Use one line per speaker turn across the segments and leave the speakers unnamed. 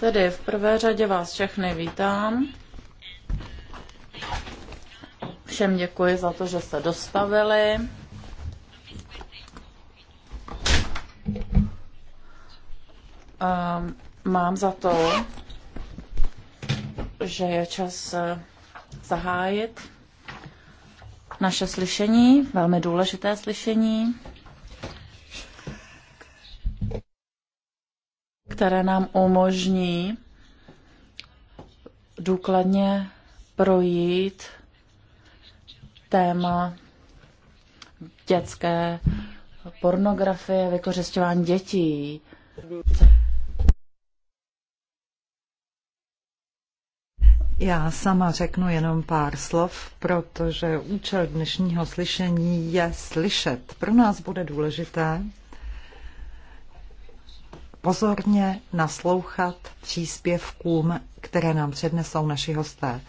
Tedy v prvé řadě vás všechny vítám. Všem děkuji za to, že se dostavili. Ehm, mám za to, že je čas eh, zahájit naše slyšení, velmi důležité slyšení. které nám umožní důkladně projít téma dětské pornografie, vykořišťování dětí.
Já sama řeknu jenom pár slov, protože účel dnešního slyšení je slyšet. Pro nás bude důležité, pozorně naslouchat příspěvkům, které nám přednesou naši hosté.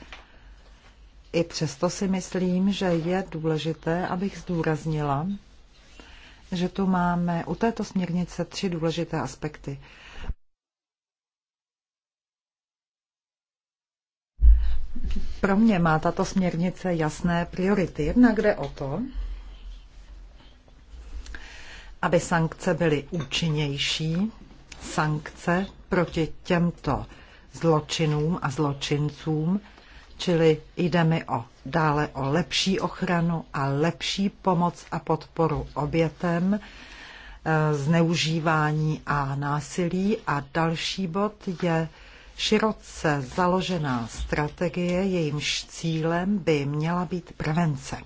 I přesto si myslím, že je důležité, abych zdůraznila, že tu máme u této směrnice tři důležité aspekty. Pro mě má tato směrnice jasné priority. Jednak jde o to, aby sankce byly účinnější, sankce proti těmto zločinům a zločincům, čili jde mi o dále o lepší ochranu a lepší pomoc a podporu obětem e, zneužívání a násilí. A další bod je široce založená strategie, jejímž cílem by měla být prevence.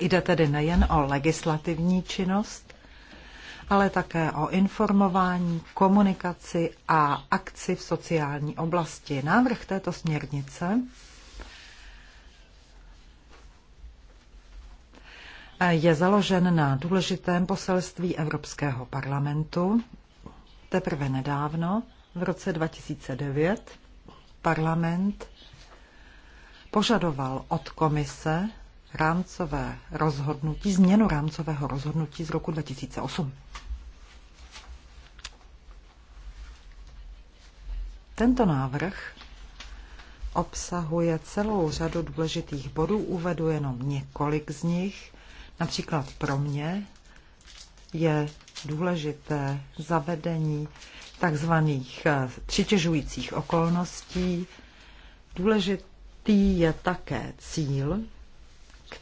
Jde tedy nejen o legislativní činnost, ale také o informování, komunikaci a akci v sociální oblasti. Návrh této směrnice je založen na důležitém poselství Evropského parlamentu. Teprve nedávno, v roce 2009, parlament požadoval od komise rámcové rozhodnutí, změnu rámcového rozhodnutí z roku 2008. Tento návrh obsahuje celou řadu důležitých bodů, uvedu jenom několik z nich. Například pro mě je důležité zavedení takzvaných eh, přitěžujících okolností. Důležitý je také cíl,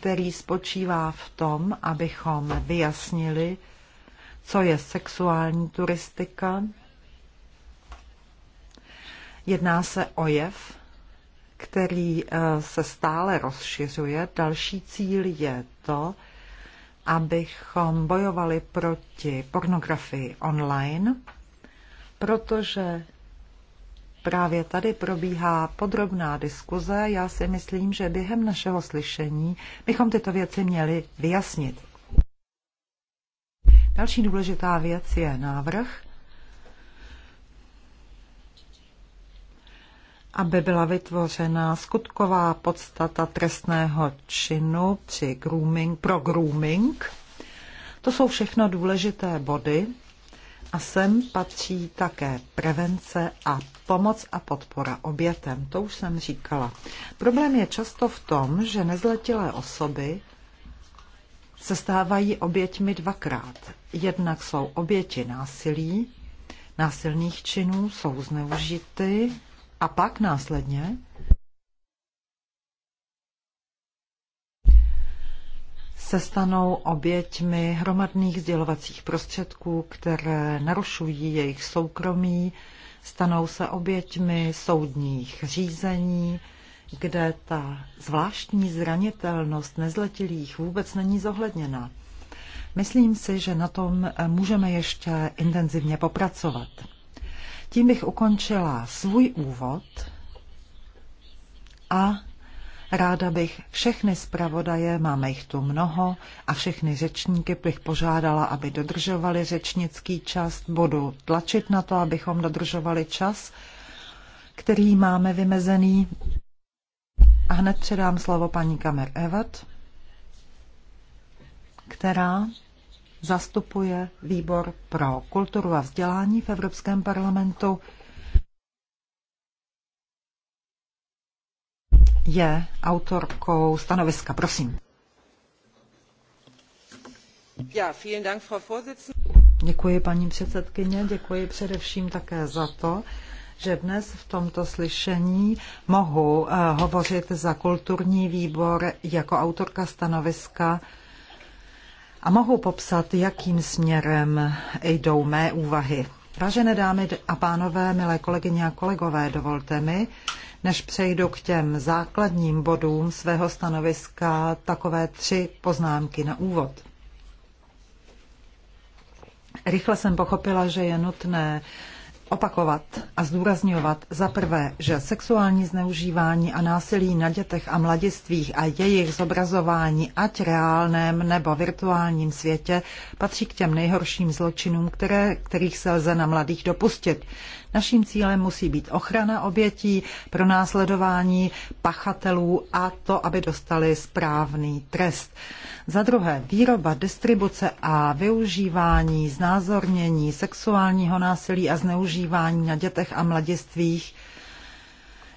který spočívá v tom, abychom vyjasnili, co je sexuální turistika. Jedná se o jev, který eh, se stále rozšiřuje. Další cíl je to, abychom bojovali proti pornografii online, protože Právě tady probíhá podrobná diskuze. Já si myslím, že během našeho slyšení bychom tyto věci měli vyjasnit. Další důležitá věc je návrh, aby byla vytvořena skutková podstata trestného činu při grooming, pro grooming. To jsou všechno důležité body, a sem patří také prevence a pomoc a podpora obětem. To už jsem říkala. Problém je často v tom, že nezletilé osoby se stávají oběťmi dvakrát. Jednak jsou oběti násilí, násilných činů, jsou zneužity a pak následně se stanou oběťmi hromadných sdělovacích prostředků, které narušují jejich soukromí, stanou se oběťmi soudních řízení, kde ta zvláštní zranitelnost nezletilých vůbec není zohledněna. Myslím si, že na tom můžeme ještě intenzivně popracovat. Tím bych ukončila svůj úvod a Ráda bych všechny zpravodaje, máme jich tu mnoho, a všechny řečníky bych požádala, aby dodržovali řečnický čas. Budu tlačit na to, abychom dodržovali čas, který máme vymezený. A hned předám slovo paní Kamer Evert, která zastupuje výbor pro kulturu a vzdělání v Evropském parlamentu. je autorkou stanoviska. Prosím. Děkuji paní předsedkyně, děkuji především také za to, že dnes v tomto slyšení mohu eh, hovořit za kulturní výbor jako autorka stanoviska a mohu popsat, jakým směrem jdou mé úvahy. Vážené dámy a pánové, milé kolegyně a kolegové, dovolte mi, než přejdu k těm základním bodům svého stanoviska, takové tři poznámky na úvod. Rychle jsem pochopila, že je nutné opakovat a zdůrazňovat za prvé, že sexuální zneužívání a násilí na dětech a mladistvích a jejich zobrazování ať reálném nebo virtuálním světě patří k těm nejhorším zločinům, které, kterých se lze na mladých dopustit. Naším cílem musí být ochrana obětí, pro následování pachatelů a to, aby dostali správný trest. Za druhé, výroba, distribuce a využívání znázornění sexuálního násilí a zneužívání na dětech a mladistvích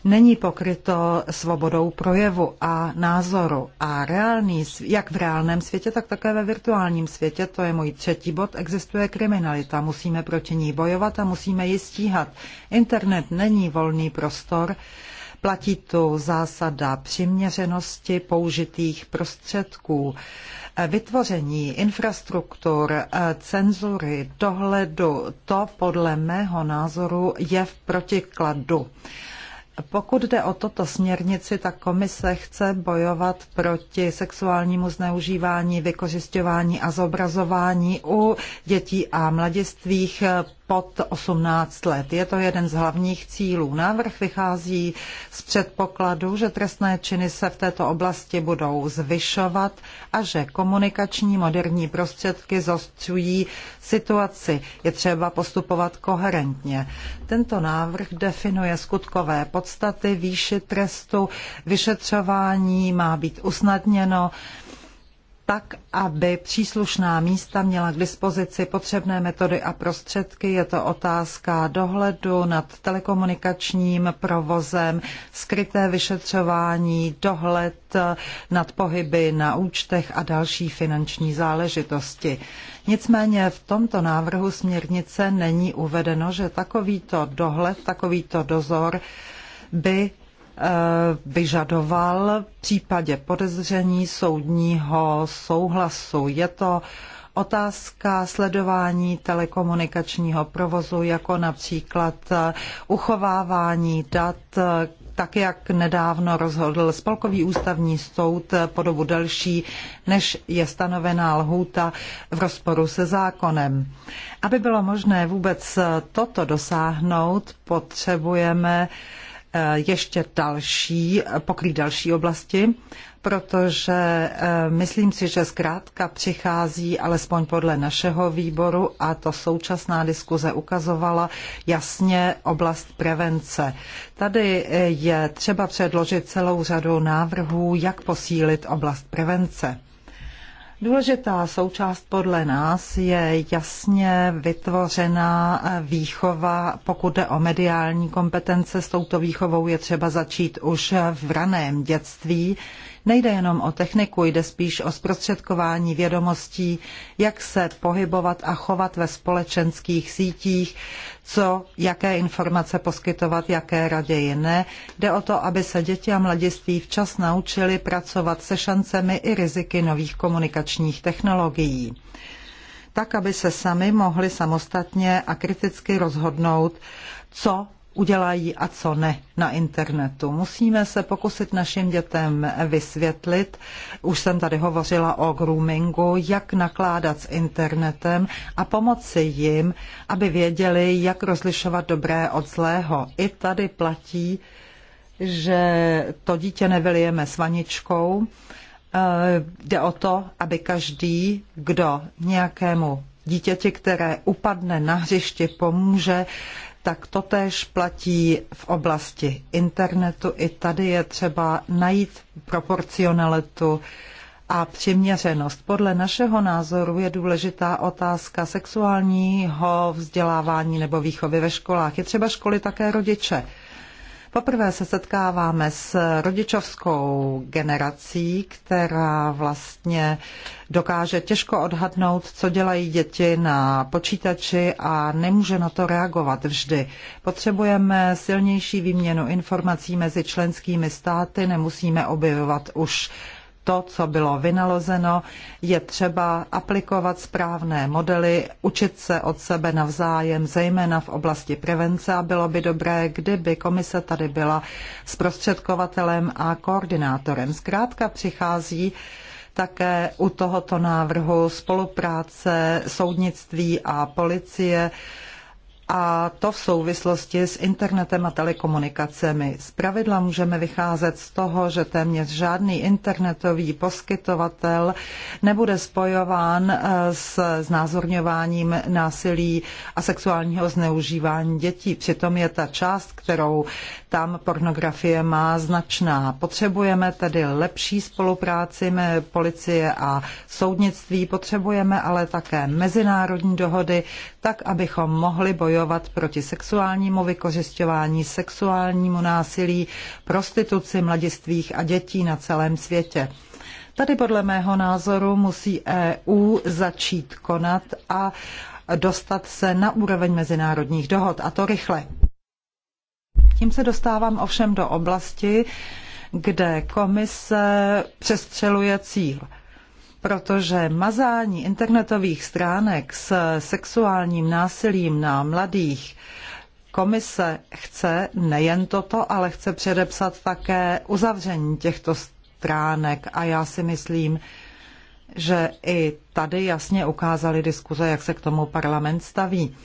není pokryto svobodou projevu a názoru. A reálný, jak v reálném světě, tak také ve virtuálním světě, to je můj třetí bod, existuje kriminalita. Musíme proti ní bojovat a musíme ji stíhat. Internet není volný prostor, platí tu zásada přiměřenosti použitých prostředků. Vytvoření infrastruktur, cenzury, dohledu, to podle mého názoru je v protikladu. Pokud jde o toto směrnici, tak komise chce bojovat proti sexuálnímu zneužívání, vykořišťování a zobrazování u dětí a mladistvých pod 18 let. Je to jeden z hlavních cílů. Návrh vychází z předpokladu, že trestné činy se v této oblasti budou zvyšovat a že komunikační moderní prostředky zostřují situaci. Je třeba postupovat koherentně. Tento návrh definuje skutkové podstaty, výši trestu, vyšetřování má být usnadněno, tak, aby příslušná místa měla k dispozici potřebné metody a prostředky. Je to otázka dohledu nad telekomunikačním provozem, skryté vyšetřování, dohled eh, nad pohyby na účtech a další finanční záležitosti. Nicméně v tomto návrhu směrnice není uvedeno, že takovýto dohled, takovýto dozor by Eh, vyžadoval v případě podezření soudního souhlasu. Je to otázka sledování telekomunikačního provozu, jako například eh, uchovávání dat, eh, tak jak nedávno rozhodl Spolkový ústavní soud po dobu delší, než je stanovená lhůta v rozporu se zákonem. Aby bylo možné vůbec toto dosáhnout, potřebujeme uh, Eh, ještě další, pokrýt další oblasti, protože eh, myslím si, že zkrátka přichází, alespoň podle našeho výboru, a to současná diskuze ukazovala jasně oblast prevence. Tady eh, je třeba předložit celou řadu návrhů, jak posílit oblast prevence. Důležitá součást podle nás je jasně vytvořená výchova, pokud jde o mediální kompetence. S touto výchovou je třeba začít už v raném dětství. Nejde jenom o techniku, jde spíš o zprostředkování vědomostí, jak se pohybovat a chovat ve společenských sítích, co, jaké informace poskytovat, jaké raději ne. Jde o to, aby se děti a mladiství včas naučili pracovat se šancemi i riziky nových komunikačních technologií tak, aby se sami mohli samostatně a kriticky rozhodnout, co udělají a co ne na internetu. Musíme se pokusit našim dětem vysvětlit, už jsem tady hovořila o groomingu, jak nakládat s internetem a pomoci jim, aby věděli, jak rozlišovat dobré od zlého. I tady platí, že to dítě nevylijeme s vaničkou. Eh, jde o to, aby každý, kdo nějakému dítěti, které upadne na hřiště, pomůže, tak to též platí v oblasti internetu. I tady je třeba najít proporcionalitu a přiměřenost. Podle našeho názoru je důležitá otázka sexuálního vzdělávání nebo výchovy ve školách. Je třeba školy také rodiče Poprvé se setkáváme s rodičovskou generací, která vlastně dokáže těžko odhadnout, co dělají děti na počítači a nemůže na to reagovat vždy. Potřebujeme silnější výměnu informací mezi členskými státy, nemusíme objevovat už to, co bylo vynalozeno, je třeba aplikovat správné modely, učit se od sebe navzájem, zejména v oblasti prevence a bylo by dobré, kdyby komise tady byla zprostředkovatelem a koordinátorem. Zkrátka přichází také u tohoto návrhu spolupráce soudnictví a policie a to v souvislosti s internetem a telekomunikacemi. pravidla můžeme vycházet z toho, že téměř žádný internetový poskytovatel nebude spojován eh, s znázorňováním násilí a sexuálního zneužívání dětí. Přitom je ta část, kterou tam pornografie má značná. Potřebujeme tedy lepší spolupráci policie a soudnictví, potřebujeme ale také mezinárodní dohody, tak abychom mohli bojovat bojovat proti sexuálnímu vykořišťování, sexuálnímu násilí, prostituci mladistvých a dětí na celém světě. Tady podle mého názoru musí EU začít konat a dostat se na úroveň mezinárodních dohod, a to rychle. Tím se dostávám ovšem do oblasti, kde komise přestřeluje cíl protože mazání internetových stránek s sexuálním násilím na mladých komise chce nejen toto, ale chce předepsat také uzavření těchto stránek a já si myslím, že i tady jasně ukázali diskuze, jak se k tomu parlament staví.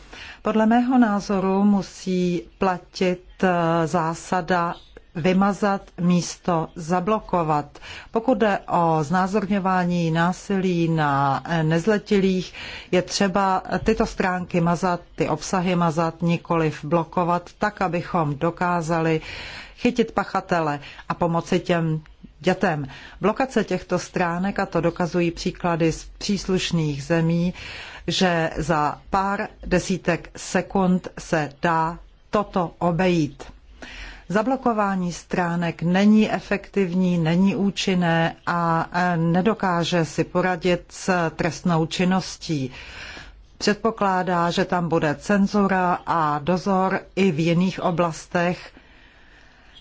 Podle mého názoru musí platit eh, zásada vymazat místo zablokovat. Pokud jde o znázorňování násilí na nezletilých, je třeba tyto stránky mazat, ty obsahy mazat, nikoliv blokovat, tak, abychom dokázali chytit pachatele a pomoci těm dětem. Blokace těchto stránek, a to dokazují příklady z příslušných zemí, že za pár desítek sekund se dá toto obejít. Zablokování stránek není efektivní, není účinné a e, nedokáže si poradit s trestnou činností. Předpokládá, že tam bude cenzura a dozor i v jiných oblastech.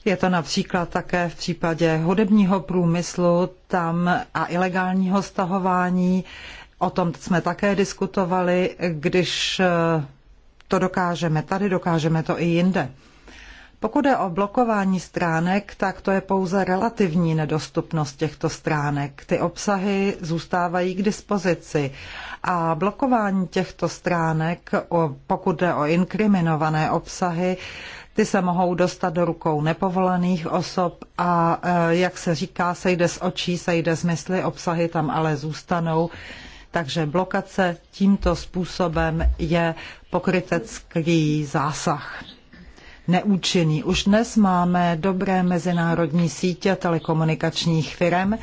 Je to například také v případě hudebního průmyslu tam a ilegálního stahování. O tom jsme také diskutovali, když e, to dokážeme tady, dokážeme to i jinde. Pokud je o blokování stránek, tak to je pouze relativní nedostupnost těchto stránek. Ty obsahy zůstávají k dispozici. A blokování těchto stránek, pokud jde o inkriminované obsahy, ty se mohou dostat do rukou nepovolených osob a, e, jak se říká, sejde z očí, sejde z mysli, obsahy tam ale zůstanou. Takže blokace tímto způsobem je pokrytecký zásah neúčinný. Už dnes máme dobré mezinárodní sítě telekomunikačních firm,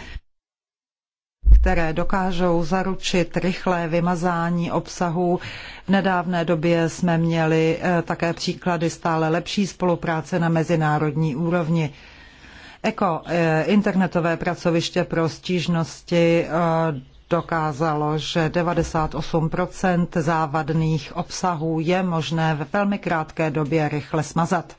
které dokážou zaručit rychlé vymazání obsahu. V nedávné době jsme měli eh, také příklady stále lepší spolupráce na mezinárodní úrovni. Eko, eh, internetové pracoviště pro stížnosti eh, dokázalo, že 98 závadných obsahů je možné ve velmi krátké době rychle smazat.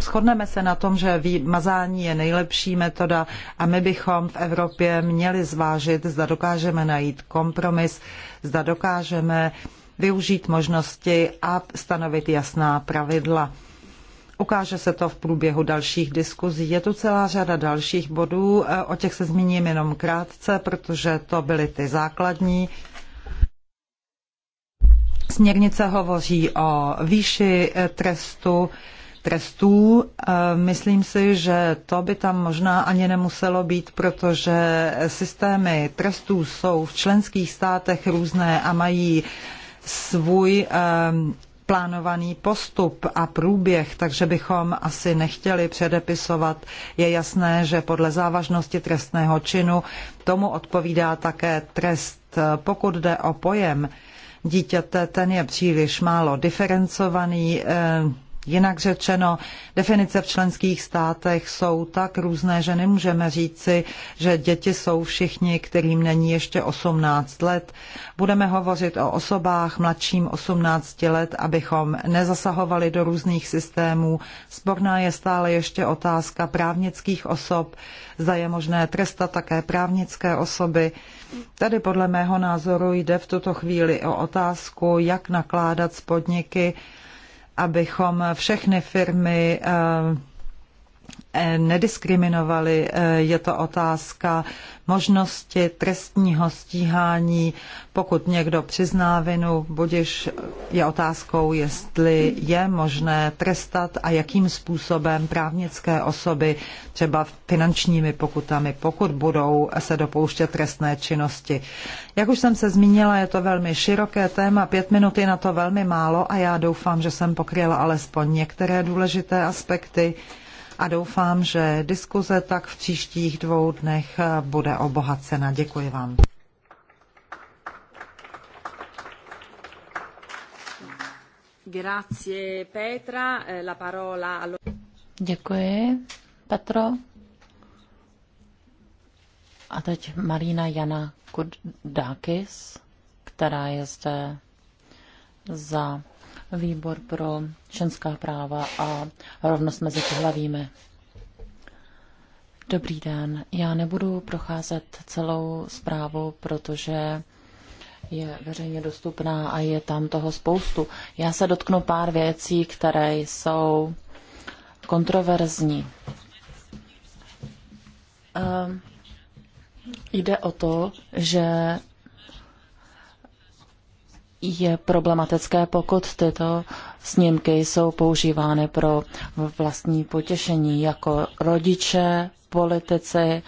Shodneme se na tom, že mazání je nejlepší metoda a my bychom v Evropě měli zvážit, zda dokážeme najít kompromis, zda dokážeme využít možnosti a stanovit jasná pravidla. Ukáže se to v průběhu dalších diskuzí. Je tu celá řada dalších bodů, e, o těch se zmíním jenom krátce, protože to byly ty základní. Směrnice hovoří o výši e, trestu, trestů. E, myslím si, že to by tam možná ani nemuselo být, protože systémy trestů jsou v členských státech různé a mají svůj plánovaný postup a průběh, takže bychom asi nechtěli předepisovat. Je jasné, že podle závažnosti trestného činu tomu odpovídá také trest, pokud jde o pojem dítěte, ten je příliš málo diferencovaný, eh, Jinak řečeno, definice v členských státech jsou tak různé, že nemůžeme říci, že děti jsou všichni, kterým není ještě 18 let. Budeme hovořit o osobách mladším 18 let, abychom nezasahovali do různých systémů. Sporná je stále ještě otázka právnických osob, zda je možné trestat také právnické osoby. Tady podle mého názoru jde v tuto chvíli o otázku, jak nakládat s podniky, abychom všechny firmy eh, Eh, nediskriminovali. Eh, je to otázka možnosti trestního stíhání. Pokud někdo přizná vinu, budiž je otázkou, jestli je možné trestat a jakým způsobem právnické osoby třeba finančními pokutami, pokud budou se dopouštět trestné činnosti. Jak už jsem se zmínila, je to velmi široké téma, pět minut je na to velmi málo a já doufám, že jsem pokryla alespoň některé důležité aspekty a doufám, že diskuze tak v příštích dvou dnech bude obohacena. Děkuji vám.
Grazie Petra, eh, la parola allo... Děkuji, Petro. A teď Marina Jana Kudákis, která je zde za výbor pro ženská práva a rovnost mezi pohlavími. Dobrý den. Já nebudu procházet celou zprávu, protože je veřejně dostupná a je tam toho spoustu. Já se dotknu pár věcí, které jsou kontroverzní. Um, jde o to, že je problematické, pokud tyto snímky jsou používány pro vlastní potěšení jako rodiče, politici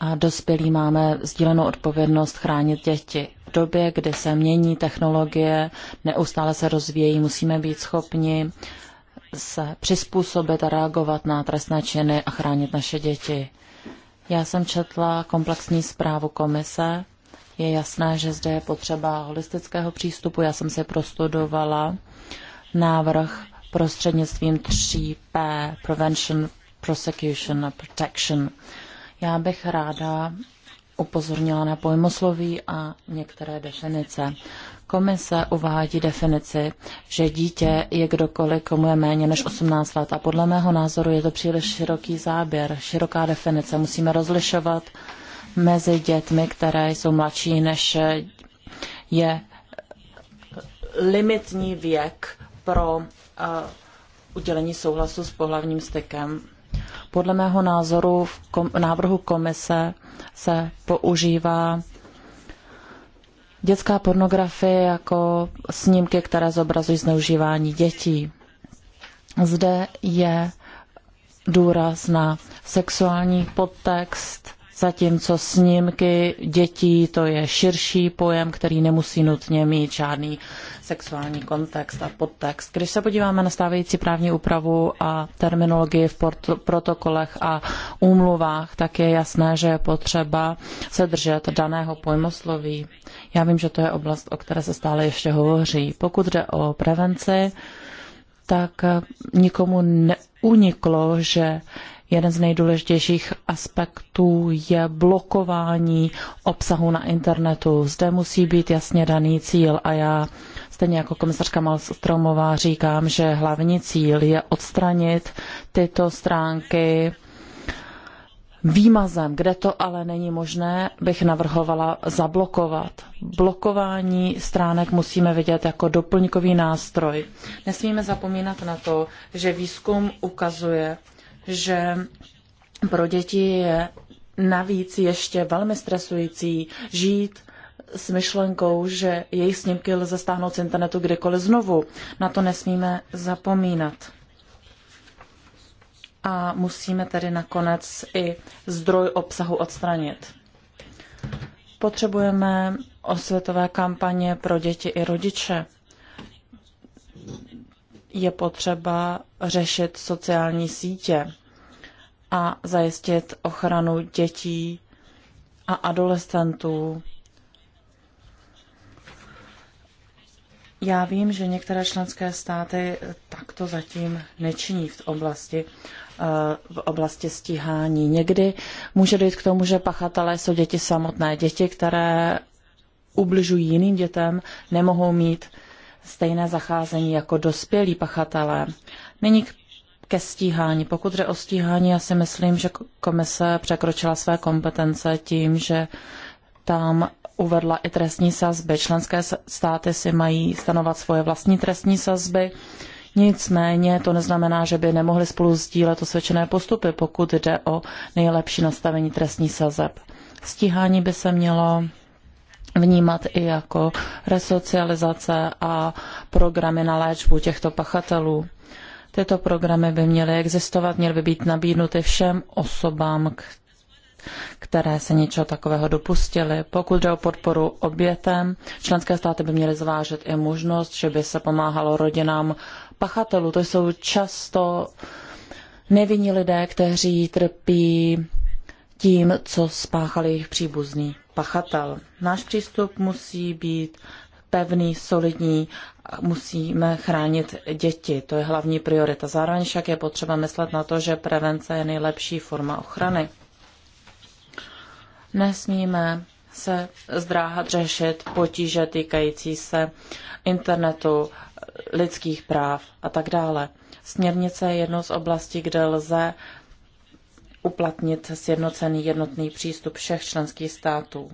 a dospělí máme sdílenou odpovědnost chránit děti. V době, kdy se mění technologie, neustále se rozvíjí, musíme být schopni se přizpůsobit a reagovat na trestné činy a chránit naše děti. Já jsem četla komplexní zprávu komise, je jasné, že zde je potřeba holistického přístupu. Já jsem si prostudovala návrh prostřednictvím 3P, Prevention, Prosecution a Protection. Já bych ráda upozornila na pojmosloví a některé definice. Komise uvádí definici, že dítě je kdokoliv, komu je méně než 18 let. A podle mého názoru je to příliš široký záběr, široká definice. Musíme rozlišovat mezi dětmi, které jsou mladší než je limitní věk pro uh, udělení souhlasu s pohlavním stykem. Podle mého názoru v kom- návrhu komise se používá dětská pornografie jako snímky, které zobrazují zneužívání dětí. Zde je důraz na sexuální podtext, zatímco snímky dětí to je širší pojem, který nemusí nutně mít žádný sexuální kontext a podtext. Když se podíváme na stávající právní úpravu a terminologii v protokolech a úmluvách, tak je jasné, že je potřeba se držet daného pojmosloví. Já vím, že to je oblast, o které se stále ještě hovoří. Pokud jde o prevenci, tak nikomu neuniklo, že Jeden z nejdůležitějších aspektů je blokování obsahu na internetu. Zde musí být jasně daný cíl a já stejně jako komisařka Malstromová říkám, že hlavní cíl je odstranit tyto stránky výmazem, kde to ale není možné, bych navrhovala zablokovat. Blokování stránek musíme vidět jako doplňkový nástroj. Nesmíme zapomínat na to, že výzkum ukazuje, že pro děti je navíc ještě velmi stresující žít s myšlenkou, že jejich snímky lze stáhnout z internetu kdykoliv znovu. Na to nesmíme zapomínat. A musíme tedy nakonec i zdroj obsahu odstranit. Potřebujeme osvětové kampaně pro děti i rodiče je potřeba řešit sociální sítě a zajistit ochranu dětí a adolescentů. Já vím, že některé členské státy takto zatím nečiní v oblasti, eh, v oblasti stíhání. Někdy může dojít k tomu, že pachatelé jsou děti samotné. Děti, které ubližují jiným dětem, nemohou mít stejné zacházení jako dospělí pachatelé. Nyní k ke stíhání. Pokud jde o stíhání, já si myslím, že komise překročila své kompetence tím, že tam uvedla i trestní sazby. Členské státy si mají stanovat svoje vlastní trestní sazby. Nicméně to neznamená, že by nemohli spolu sdílet osvědčené postupy, pokud jde o nejlepší nastavení trestní sazeb. Stíhání by se mělo vnímat i jako resocializace a programy na léčbu těchto pachatelů. Tyto programy by měly existovat, měly by být nabídnuty všem osobám, které se něčeho takového dopustily. Pokud jde o podporu obětem, členské státy by měly zvážit i možnost, že by se pomáhalo rodinám pachatelů. To jsou často nevinní lidé, kteří trpí tím, co spáchali jejich příbuzní pachatel. Náš přístup musí být pevný, solidní, musíme chránit děti. To je hlavní priorita. Zároveň však je potřeba myslet na to, že prevence je nejlepší forma ochrany. Nesmíme se zdráhat řešit potíže týkající se internetu, lidských práv a tak dále. Směrnice je jednou z oblastí, kde lze uplatnit sjednocený jednotný přístup všech členských států.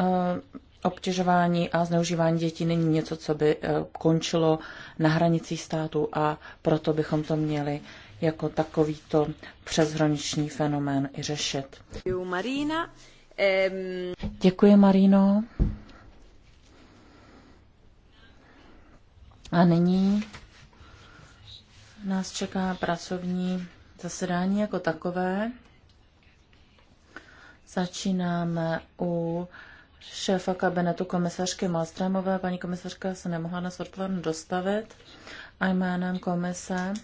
Eh, obtěžování a zneužívání dětí není něco, co by eh, končilo na hranicích států a proto bychom to měli jako takovýto přeshraniční fenomén i řešit. Děkuji, Marino. A nyní nás čeká pracovní zasedání jako takové. Začínáme u šéfa kabinetu komisařky Malstrémové. Paní komisařka se nemohla na odpoledne dostavit a jménem komise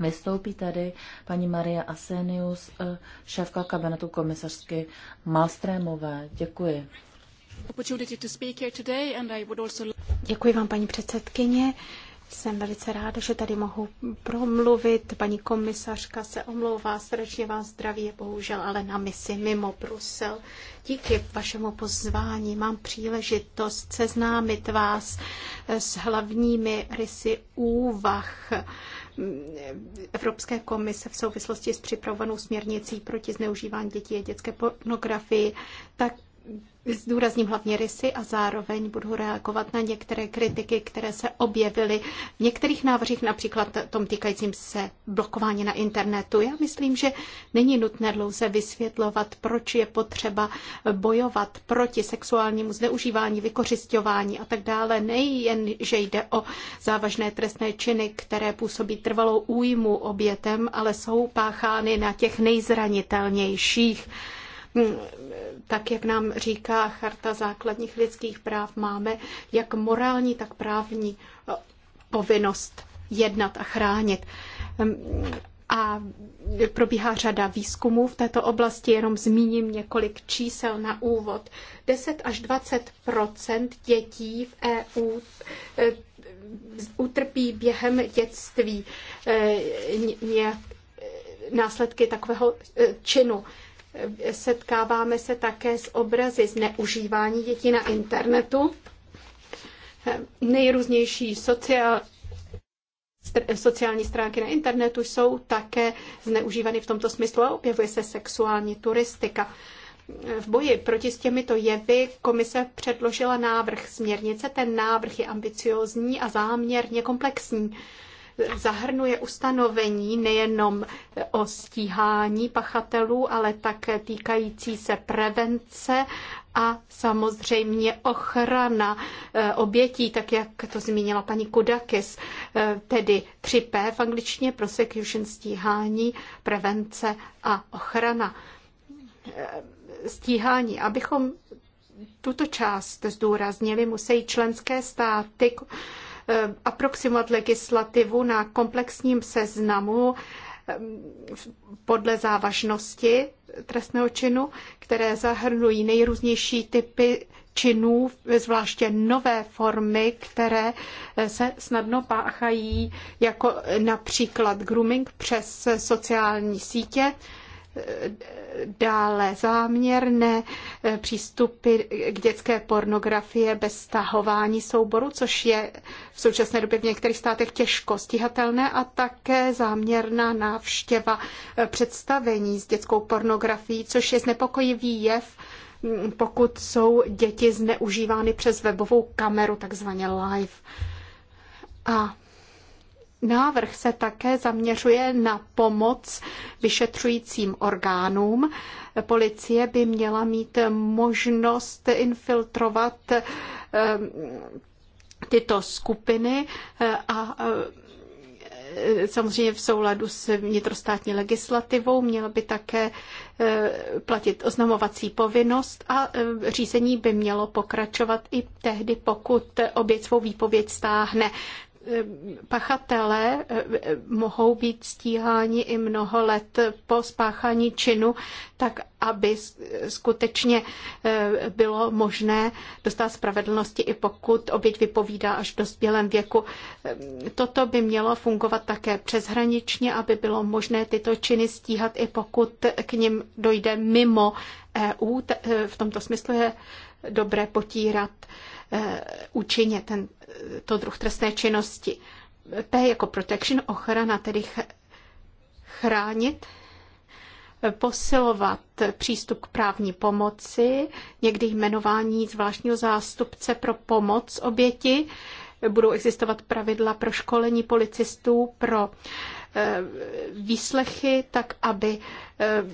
vystoupí tady paní Maria Asenius, eh, šéfka kabinetu komisařky
Malstrémové. Děkuji. Děkuji vám, paní předsedkyně. Jsem velice ráda, že tady mohu promluvit. Paní komisařka se omlouvá, srdečně vás zdraví, je bohužel ale na misi mimo Brusel. Díky vašemu pozvání mám příležitost seznámit vás s hlavními rysy úvah Evropské komise v souvislosti s připravovanou směrnicí proti zneužívání dětí a dětské pornografii, tak Zdůrazním hlavně rysy a zároveň budu reagovat na některé kritiky, které se objevily v některých návrzích, například tom týkajícím se blokování na internetu. Já myslím, že není nutné dlouze vysvětlovat, proč je potřeba bojovat proti sexuálnímu zneužívání, vykořišťování a tak dále. Nejen, že jde o závažné trestné činy, které působí trvalou újmu obětem, ale jsou páchány na těch nejzranitelnějších. Mm, tak jak nám říká Charta základních lidských práv, máme jak morální, tak právní eh, povinnost jednat a chránit. Mm, a probíhá řada výzkumů v této oblasti, jenom zmíním několik čísel na úvod. 10 až 20 dětí v EU eh, utrpí během dětství eh, nějak následky takového činu. Setkáváme se také s obrazy zneužívání dětí na internetu, nejrůznější sociál, sociální stránky na internetu jsou také zneužívány v tomto smyslu a objevuje se sexuální turistika. V boji proti s těmito jevy komise předložila návrh směrnice. Ten návrh je ambiciózní a záměrně komplexní zahrnuje ustanovení nejenom o stíhání pachatelů, ale také týkající se prevence a samozřejmě ochrana eh, obětí, tak jak to zmínila paní Kudakis, eh, tedy 3P v angličtině, prosecution, stíhání, prevence a ochrana. Eh, stíhání, abychom tuto část zdůraznili, musí členské státy Eh, aproximovat legislativu na komplexním seznamu eh, podle závažnosti trestného činu, které zahrnují nejrůznější typy činů, zvláště nové formy, které eh, se snadno páchají, jako například grooming přes sociální sítě, dále záměrné přístupy k dětské pornografie bez stahování souboru, což je v současné době v některých státech těžko stíhatelné a také záměrná návštěva představení s dětskou pornografií, což je znepokojivý jev, pokud jsou děti zneužívány přes webovou kameru, takzvaně live. A Návrh se také zaměřuje na pomoc vyšetřujícím orgánům. Policie by měla mít možnost infiltrovat ehm, tyto skupiny eh, a eh, samozřejmě v souladu s vnitrostátní legislativou měla by také eh, platit oznamovací povinnost a řízení by mělo pokračovat i tehdy, pokud oběť svou výpověď stáhne pachatelé eh, eh, mohou být stíháni i mnoho let po spáchání činu, tak aby skutečně eh, bylo možné dostat spravedlnosti, i pokud oběť vypovídá až v dospělém věku. Toto by mělo fungovat také přeshraničně, aby bylo možné tyto činy stíhat, i pokud k ním dojde mimo EU. V tomto smyslu je dobré potírat účinně eh, to druh trestné činnosti. P jako protection, ochrana, tedy chránit, posilovat přístup k právní pomoci, někdy jmenování zvláštního zástupce pro pomoc oběti, budou existovat pravidla pro školení policistů, pro eh, výslechy, tak aby eh,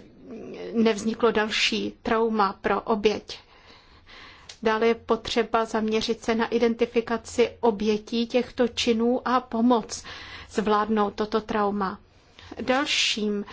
nevzniklo další trauma pro oběť. Dále je potřeba zaměřit se na identifikaci obětí těchto činů a pomoc zvládnout toto trauma. Dalším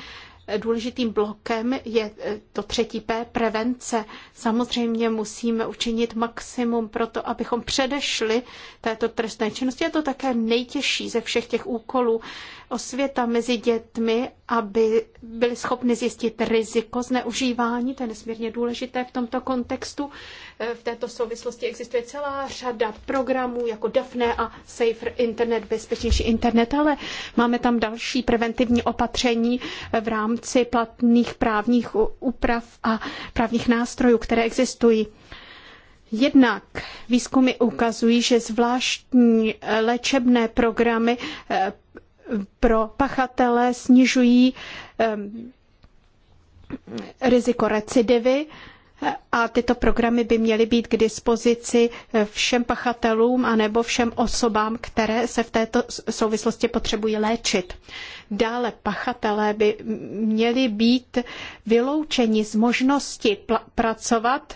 důležitým blokem je e, to třetí P, prevence. Samozřejmě musíme učinit maximum pro to, abychom předešli této trestné činnosti. Je to také nejtěžší ze všech těch úkolů osvěta mezi dětmi, aby byli schopni zjistit riziko zneužívání. To je nesmírně důležité v tomto kontextu. E, v této souvislosti existuje celá řada programů jako DAFNE a Safer Internet, bezpečnější internet, ale máme tam další preventivní opatření v rámci rámci platných právních úprav a právních nástrojů, které existují. Jednak výzkumy ukazují, že zvláštní eh, léčebné programy eh, pro pachatele snižují eh, riziko recidivy a tyto programy by měly být k dispozici všem pachatelům anebo všem osobám, které se v této souvislosti potřebují léčit. Dále pachatelé by měli být vyloučeni z možnosti pracovat,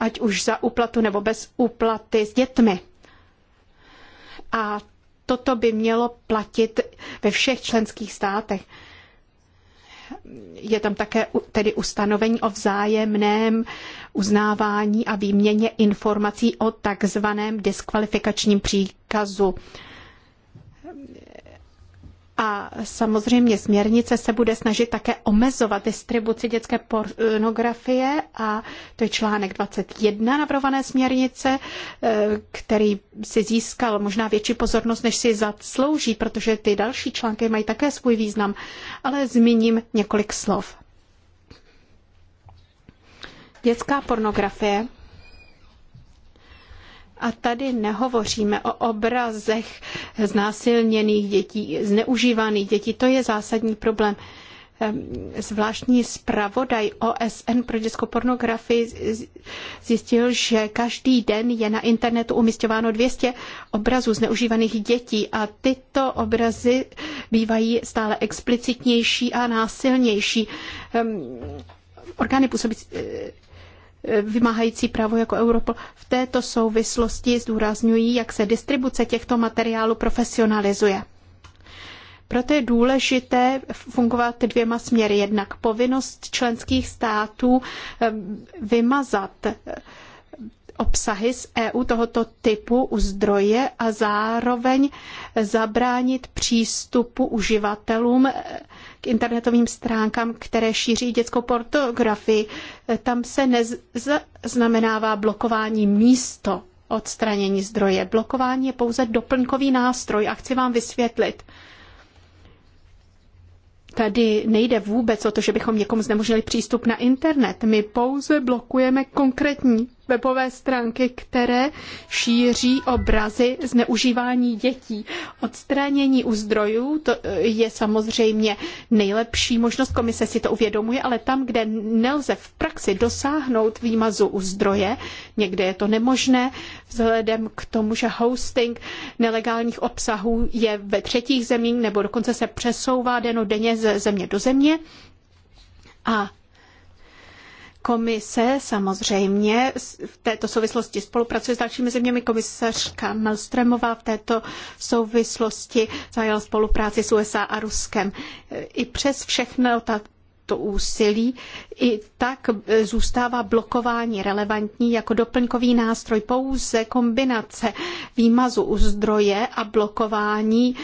ať už za úplatu nebo bez úplaty s dětmi. A toto by mělo platit ve všech členských státech je tam také tedy ustanovení o vzájemném uznávání a výměně informací o takzvaném diskvalifikačním příkazu. A samozřejmě směrnice se bude snažit také omezovat distribuci dětské pornografie a to je článek 21 navrované směrnice, eh, který si získal možná větší pozornost, než si zaslouží, protože ty další články mají také svůj význam, ale zmíním několik slov. Dětská pornografie a tady nehovoříme o obrazech znásilněných dětí, zneužívaných dětí. To je zásadní problém. Ehm, zvláštní zpravodaj OSN pro dětskou pornografii zjistil, že každý den je na internetu umisťováno 200 obrazů zneužívaných dětí a tyto obrazy bývají stále explicitnější a násilnější ehm, orgány působící eh, vymáhající právo jako Europol v této souvislosti zdůrazňují, jak se distribuce těchto materiálů profesionalizuje. Proto je důležité fungovat dvěma směry. Jednak povinnost členských států ehm, vymazat ehm, obsahy z EU tohoto typu u zdroje a zároveň zabránit přístupu uživatelům ehm, internetovým stránkám, které šíří dětskou pornografii. Tam se neznamenává blokování místo odstranění zdroje. Blokování je pouze doplňkový nástroj a chci vám vysvětlit. Tady nejde vůbec o to, že bychom někomu znemožnili přístup na internet. My pouze blokujeme konkrétní webové stránky, které šíří obrazy zneužívání dětí. Odstranění u zdrojů to eh, je samozřejmě nejlepší možnost, komise si to uvědomuje, ale tam, kde nelze v praxi dosáhnout výmazu u zdroje, někde je to nemožné, vzhledem k tomu, že hosting nelegálních obsahů je ve třetích zemích nebo dokonce se přesouvá denodenně ze země do země, a Komise samozřejmě v této souvislosti spolupracuje s dalšími zeměmi. Komisařka Melstremová v této souvislosti zajal spolupráci s USA a Ruskem. I přes všechno ta, to úsilí, i tak zůstává blokování relevantní jako doplňkový nástroj. Pouze kombinace výmazu u zdroje a blokování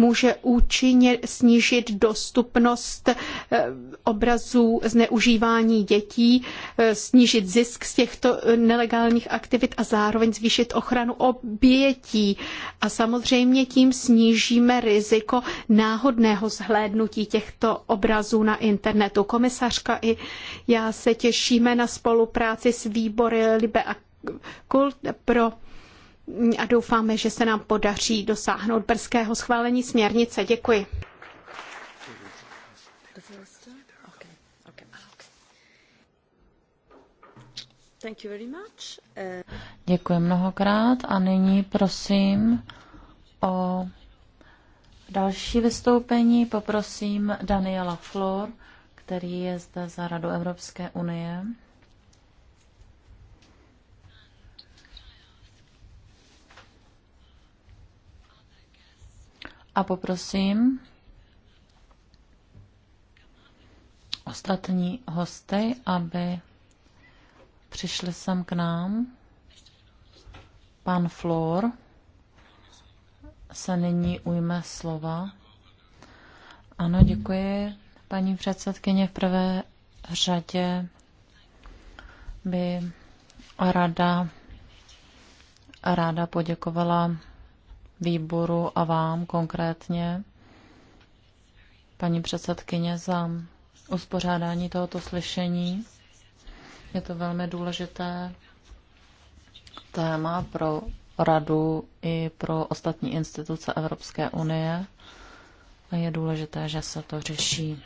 může účinně snížit dostupnost eh, obrazů zneužívání dětí, eh, snížit zisk z těchto eh, nelegálních aktivit a zároveň zvýšit ochranu obětí. A samozřejmě tím snížíme riziko náhodného zhlédnutí těchto obrazů na internetu. Komisařka i já se těšíme na spolupráci s výbory Libe a Kult pro a doufáme, že se nám podaří dosáhnout brzkého schválení směrnice. Děkuji.
Děkuji mnohokrát a nyní prosím o další vystoupení. Poprosím Daniela Flor, který je zde za Radu Evropské unie. a poprosím ostatní hosty, aby přišli sem k nám. Pan Flor se nyní ujme slova. Ano, děkuji. Paní předsedkyně, v prvé řadě by rada ráda poděkovala výboru a vám konkrétně, paní předsedkyně, za uspořádání tohoto slyšení. Je to velmi důležité téma pro radu i pro ostatní instituce Evropské unie a je důležité, že se to řeší.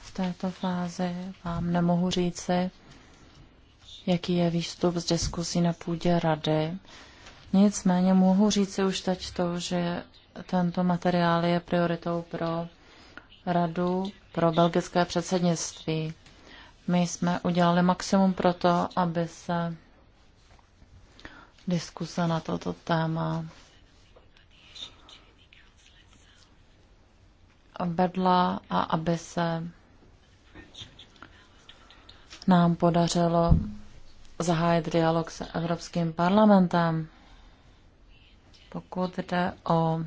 V této fázi vám nemohu říci, jaký je výstup z diskusí na půdě rady. Nicméně mohu říci už teď to, že tento materiál je prioritou pro radu pro belgické předsednictví. My jsme udělali maximum pro to, aby se diskuse na toto téma vedla a aby se nám podařilo zahájit dialog s Evropským parlamentem. Pokud jde o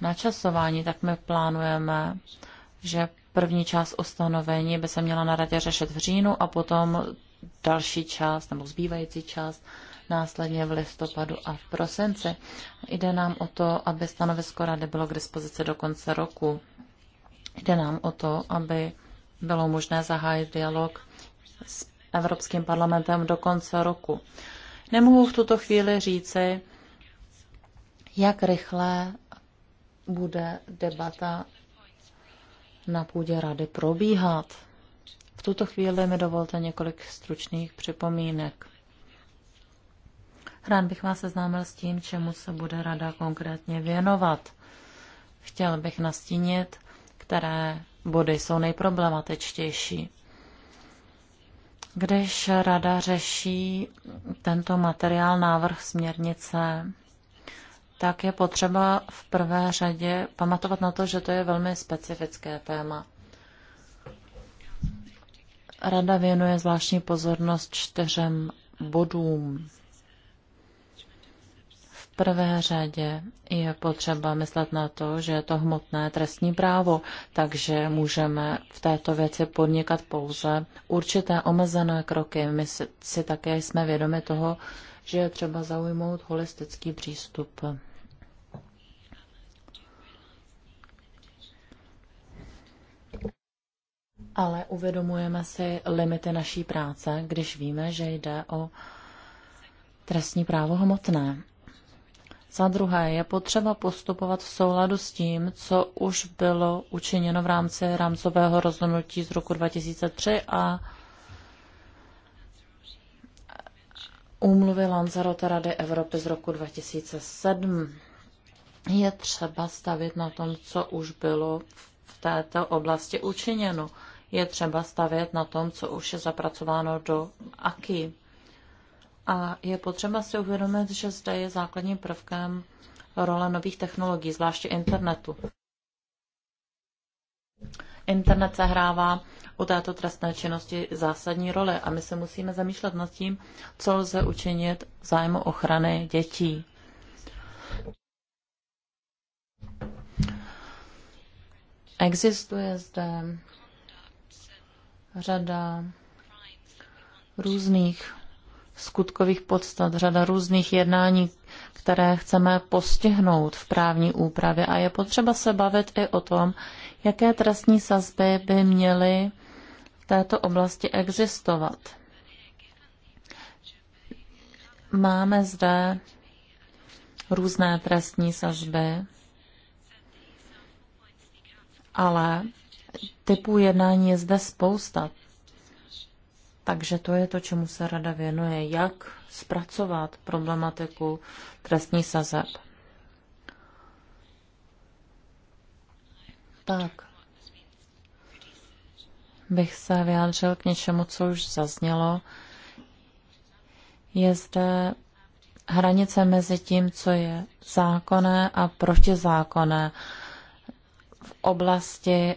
načasování, tak my plánujeme, že první část ustanovení by se měla na radě řešit v říjnu a potom další část nebo zbývající část následně v listopadu a v prosinci. Jde nám o to, aby stanovisko rady bylo k dispozici do konce roku. Jde nám o to, aby bylo možné zahájit dialog s Evropským parlamentem do konce roku. Nemohu v tuto chvíli říci, jak rychle bude debata na půdě rady probíhat. V tuto chvíli mi dovolte několik stručných připomínek. Rád bych vás seznámil s tím, čemu se bude rada konkrétně věnovat. Chtěl bych nastínit, které body jsou nejproblematičtější. Když rada řeší tento materiál návrh směrnice tak je potřeba v prvé řadě pamatovat na to, že to je velmi specifické téma. Rada věnuje zvláštní pozornost čtyřem bodům. V prvé řadě je potřeba myslet na to, že je to hmotné trestní právo, takže můžeme v této věci podnikat pouze určité omezené kroky. My si také jsme vědomi toho, že je třeba zaujmout holistický přístup. ale uvědomujeme si limity naší práce, když víme, že jde o trestní právo hmotné. Za druhé je potřeba postupovat v souladu s tím, co už bylo učiněno v rámci rámcového rozhodnutí z roku 2003 a úmluvy Lanzarote Rady Evropy z roku 2007. Je třeba stavit na tom, co už bylo v této oblasti učiněno je třeba stavět na tom, co už je zapracováno do aky. A je potřeba si uvědomit, že zde je základním prvkem role nových technologií, zvláště internetu. Internet sehrává u této trestné činnosti zásadní roli a my se musíme zamýšlet nad tím, co lze učinit v zájmu ochrany dětí. Existuje zde řada různých skutkových podstat, řada různých jednání, které chceme postihnout v právní úpravě. A je potřeba se bavit i o tom, jaké trestní sazby by měly v této oblasti existovat. Máme zde různé trestní sazby, ale typů jednání je zde spousta. Takže to je to, čemu se rada věnuje, jak zpracovat problematiku trestní sazeb. Tak bych se vyjádřil k něčemu, co už zaznělo. Je zde hranice mezi tím, co je zákonné a protizákonné v oblasti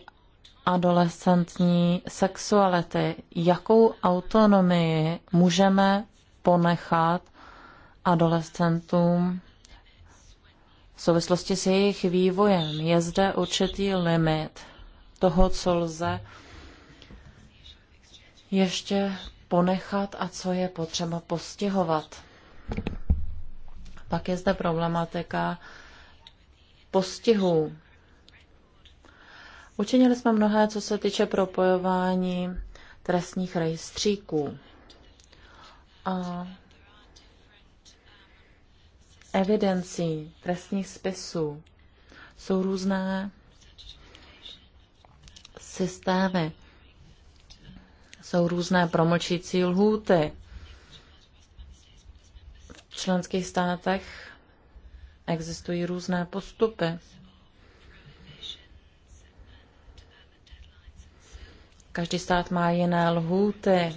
adolescentní sexuality. Jakou autonomii můžeme ponechat adolescentům v souvislosti s jejich vývojem? Je zde určitý limit toho, co lze ještě ponechat a co je potřeba postihovat. Pak je zde problematika postihů Učinili jsme mnohé, co se týče propojování trestních rejstříků. A evidencí trestních spisů jsou různé systémy. Jsou různé promlčící lhůty. V členských státech existují různé postupy. Každý stát má jiné lhůty,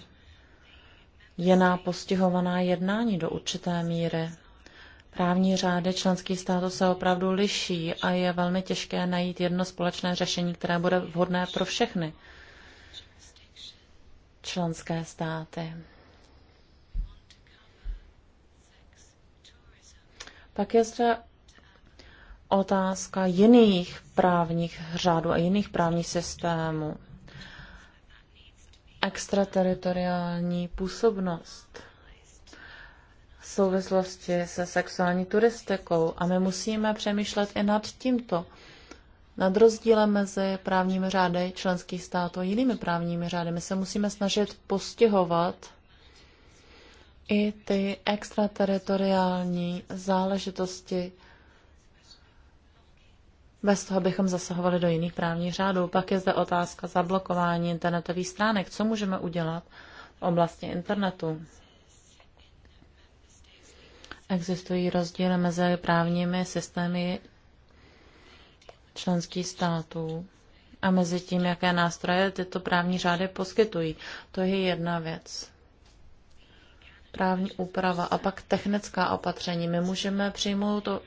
jiná postihovaná jednání do určité míry. Právní řády členských států se opravdu liší a je velmi těžké najít jedno společné řešení, které bude vhodné pro všechny členské státy. Pak je zde otázka jiných právních řádů a jiných právních systémů extrateritoriální působnost v souvislosti se sexuální turistikou a my musíme přemýšlet i nad tímto, nad rozdílem mezi právními řády členských států a jinými právními řády. My se musíme snažit postihovat i ty extrateritoriální záležitosti bez toho bychom zasahovali do jiných právních řádů. Pak je zde otázka zablokování internetových stránek. Co můžeme udělat v oblasti internetu? Existují rozdíly mezi právními systémy členských států a mezi tím, jaké nástroje tyto právní řády poskytují. To je jedna věc. Právní úprava a pak technická opatření. My můžeme přijmout to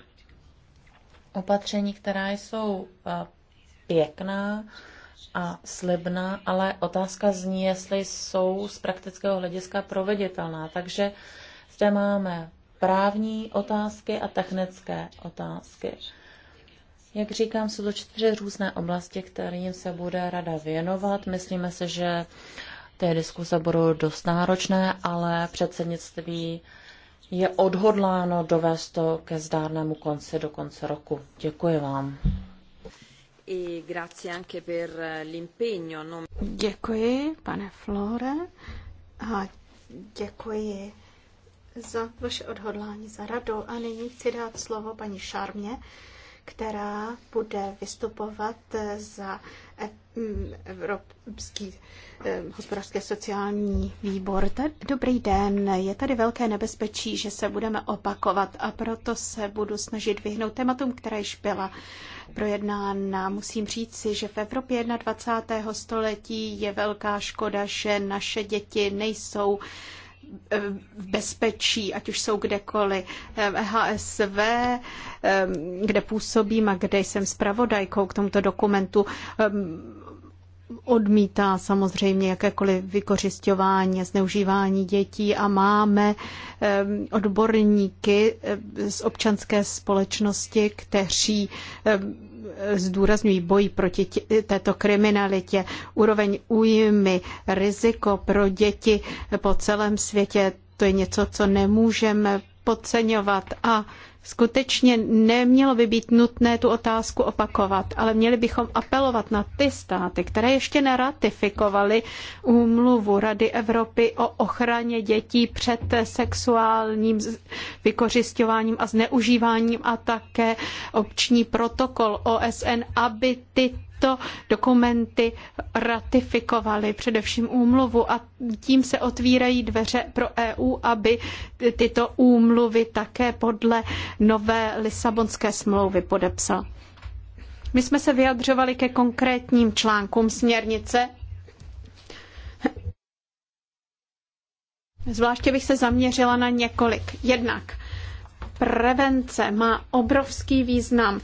opatření, která jsou eh, pěkná a slibná, ale otázka zní, jestli jsou z praktického hlediska proveditelná. Takže zde máme právní otázky a technické otázky. Jak říkám, jsou to čtyři různé oblasti, kterým se bude rada věnovat. Myslíme se, že ty diskuse budou dost náročné, ale předsednictví je odhodláno dovést to ke zdárnému konci do konce roku. Děkuji vám.
Děkuji, pane Flore, a děkuji za vaše odhodlání, za radu. A nyní chci dát slovo paní Šarmě, která bude vystupovat za Eh, mm, Evropský eh, hospodářské sociální výbor. Dobrý den, je tady velké nebezpečí, že se budeme opakovat a proto se budu snažit vyhnout tématům, která již byla projednána. Musím říci, že v Evropě 21. století je velká škoda, že naše děti nejsou v bezpečí, ať už jsou kdekoliv, HSV, kde působím a kde jsem zpravodajkou k tomuto dokumentu, odmítá samozřejmě jakékoliv vykořišťování a zneužívání dětí a máme odborníky z občanské společnosti, kteří zdůrazňují boj proti této kriminalitě, úroveň újmy, riziko pro děti po celém světě. To je něco, co nemůžeme podceňovat a Skutečně nemělo by být nutné tu otázku opakovat, ale měli bychom apelovat na ty státy, které ještě neratifikovaly úmluvu Rady Evropy o ochraně dětí před sexuálním vykořišťováním a zneužíváním a také obční protokol OSN, aby tyto tyto dokumenty ratifikovaly, především úmluvu a tím se otvírají dveře pro EU, aby tyto úmluvy také podle nové Lisabonské smlouvy podepsal. My jsme se vyjadřovali ke konkrétním článkům směrnice. Zvláště bych se zaměřila na několik. Jednak prevence má obrovský význam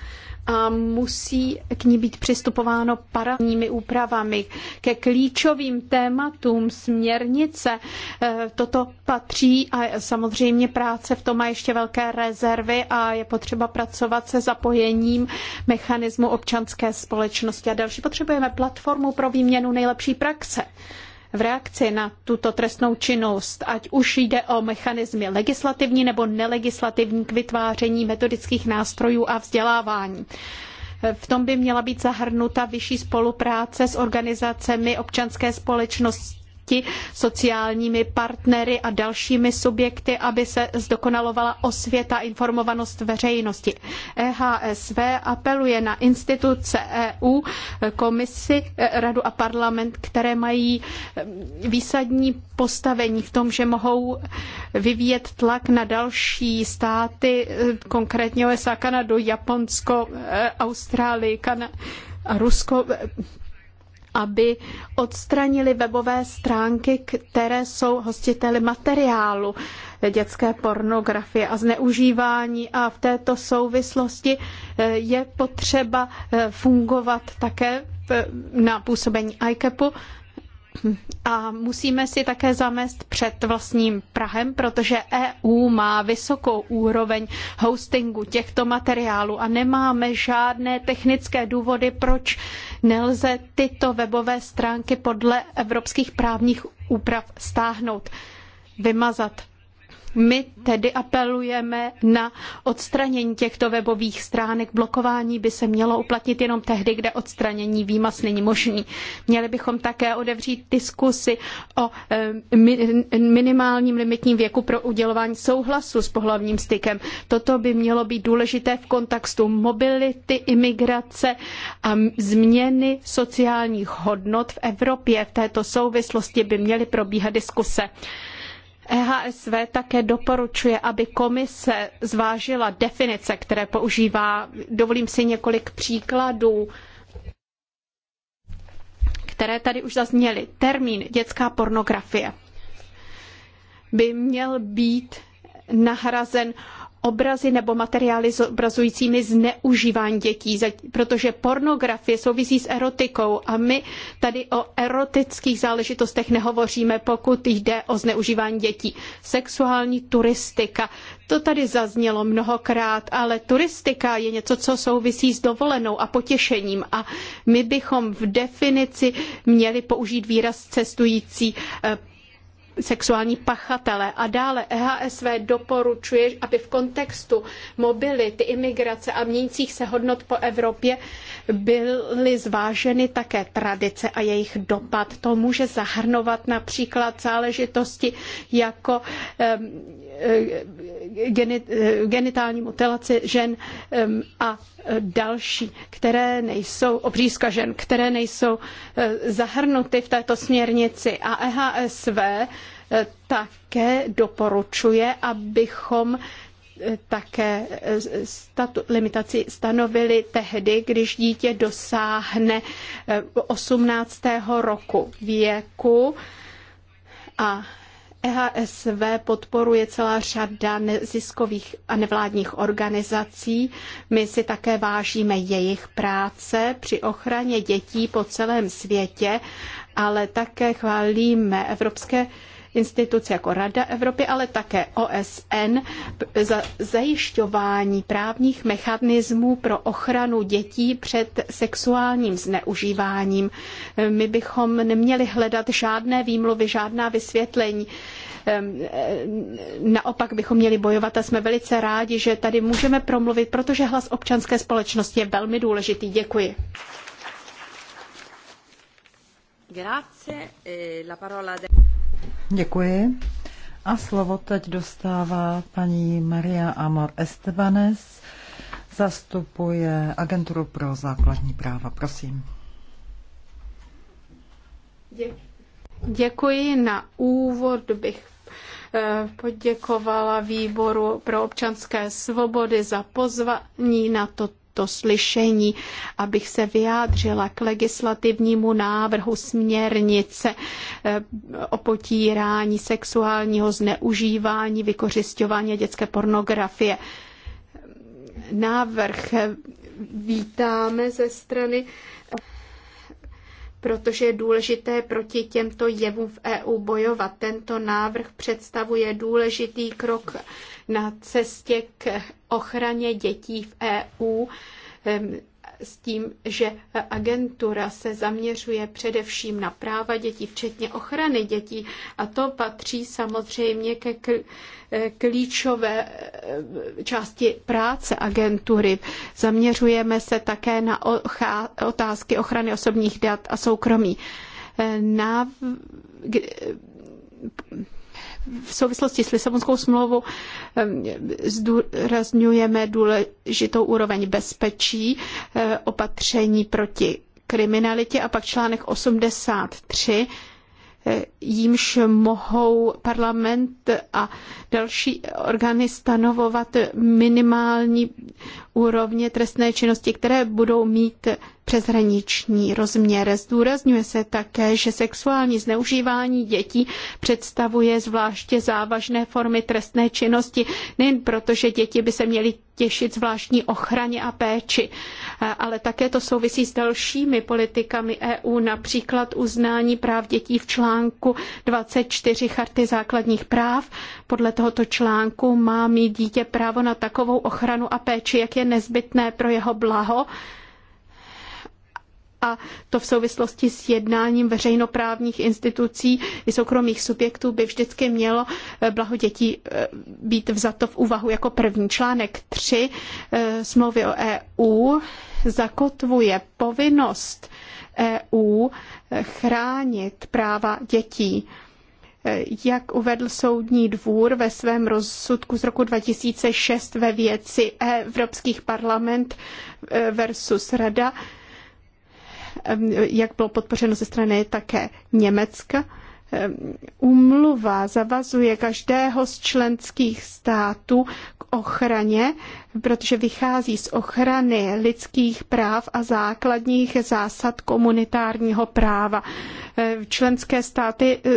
a musí k ní být přistupováno paralelními úpravami. Ke klíčovým tématům směrnice e, toto patří a samozřejmě práce v tom má ještě velké rezervy a je potřeba pracovat se zapojením mechanismu občanské společnosti. A další potřebujeme platformu pro výměnu nejlepší praxe v reakci na tuto trestnou činnost, ať už jde o mechanismy legislativní nebo nelegislativní k vytváření metodických nástrojů a vzdělávání. V tom by měla být zahrnuta vyšší spolupráce s organizacemi občanské společnosti oblasti, sociálními partnery a dalšími subjekty, aby se zdokonalovala osvěta a informovanost veřejnosti. EHSV apeluje na instituce EU, komisi, radu a parlament, které mají eh, výsadní postavení v tom, že mohou vyvíjet tlak na další státy, eh, konkrétně USA, Kanadu, Japonsko, eh, Austrálii, Kana- a Rusko aby odstranili webové stránky, které jsou hostiteli materiálu dětské pornografie a zneužívání. A v této souvislosti eh, je potřeba eh, fungovat také eh, na působení ICAPu a musíme si také zamést před vlastním Prahem, protože EU má vysokou úroveň hostingu těchto materiálů a nemáme žádné technické důvody, proč nelze tyto webové stránky podle evropských právních úprav stáhnout, vymazat. My tedy apelujeme na odstranění těchto webových stránek. Blokování by se mělo uplatnit jenom tehdy, kde odstranění výmaz není možný. Měli bychom také odevřít diskusy o eh, minimálním limitním věku pro udělování souhlasu s pohlavním stykem. Toto by mělo být důležité v kontextu mobility, imigrace a změny sociálních hodnot v Evropě. V této souvislosti by měly probíhat diskuse. EHSV také doporučuje, aby komise zvážila definice, které používá. Dovolím si několik příkladů které tady už zazněly. Termín dětská pornografie by měl být nahrazen obrazy nebo materiály zobrazujícími zneužívání dětí, protože pornografie souvisí s erotikou a my tady o erotických záležitostech nehovoříme, pokud jde o zneužívání dětí. Sexuální turistika, to tady zaznělo mnohokrát, ale turistika je něco, co souvisí s dovolenou a potěšením a my bychom v definici měli použít výraz cestující eh, sexuální pachatele. A dále EHSV doporučuje, aby v kontextu mobility, imigrace a měnících se hodnot po Evropě byly zváženy také tradice a jejich dopad. To může zahrnovat například záležitosti jako e, e, genitální mutilace žen a další, které nejsou, obřízka žen, které nejsou e, zahrnuty v této směrnici. A EHSV také doporučuje, abychom eh, také eh, statu, limitaci stanovili tehdy, když dítě dosáhne 18. Eh, roku věku a EHSV podporuje celá řada neziskových a nevládních organizací. My si také vážíme jejich práce při ochraně dětí po celém světě, ale také chválíme Evropské instituce jako Rada Evropy, ale také OSN za zajišťování právních mechanismů pro ochranu dětí před sexuálním zneužíváním. My bychom neměli hledat žádné výmluvy, žádná vysvětlení. Ehm, ehm, naopak bychom měli bojovat a jsme velice rádi, že tady můžeme promluvit, protože hlas občanské společnosti je velmi důležitý. Děkuji.
Grazie. Eh, la parola de...
Děkuji. A slovo teď dostává paní Maria Amor Estebanes, zastupuje Agenturu pro základní práva. Prosím.
Děkuji. Na úvod bych eh, poděkovala výboru pro občanské svobody za pozvání na toto to slyšení, abych se vyjádřila k legislativnímu návrhu směrnice eh, o potírání sexuálního zneužívání, vykořišťování dětské pornografie. Návrh eh, vítáme ze strany protože je důležité proti těmto jevům v EU bojovat. Tento návrh představuje důležitý krok na cestě k ochraně dětí v EU s tím, že agentura se zaměřuje především na práva dětí, včetně ochrany dětí. A to patří samozřejmě ke eh, klíčové eh, části práce agentury. Zaměřujeme se také na otázky ochrany osobních dat a soukromí. Eh, na v souvislosti s Lisabonskou smlouvou zdůrazňujeme důležitou úroveň bezpečí, eh, opatření proti kriminalitě a pak článek 83 eh, jímž mohou parlament a další orgány stanovovat minimální úrovně trestné činnosti, které budou mít přeshraniční rozměr. Zdůrazňuje se také, že sexuální zneužívání dětí představuje zvláště závažné formy trestné činnosti, nejen proto, že děti by se měly těšit zvláštní ochraně a péči, ale také to souvisí s dalšími politikami EU, například uznání práv dětí v článku 24 Charty základních práv. Podle tohoto článku má mít dítě právo na takovou ochranu a péči, jak je nezbytné pro jeho blaho, a to v souvislosti s jednáním veřejnoprávních institucí i soukromých subjektů by vždycky mělo eh, blaho dětí eh, být vzato v úvahu jako první. Článek 3 eh, smlouvy o EU zakotvuje povinnost EU chránit práva dětí. Jak uvedl soudní dvůr ve svém rozsudku z roku 2006 ve věci e Evropských parlament versus Rada, jak bylo podpořeno ze strany také Německa, Úmluva zavazuje každého z členských států k ochraně, protože vychází z ochrany lidských práv a základních zásad komunitárního práva. Členské státy e,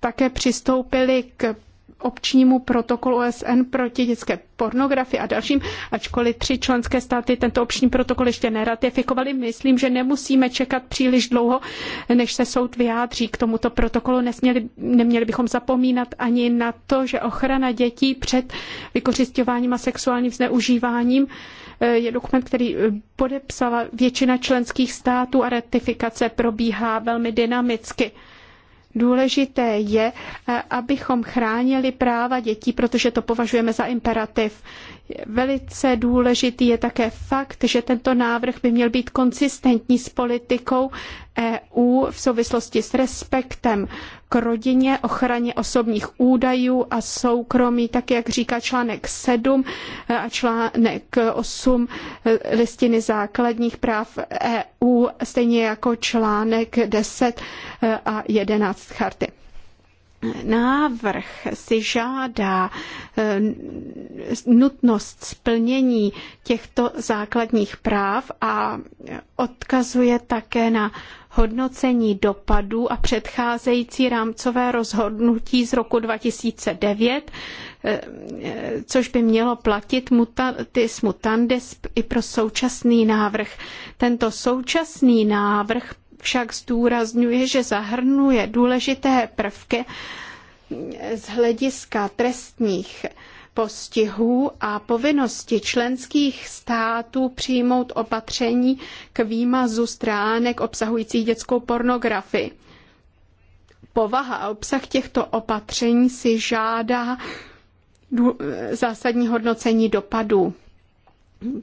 také přistoupily k občnímu protokolu OSN proti dětské pornografii a dalším, ačkoliv tři členské státy tento obční protokol ještě neratifikovaly. Myslím, že nemusíme čekat příliš dlouho, než se soud vyjádří k tomuto protokolu. Nesměli, neměli bychom zapomínat ani na to, že ochrana dětí před vykořisťováním a sexuálním zneužíváním eh, je dokument, který eh, podepsala většina členských států a ratifikace probíhá velmi dynamicky. Důležité je, eh, abychom chránili práva dětí, protože to považujeme za imperativ. Velice důležitý je také fakt, že tento návrh by měl být konsistentní s politikou EU v souvislosti s respektem k rodině, ochraně osobních údajů a soukromí, tak jak říká článek 7 eh, a článek 8 eh, listiny základních práv EU, stejně jako článek 10 eh, a 11 charty návrh si žádá eh, nutnost splnění těchto základních práv a odkazuje také na hodnocení dopadů a předcházející rámcové rozhodnutí z roku 2009, eh, což by mělo platit mutatis mutandis i pro současný návrh. Tento současný návrh však zdůrazňuje, že zahrnuje důležité prvky z hlediska trestních postihů a povinnosti členských států přijmout opatření k výmazu stránek obsahujících dětskou pornografii. Povaha a obsah těchto opatření si žádá zásadní hodnocení dopadů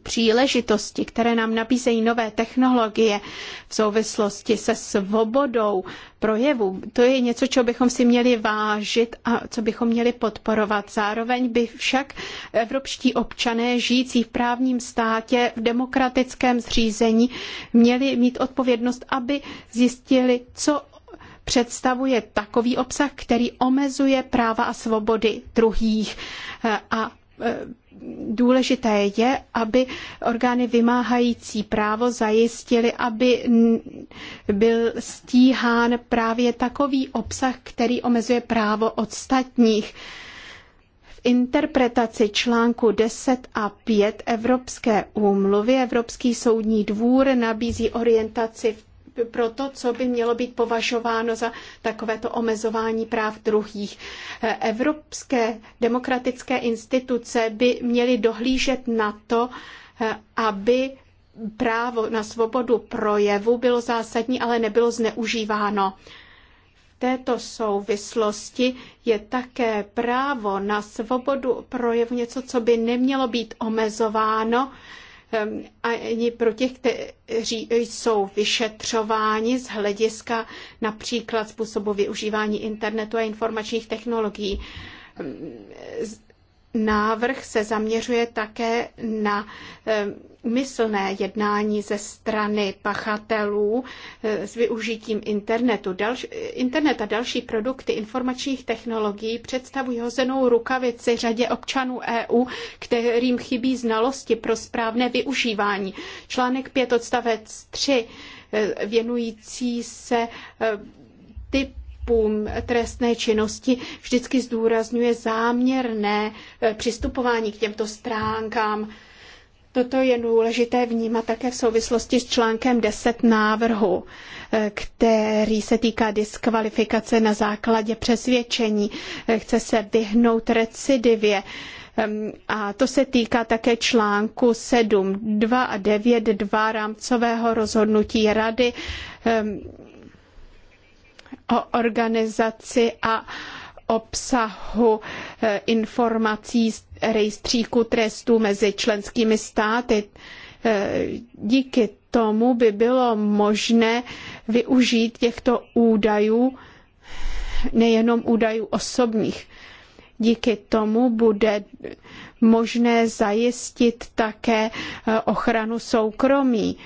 příležitosti, které nám nabízejí nové technologie v souvislosti se svobodou projevu. To je něco, co bychom si měli vážit a co bychom měli podporovat. Zároveň by však evropští občané žijící v právním státě, v demokratickém zřízení, měli mít odpovědnost, aby zjistili, co představuje takový obsah, který omezuje práva a svobody druhých a e, důležité je, aby orgány vymáhající právo zajistili, aby byl stíhán právě takový obsah, který omezuje právo ostatních interpretaci článku 10 a 5 Evropské úmluvy Evropský soudní dvůr nabízí orientaci v pro to, co by mělo být považováno za takovéto omezování práv druhých. Evropské demokratické instituce by měly dohlížet na to, aby právo na svobodu projevu bylo zásadní, ale nebylo zneužíváno. V této souvislosti je také právo na svobodu projevu něco, co by nemělo být omezováno, Ehm, ani pro těch, kteří jsou vyšetřováni z hlediska například způsobu využívání internetu a informačních technologií ehm, návrh se zaměřuje také na umyslné eh, jednání ze strany pachatelů eh, s využitím internetu. internet a další produkty informačních technologií představují hozenou rukavici řadě občanů EU, kterým chybí znalosti pro správné využívání. Článek 5 odstavec 3 eh, věnující se typům trestné činnosti vždycky zdůrazňuje záměrné eh, přistupování k těmto stránkám. Toto je důležité vnímat také v souvislosti s článkem 10 návrhu, eh, který se týká diskvalifikace na základě přesvědčení. Eh, chce se vyhnout recidivě. A to se týká také článku 7.2 a 9.2 rámcového rozhodnutí Rady o organizaci a obsahu eh, informací z rejstříku trestů mezi členskými státy. Eh, díky tomu by bylo možné využít těchto údajů, nejenom údajů osobních. Díky tomu bude možné zajistit také eh, ochranu soukromí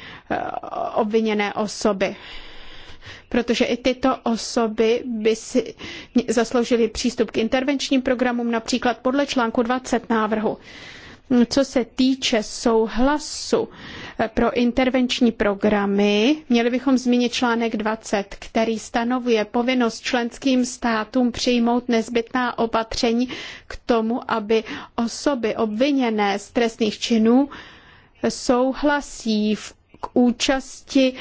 obviněné osoby protože i tyto osoby by si zasloužily přístup k intervenčním programům, například podle článku 20 návrhu. Co se týče souhlasu pro intervenční programy, měli bychom zmínit článek 20, který stanovuje povinnost členským státům přijmout nezbytná opatření k tomu, aby osoby obviněné z trestných činů souhlasí v, k účasti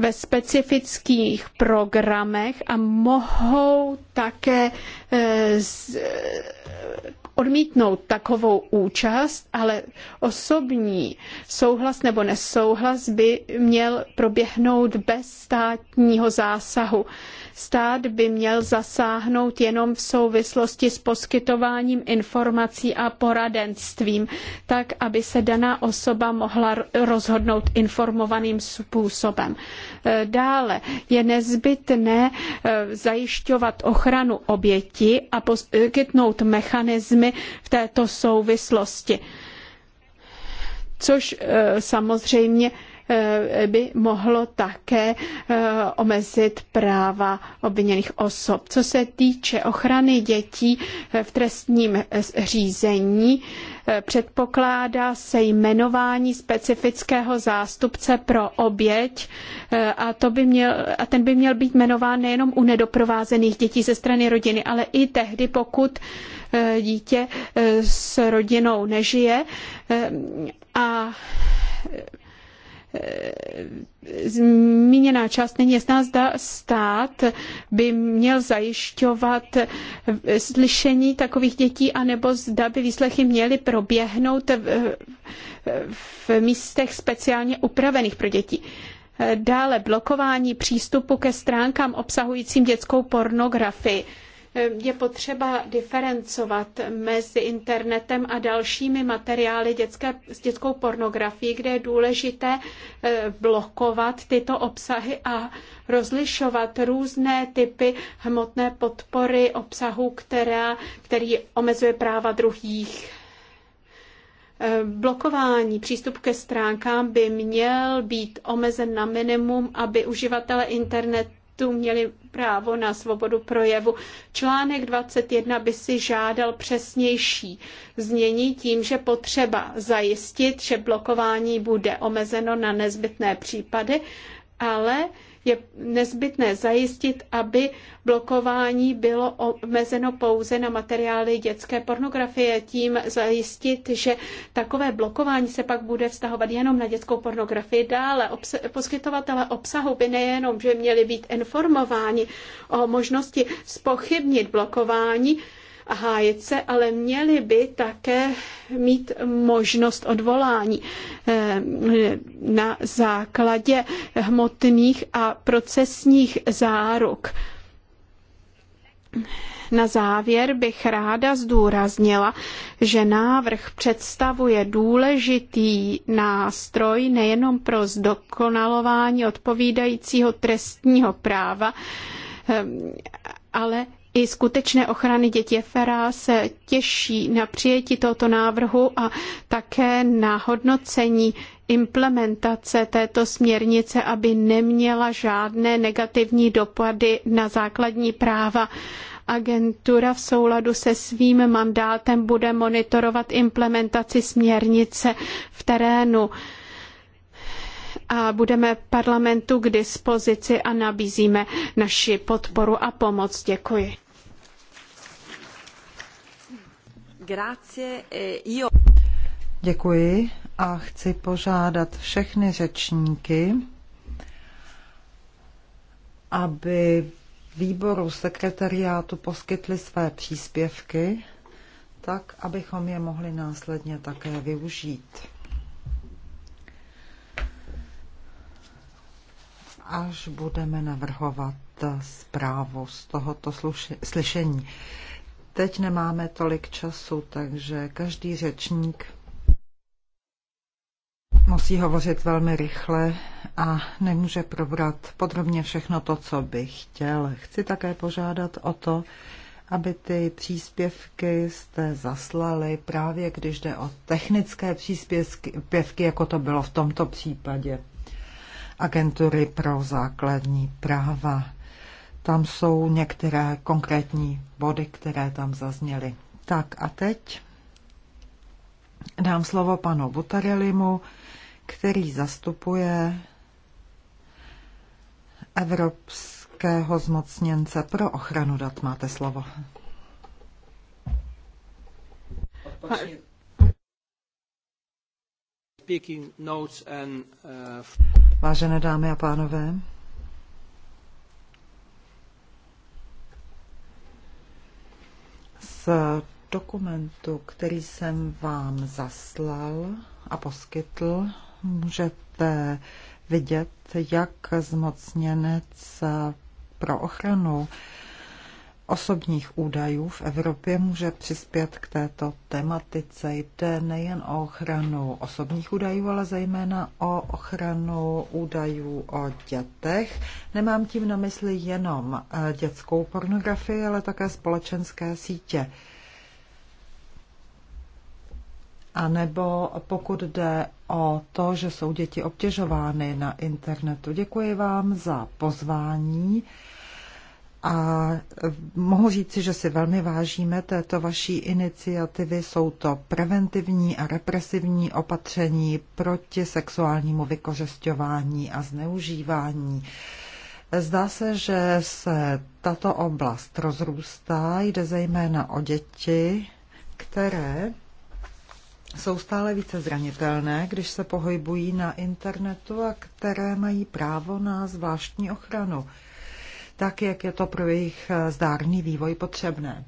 ve specifických programech a mohou také e, odmítnout takovou účast, ale osobní souhlas nebo nesouhlas by měl proběhnout bez státního zásahu. Stát by měl zasáhnout jenom v souvislosti s poskytováním informací a poradenstvím, tak aby se daná osoba mohla rozhodnout informovaným způsobem. E, dále je nezbytné e, zajišťovat ochranu oběti a poskytnout mechanismy v této souvislosti. Což e, samozřejmě Eh, by mohlo také eh, omezit práva obviněných osob. Co se týče ochrany dětí eh, v trestním řízení, předpokládá se jmenování specifického zástupce pro oběť a, to by měl, a ten by měl být jmenován nejenom u nedoprovázených dětí ze strany rodiny, ale i tehdy, pokud dítě s rodinou nežije a Eh, zmíněná část není jasná, zda stát by měl zajišťovat eh, slyšení takových dětí, anebo zda by výslechy měly proběhnout v, eh, v místech speciálně upravených pro děti. Dále blokování přístupu ke stránkám obsahujícím dětskou pornografii. Je potřeba diferencovat mezi internetem a dalšími materiály dětské, s dětskou pornografií, kde je důležité eh, blokovat tyto obsahy a rozlišovat různé typy hmotné podpory obsahu, která, který omezuje práva druhých. Eh, blokování přístup ke stránkám by měl být omezen na minimum, aby uživatelé internetu aktivistů měli právo na svobodu projevu. Článek 21 by si žádal přesnější znění tím, že potřeba zajistit, že blokování bude omezeno na nezbytné případy, ale je nezbytné zajistit, aby blokování bylo omezeno pouze na materiály dětské pornografie, tím zajistit, že takové blokování se pak bude vztahovat jenom na dětskou pornografii dále. Obs- poskytovatele obsahu by nejenom, že měli být informováni o možnosti spochybnit blokování, a hájit se, ale měli by také mít možnost odvolání eh, na základě hmotných a procesních záruk. Na závěr bych ráda zdůraznila, že návrh představuje důležitý nástroj nejenom pro zdokonalování odpovídajícího trestního práva, eh, ale i skutečné ochrany dětí Fera se těší na přijetí tohoto návrhu a také na hodnocení implementace této směrnice, aby neměla žádné negativní dopady na základní práva. Agentura v souladu se svým mandátem bude monitorovat implementaci směrnice v terénu a budeme parlamentu k dispozici a nabízíme naši podporu a pomoc. Děkuji.
E,
Děkuji a chci požádat všechny řečníky, aby výboru sekretariátu poskytli své příspěvky, tak abychom je mohli následně také využít. až budeme navrhovat zprávu z tohoto slyšení. Teď nemáme tolik času, takže každý řečník musí hovořit velmi rychle a nemůže probrat podrobně všechno to, co by chtěl. Chci také požádat o to, aby ty příspěvky jste zaslali právě, když jde o technické příspěvky, jako to bylo v tomto případě agentury pro základní práva. Tam jsou některé konkrétní body, které tam zazněly. Tak a teď dám slovo panu Butarelimu, který zastupuje Evropského zmocněnce pro ochranu dat. Máte slovo. Odpočně. Uh, Vážené dámy a pánové, z dokumentu, který jsem vám zaslal a poskytl, můžete vidět, jak zmocněnec pro ochranu osobních údajů v Evropě může přispět k této tematice. Jde nejen o ochranu osobních údajů, ale zejména o ochranu údajů o dětech. Nemám tím na mysli jenom eh, dětskou pornografii, ale také společenské sítě. A nebo pokud jde o to, že jsou děti obtěžovány na internetu. Děkuji vám za pozvání. A eh, mohu říci, že si velmi vážíme této vaší iniciativy. Jsou to preventivní a represivní opatření proti sexuálnímu vykořišťování a zneužívání. Zdá se, že se tato oblast rozrůstá, jde zejména o děti, které jsou stále více zranitelné, když se pohybují na internetu a které mají právo na zvláštní ochranu tak, jak je to pro jejich eh, zdárný vývoj potřebné.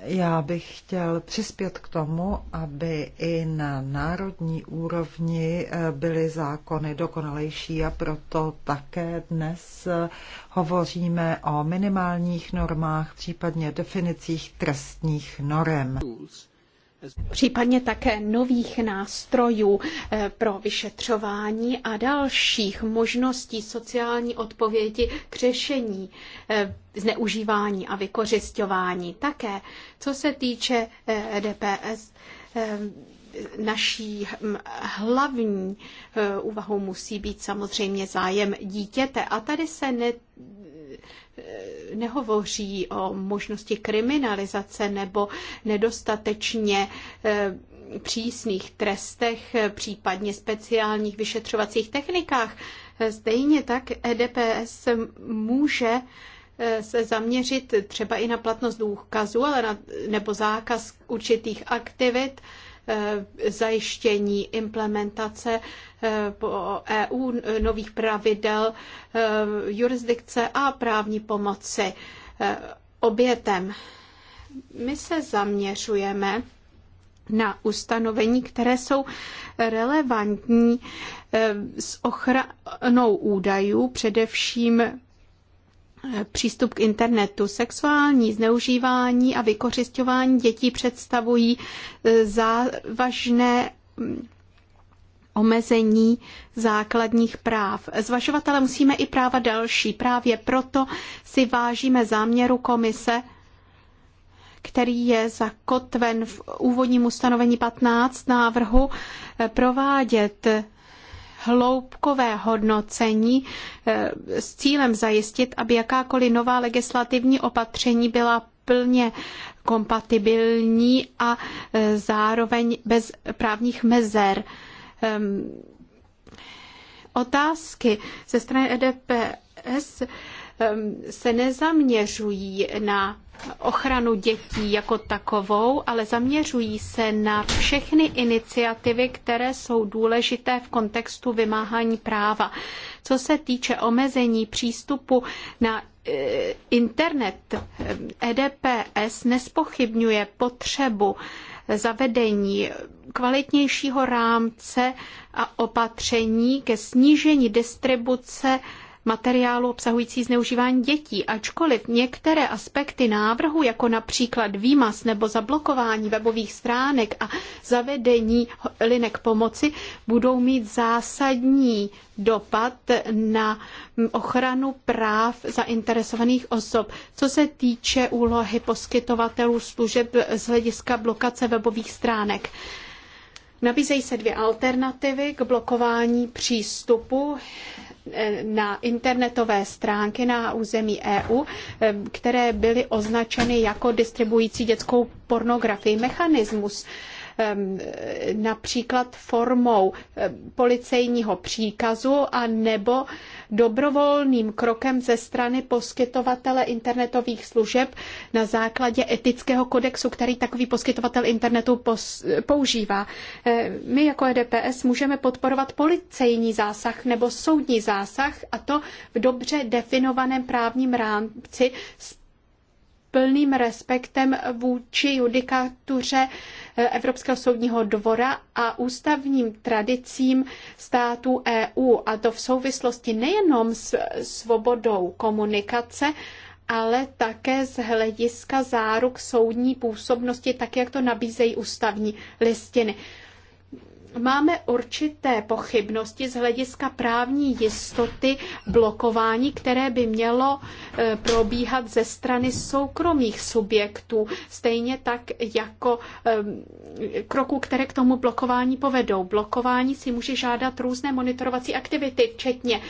Já bych chtěl přispět k tomu, aby i na národní úrovni eh, byly zákony dokonalejší a proto také dnes eh, hovoříme o minimálních normách, případně definicích trestních norem.
Tools případně také nových nástrojů eh, pro vyšetřování a dalších možností sociální odpovědi k řešení eh, zneužívání a vykořišťování. Také, co se týče eh, DPS, naší hm, hlavní úvahou musí být samozřejmě zájem dítěte. A tady se ne, Eh, nehovoří o možnosti kriminalizace nebo nedostatečně eh, přísných trestech, eh, případně speciálních vyšetřovacích technikách. Stejně tak EDPS může se zaměřit třeba i na platnost důkazu ale na, nebo zákaz určitých aktivit Eh, zajištění implementace eh, po EU nových pravidel eh, jurisdikce a právní pomoci obětem. My se zaměřujeme na ustanovení, které jsou relevantní s ochranou údajů, především přístup k internetu. Sexuální zneužívání a vykořišťování dětí představují e, závažné mm, omezení základních práv. Zvažovat ale musíme i práva další. Právě proto si vážíme záměru komise který je zakotven v úvodním ustanovení 15 návrhu, e, provádět hloubkové hodnocení eh, s cílem zajistit, aby jakákoliv nová legislativní opatření byla plně kompatibilní a eh, zároveň bez právních mezer. Ehm, otázky ze strany EDPS Ehm, se nezaměřují na ochranu dětí jako takovou, ale zaměřují se na všechny iniciativy, které jsou důležité v kontextu vymáhání práva. Co se týče omezení přístupu na e, internet, EDPS ehm, e nespochybňuje potřebu zavedení kvalitnějšího rámce a opatření ke snížení distribuce materiálu obsahující zneužívání dětí, ačkoliv některé aspekty návrhu, jako například výmaz nebo zablokování webových stránek a zavedení linek pomoci, budou mít zásadní dopad na ochranu práv zainteresovaných osob. Co se týče úlohy poskytovatelů služeb z hlediska blokace webových stránek, Nabízejí se dvě alternativy k blokování přístupu na internetové stránky na území EU, eh, které byly označeny jako distribuující dětskou pornografii. Mechanismus například formou policejního příkazu a nebo dobrovolným krokem ze strany poskytovatele internetových služeb na základě etického kodexu, který takový poskytovatel internetu používá. My jako EDPS můžeme podporovat policejní zásah nebo soudní zásah a to v dobře definovaném právním rámci s plným respektem vůči judikatuře eh, Evropského soudního dvora a ústavním tradicím států EU. A to v souvislosti nejenom s svobodou komunikace, ale také z hlediska záruk soudní působnosti, tak jak to nabízejí ústavní listiny máme určité pochybnosti z hlediska právní jistoty blokování, které by mělo e, probíhat ze strany soukromých subjektů, stejně tak jako e, kroků, které k tomu blokování povedou. Blokování si může žádat různé monitorovací aktivity, včetně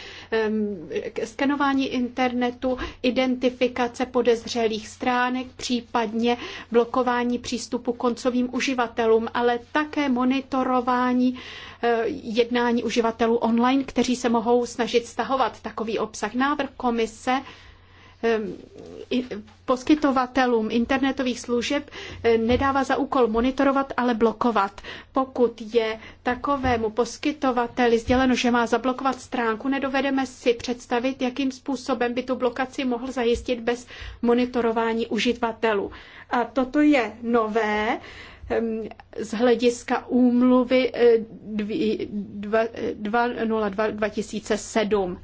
skenování internetu, identifikace podezřelých stránek, případně blokování přístupu koncovým uživatelům, ale také monitorování blokování eh, jednání uživatelů online, kteří se mohou snažit stahovat takový obsah. Návrh komise eh, poskytovatelům internetových služeb eh, nedává za úkol monitorovat, ale blokovat. Pokud je takovému poskytovateli sděleno, že má zablokovat stránku, nedovedeme si představit, jakým způsobem by tu blokaci mohl zajistit bez monitorování uživatelů. A toto je nové Ehm, z hlediska úmluvy 202-2007.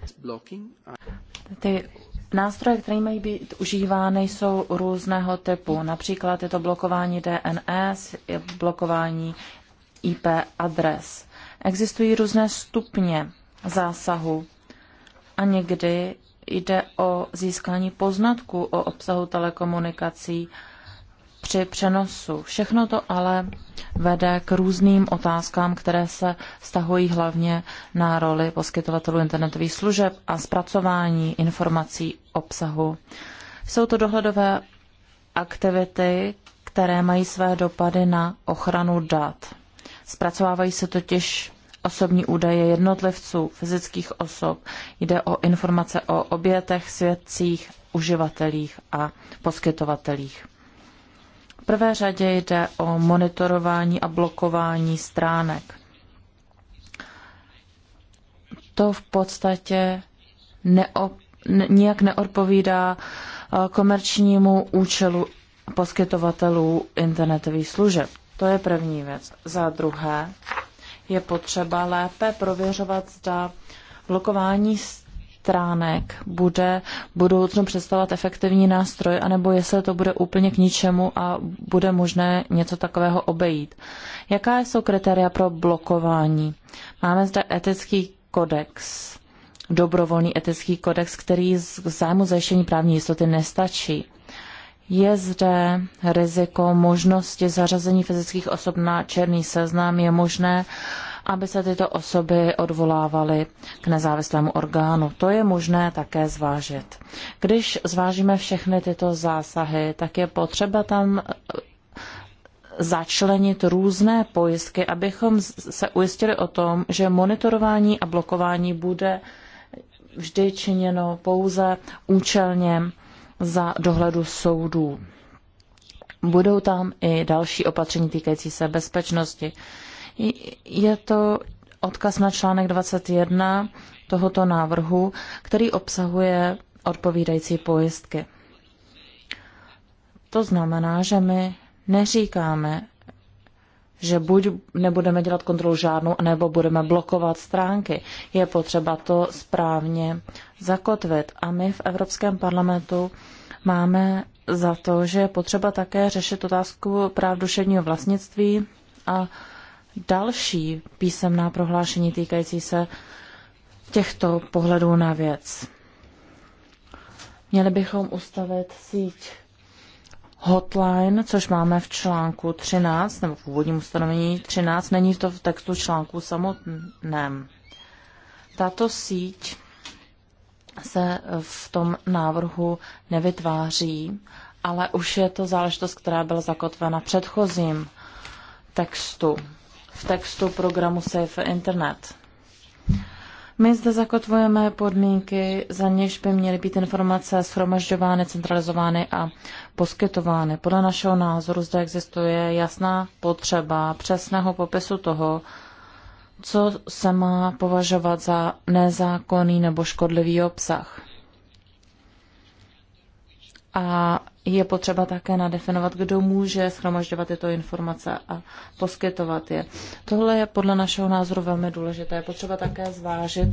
Eh,
Ty nástroje, které mají být užívány, jsou různého typu. Například je to blokování DNS, blokování IP adres. Existují různé stupně zásahu a někdy jde o získání poznatku o obsahu telekomunikací při přenosu. Všechno to ale vede k různým otázkám, které se stahují hlavně na roli poskytovatelů internetových služeb a zpracování informací obsahu. Jsou to dohledové aktivity, které mají své dopady na ochranu dat. Zpracovávají se totiž osobní údaje jednotlivců, fyzických osob. Jde o informace o obětech, svědcích, uživatelích a poskytovatelích prvé řadě jde o monitorování a blokování stránek. To v podstatě neop, ne, nijak neodpovídá eh, komerčnímu účelu poskytovatelů internetových služeb. To je první věc. Za druhé je potřeba lépe prověřovat, zda blokování stránek stránek bude budoucnu představovat efektivní nástroj, anebo jestli to bude úplně k ničemu a bude možné něco takového obejít. Jaká jsou kritéria pro blokování? Máme zde etický kodex, dobrovolný etický kodex, který z zájmu zajištění právní jistoty nestačí. Je zde riziko možnosti zařazení fyzických osob na černý seznam, je možné uh, aby se tyto osoby odvolávaly k nezávislému orgánu. To je možné také zvážit. Když zvážíme všechny tyto zásahy, tak je potřeba tam eh, začlenit různé pojistky, abychom se ujistili o tom, že monitorování a blokování bude vždy činěno pouze účelně za dohledu soudů. Budou tam i další opatření týkající se bezpečnosti. Je to odkaz na článek 21 tohoto návrhu, který obsahuje odpovídající pojistky. To znamená, že my neříkáme, že buď nebudeme dělat kontrolu žádnou, nebo budeme blokovat stránky. Je potřeba to správně zakotvit. A my v Evropském parlamentu máme za to, že je potřeba také řešit otázku práv duševního vlastnictví a další písemná prohlášení týkající se těchto pohledů na věc. Měli bychom ustavit síť hotline, což máme v článku 13, nebo v původním ustanovení 13, není to v textu článku samotném. Tato síť se v tom návrhu nevytváří, ale už je to záležitost, která byla zakotvena v předchozím textu v textu programu Safe Internet. My zde zakotvujeme podmínky, za něž by měly být informace shromažďovány, centralizovány a poskytovány. Podle našeho názoru zde existuje jasná potřeba přesného popisu toho, co se má považovat za nezákonný nebo škodlivý obsah. A je potřeba také nadefinovat, kdo může schromažďovat tyto informace a poskytovat je. Tohle je podle našeho názoru velmi důležité. Je potřeba také zvážit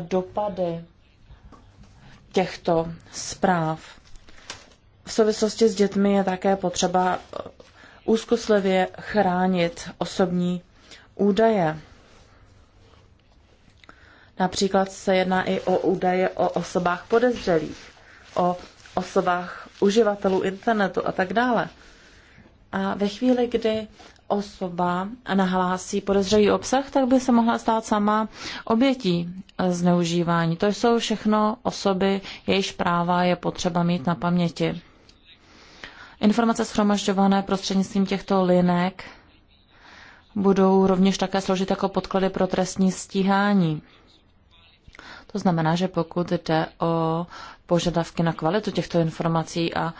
dopady těchto zpráv. V souvislosti s dětmi je také potřeba eh, úzkoslivě chránit osobní údaje. Například se jedná i o údaje o osobách podezřelých, o osobách uživatelů internetu a tak dále. A ve chvíli, kdy osoba nahlásí podezřelý obsah, tak by se mohla stát sama obětí eh, zneužívání. To jsou všechno osoby, jejichž práva je potřeba mít na paměti. Informace shromažďované prostřednictvím těchto linek budou rovněž také složit jako podklady pro trestní stíhání. To znamená, že pokud jde o požadavky na kvalitu těchto informací a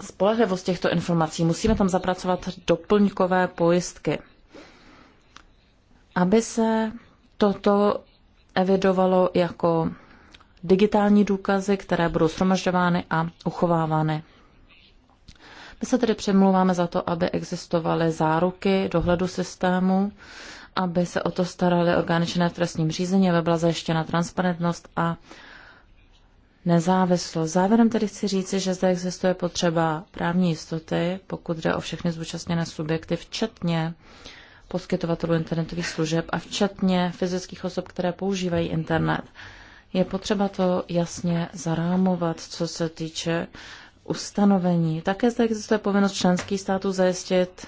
spolehlivost těchto informací. Musíme tam zapracovat doplňkové pojistky, aby se toto evidovalo jako digitální důkazy, které budou shromažďovány a uchovávány. My se tedy přemluváme za to, aby existovaly záruky dohledu systému, aby se o to staraly orgány v trestním řízení, aby byla zajištěna transparentnost a nezávislost. Závěrem tedy chci říci, že zde existuje potřeba právní jistoty, pokud jde o všechny zúčastněné subjekty, včetně poskytovatelů internetových služeb a včetně fyzických osob, které používají internet. Je potřeba to jasně zarámovat, co se týče ustanovení. Také zde existuje povinnost členských států zajistit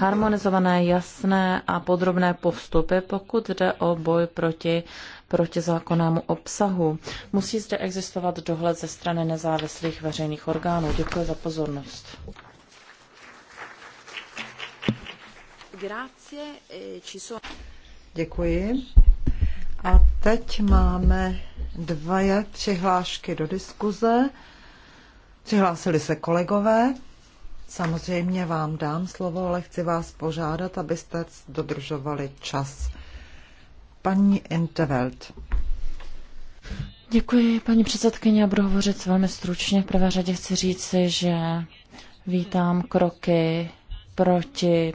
harmonizované, jasné a podrobné postupy, pokud jde o boj proti protizákonnému obsahu. Musí zde existovat dohled ze strany nezávislých veřejných orgánů. Děkuji za pozornost.
E,
Děkuji. A teď máme dvě přihlášky do diskuze. Přihlásili se kolegové. Samozřejmě vám dám slovo, ale chci vás požádat, abyste dodržovali čas. Paní Entevelt. Děkuji, paní předsedkyně. Já budu
hovořit velmi stručně. V prvé řadě chci říci, že vítám kroky proti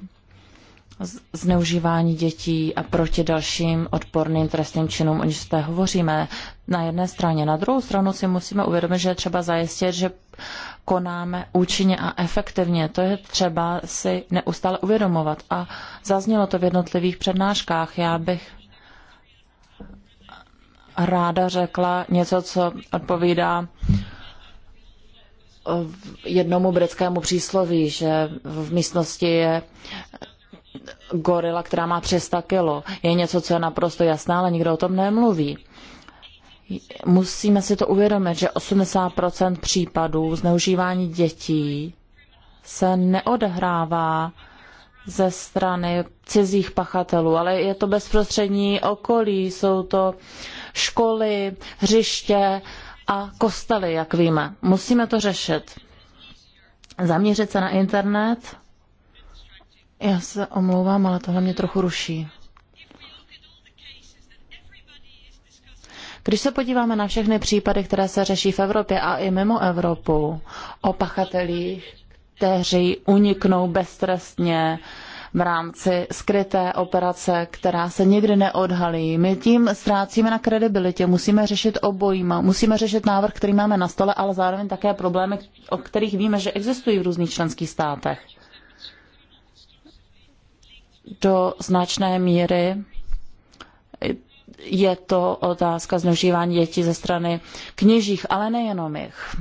zneužívání dětí a proti dalším odporným trestným činům, o nich zde hovoříme na jedné straně. Na druhou stranu si musíme uvědomit, že je třeba zajistit, že konáme účinně a efektivně. To je třeba si neustále uvědomovat. A zaznělo to v jednotlivých přednáškách. Já bych ráda řekla něco, co odpovídá eh, jednomu britskému přísloví, že v místnosti je gorila, která má 300 kilo. Je něco, co je naprosto jasné, ale nikdo o tom nemluví. Musíme si to uvědomit, že 80% případů zneužívání dětí se neodehrává ze strany cizích pachatelů, ale je to bezprostřední okolí, jsou to uh, školy, hřiště a kostely, jak víme. Musíme to řešit. Zaměřit se na internet. Já se omlouvám, ale tohle mě trochu ruší. Když se podíváme na všechny případy, které se řeší v Evropě a i mimo Evropu, o pachatelích, kteří uniknou beztrestně v rámci skryté operace, která se nikdy neodhalí. My tím ztrácíme na kredibilitě, musíme řešit obojíma, musíme řešit návrh, který máme na stole, ale zároveň také problémy, o kterých víme, že existují v různých členských státech. Do značné míry je to otázka zneužívání dětí ze strany kněžích, ale nejenom jich.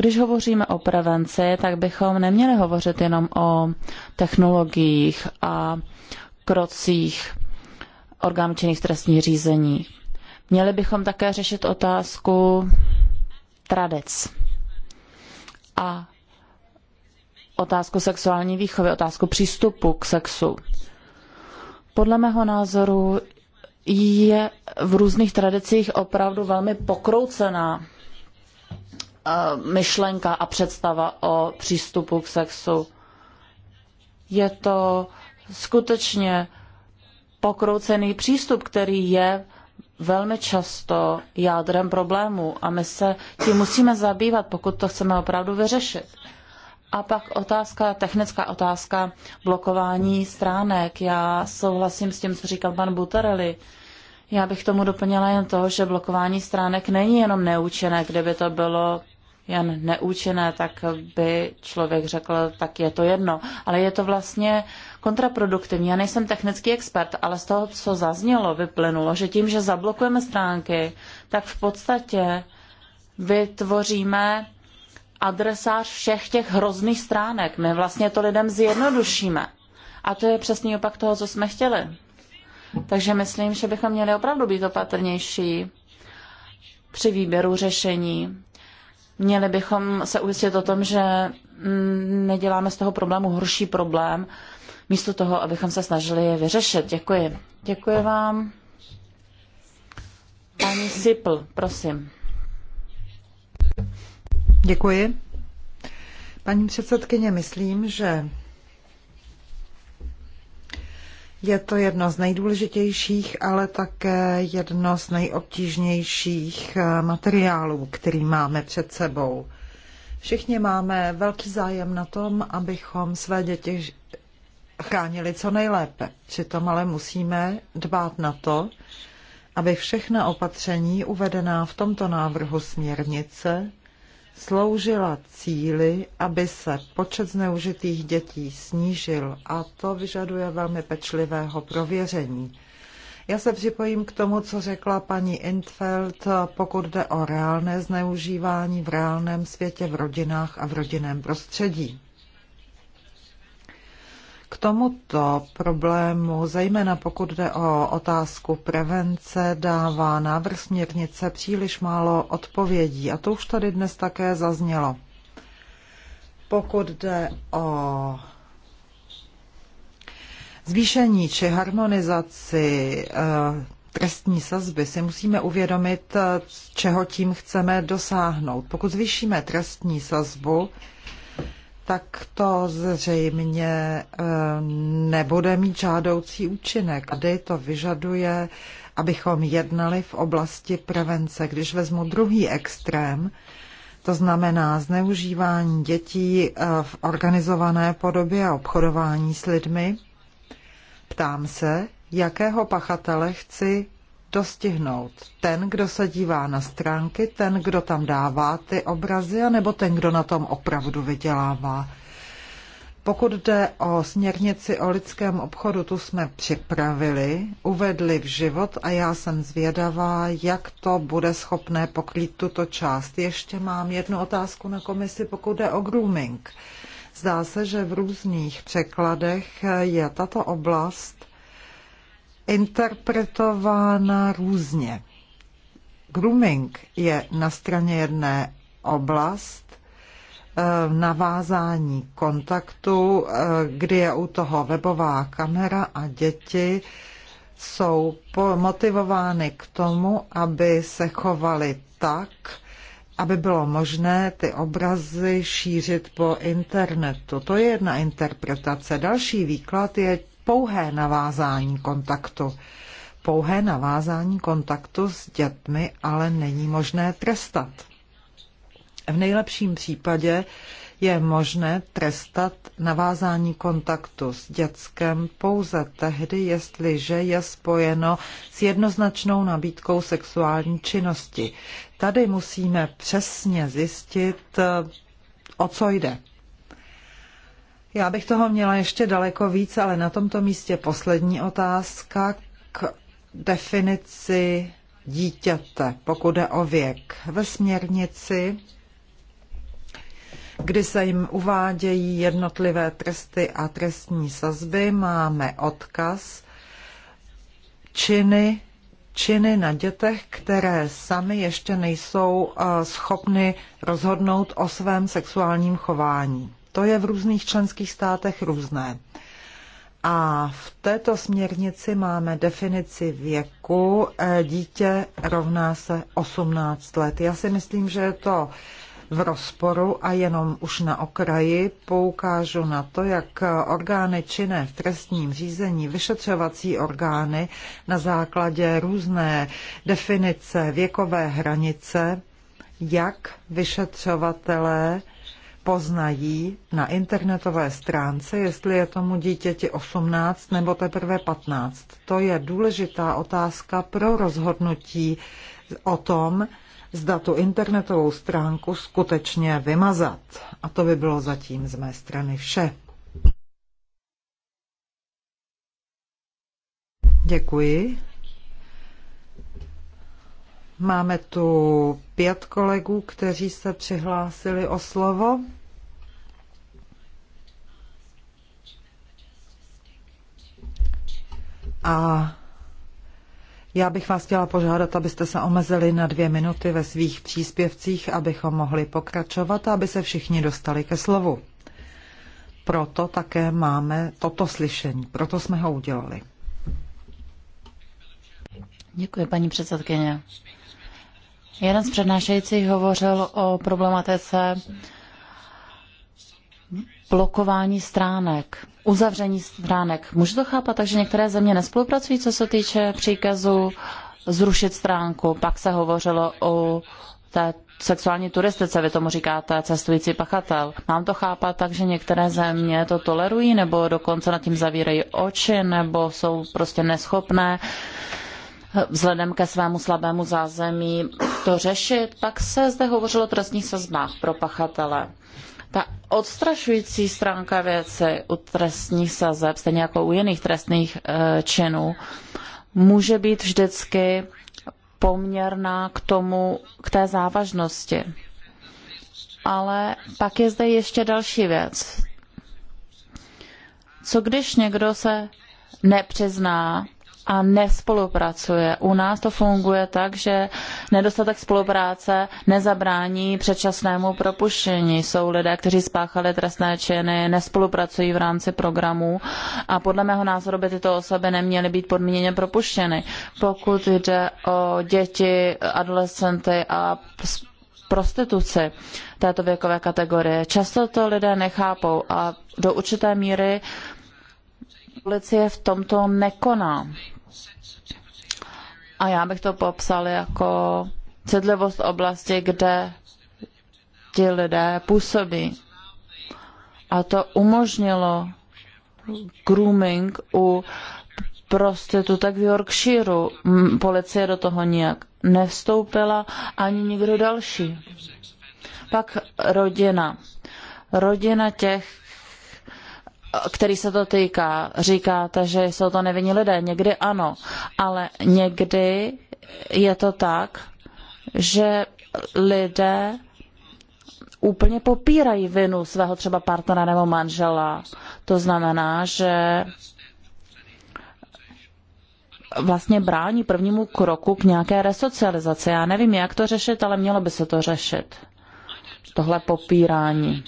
Když hovoříme o prevenci, tak bychom neměli hovořit jenom o technologiích a krocích orgánů činných trestních řízení. Měli bychom také řešit otázku tradic a otázku sexuální výchovy, otázku přístupu k sexu. Podle mého názoru je v různých tradicích opravdu velmi pokroucená Eh, myšlenka a představa o přístupu k sexu. Je to skutečně pokroucený přístup, který je velmi často jádrem problému a my se tím musíme zabývat, pokud to chceme opravdu vyřešit. A pak otázka, technická otázka blokování stránek. Já souhlasím s tím, co říkal pan Butarelli. Uh, já bych tomu doplnila jen to, že blokování stránek není jenom neúčinné. Kdyby to bylo jen neúčinné, tak by člověk řekl, tak je to jedno. Ale je to vlastně kontraproduktivní. Já nejsem technický expert, ale z toho, co zaznělo, vyplynulo, že tím, že zablokujeme stránky, tak v podstatě vytvoříme adresář všech těch hrozných stránek. My vlastně to lidem zjednodušíme. A to je přesný opak toho, co jsme chtěli. Takže myslím, že bychom měli opravdu být opatrnější při výběru řešení. Měli bychom se ujistit o tom, že mm, neděláme z toho problému horší problém, místo toho, abychom se snažili je vyřešit. Děkuji. Děkuji vám. Paní Sipl, prosím.
Děkuji. Paní předsedkyně, myslím, že je to jedno z nejdůležitějších, ale také jedno z nejobtížnějších eh, materiálů, který máme před sebou. Všichni máme velký zájem na tom, abychom své děti chránili co nejlépe. Přitom ale musíme dbát na to, aby všechna opatření uvedená v tomto návrhu směrnice sloužila cíli, aby se počet zneužitých dětí snížil a to vyžaduje velmi pečlivého prověření. Já se připojím k tomu, co řekla paní Intfeld, pokud jde o reálné zneužívání v reálném světě, v rodinách a v rodinném prostředí. K tomuto problému, zejména pokud jde o otázku prevence, dává návrh směrnice příliš málo odpovědí. A to už tady dnes také zaznělo. Pokud jde o zvýšení či harmonizaci eh, trestní sazby, si musíme uvědomit, eh, čeho tím chceme dosáhnout. Pokud zvýšíme trestní sazbu, tak to zřejmě eh, nebude mít žádoucí účinek. Tady to vyžaduje, abychom jednali v oblasti prevence. Když vezmu druhý extrém, to znamená zneužívání dětí eh, v organizované podobě a obchodování s lidmi, ptám se, jakého pachatele chci dostihnout? Ten, kdo se dívá na stránky, ten, kdo tam dává ty obrazy, anebo ten, kdo na tom opravdu vydělává? Pokud jde o směrnici o lidském obchodu, tu jsme připravili, uvedli v život a já jsem zvědavá, jak to bude schopné pokrýt tuto část. Ještě mám jednu otázku na komisi, pokud jde o grooming. Zdá se, že v různých překladech je tato oblast interpretována různě. Grooming je na straně jedné oblast eh, navázání kontaktu, eh, kdy je u toho webová kamera a děti jsou motivovány k tomu, aby se chovali tak, aby bylo možné ty obrazy šířit po internetu. To je jedna interpretace. Další výklad je pouhé navázání kontaktu. Pouhé navázání kontaktu s dětmi ale není možné trestat. V nejlepším případě je možné trestat navázání kontaktu s dětskem pouze tehdy, jestliže je spojeno s jednoznačnou nabídkou sexuální činnosti. Tady musíme přesně zjistit, o co jde. Já bych toho měla ještě daleko víc, ale na tomto místě poslední otázka k definici dítěte, pokud jde o věk. Ve směrnici, kdy se jim uvádějí jednotlivé tresty a trestní sazby, máme odkaz činy činy na dětech, které sami ještě nejsou eh, schopny rozhodnout o svém sexuálním chování. To je v různých členských státech různé. A v této směrnici máme definici věku. E, dítě rovná se 18 let. Já si myslím, že je to v rozporu a jenom už na okraji poukážu na to, jak orgány činné v trestním řízení, vyšetřovací orgány na základě různé definice věkové hranice, jak vyšetřovatelé poznají na internetové stránce, jestli je tomu dítěti 18 nebo teprve 15. To je důležitá otázka pro rozhodnutí o tom, zda tu internetovou stránku skutečně vymazat. A to by bylo zatím z mé strany vše. Děkuji. Máme tu pět kolegů, kteří se přihlásili o slovo. A já bych vás chtěla požádat, abyste se omezili na dvě minuty ve svých příspěvcích, abychom mohli pokračovat a aby se všichni dostali ke slovu. Proto také máme toto slyšení, proto jsme ho udělali. Děkuji, paní předsedkyně. Jeden z přednášejících
hovořil o problematice blokování stránek uzavření stránek. Můžu to chápat, takže některé země nespolupracují, co se týče příkazu zrušit stránku. Pak se hovořilo o té sexuální turistice, vy tomu říkáte cestující pachatel. Mám to chápat tak, že některé země to tolerují, nebo dokonce nad tím zavírají oči, nebo jsou prostě neschopné vzhledem ke svému slabému zázemí to řešit. Pak se zde hovořilo o trestních sazbách pro pachatele ta odstrašující stránka věci u trestních sazeb, stejně jako u jiných trestných e, činů, může být vždycky poměrná k tomu, k té závažnosti. Ale pak je zde ještě další věc. Co když někdo se nepřizná a nespolupracuje. U nás to funguje tak, že nedostatek spolupráce nezabrání předčasnému propuštění. Jsou lidé, kteří spáchali trestné činy, nespolupracují v rámci programů a podle mého názoru by tyto osoby neměly být podmíněně propuštěny. Pokud jde o děti, adolescenty a prostituci této věkové kategorie. Často to lidé nechápou a do určité míry policie v tomto nekoná. A já bych to popsal jako citlivost oblasti, kde ti lidé působí. A to umožnilo grooming u prostitutek v Yorkshireu. Policie do toho nijak nevstoupila, ani nikdo další. Pak rodina. Rodina těch, který se to týká. Říkáte, že jsou to nevinní lidé. Někdy ano, ale někdy je to tak, že lidé úplně popírají vinu svého třeba partnera nebo manžela. To znamená, že vlastně brání prvnímu kroku k nějaké resocializaci. Já nevím, jak to řešit, ale mělo by se to řešit. Tohle popírání.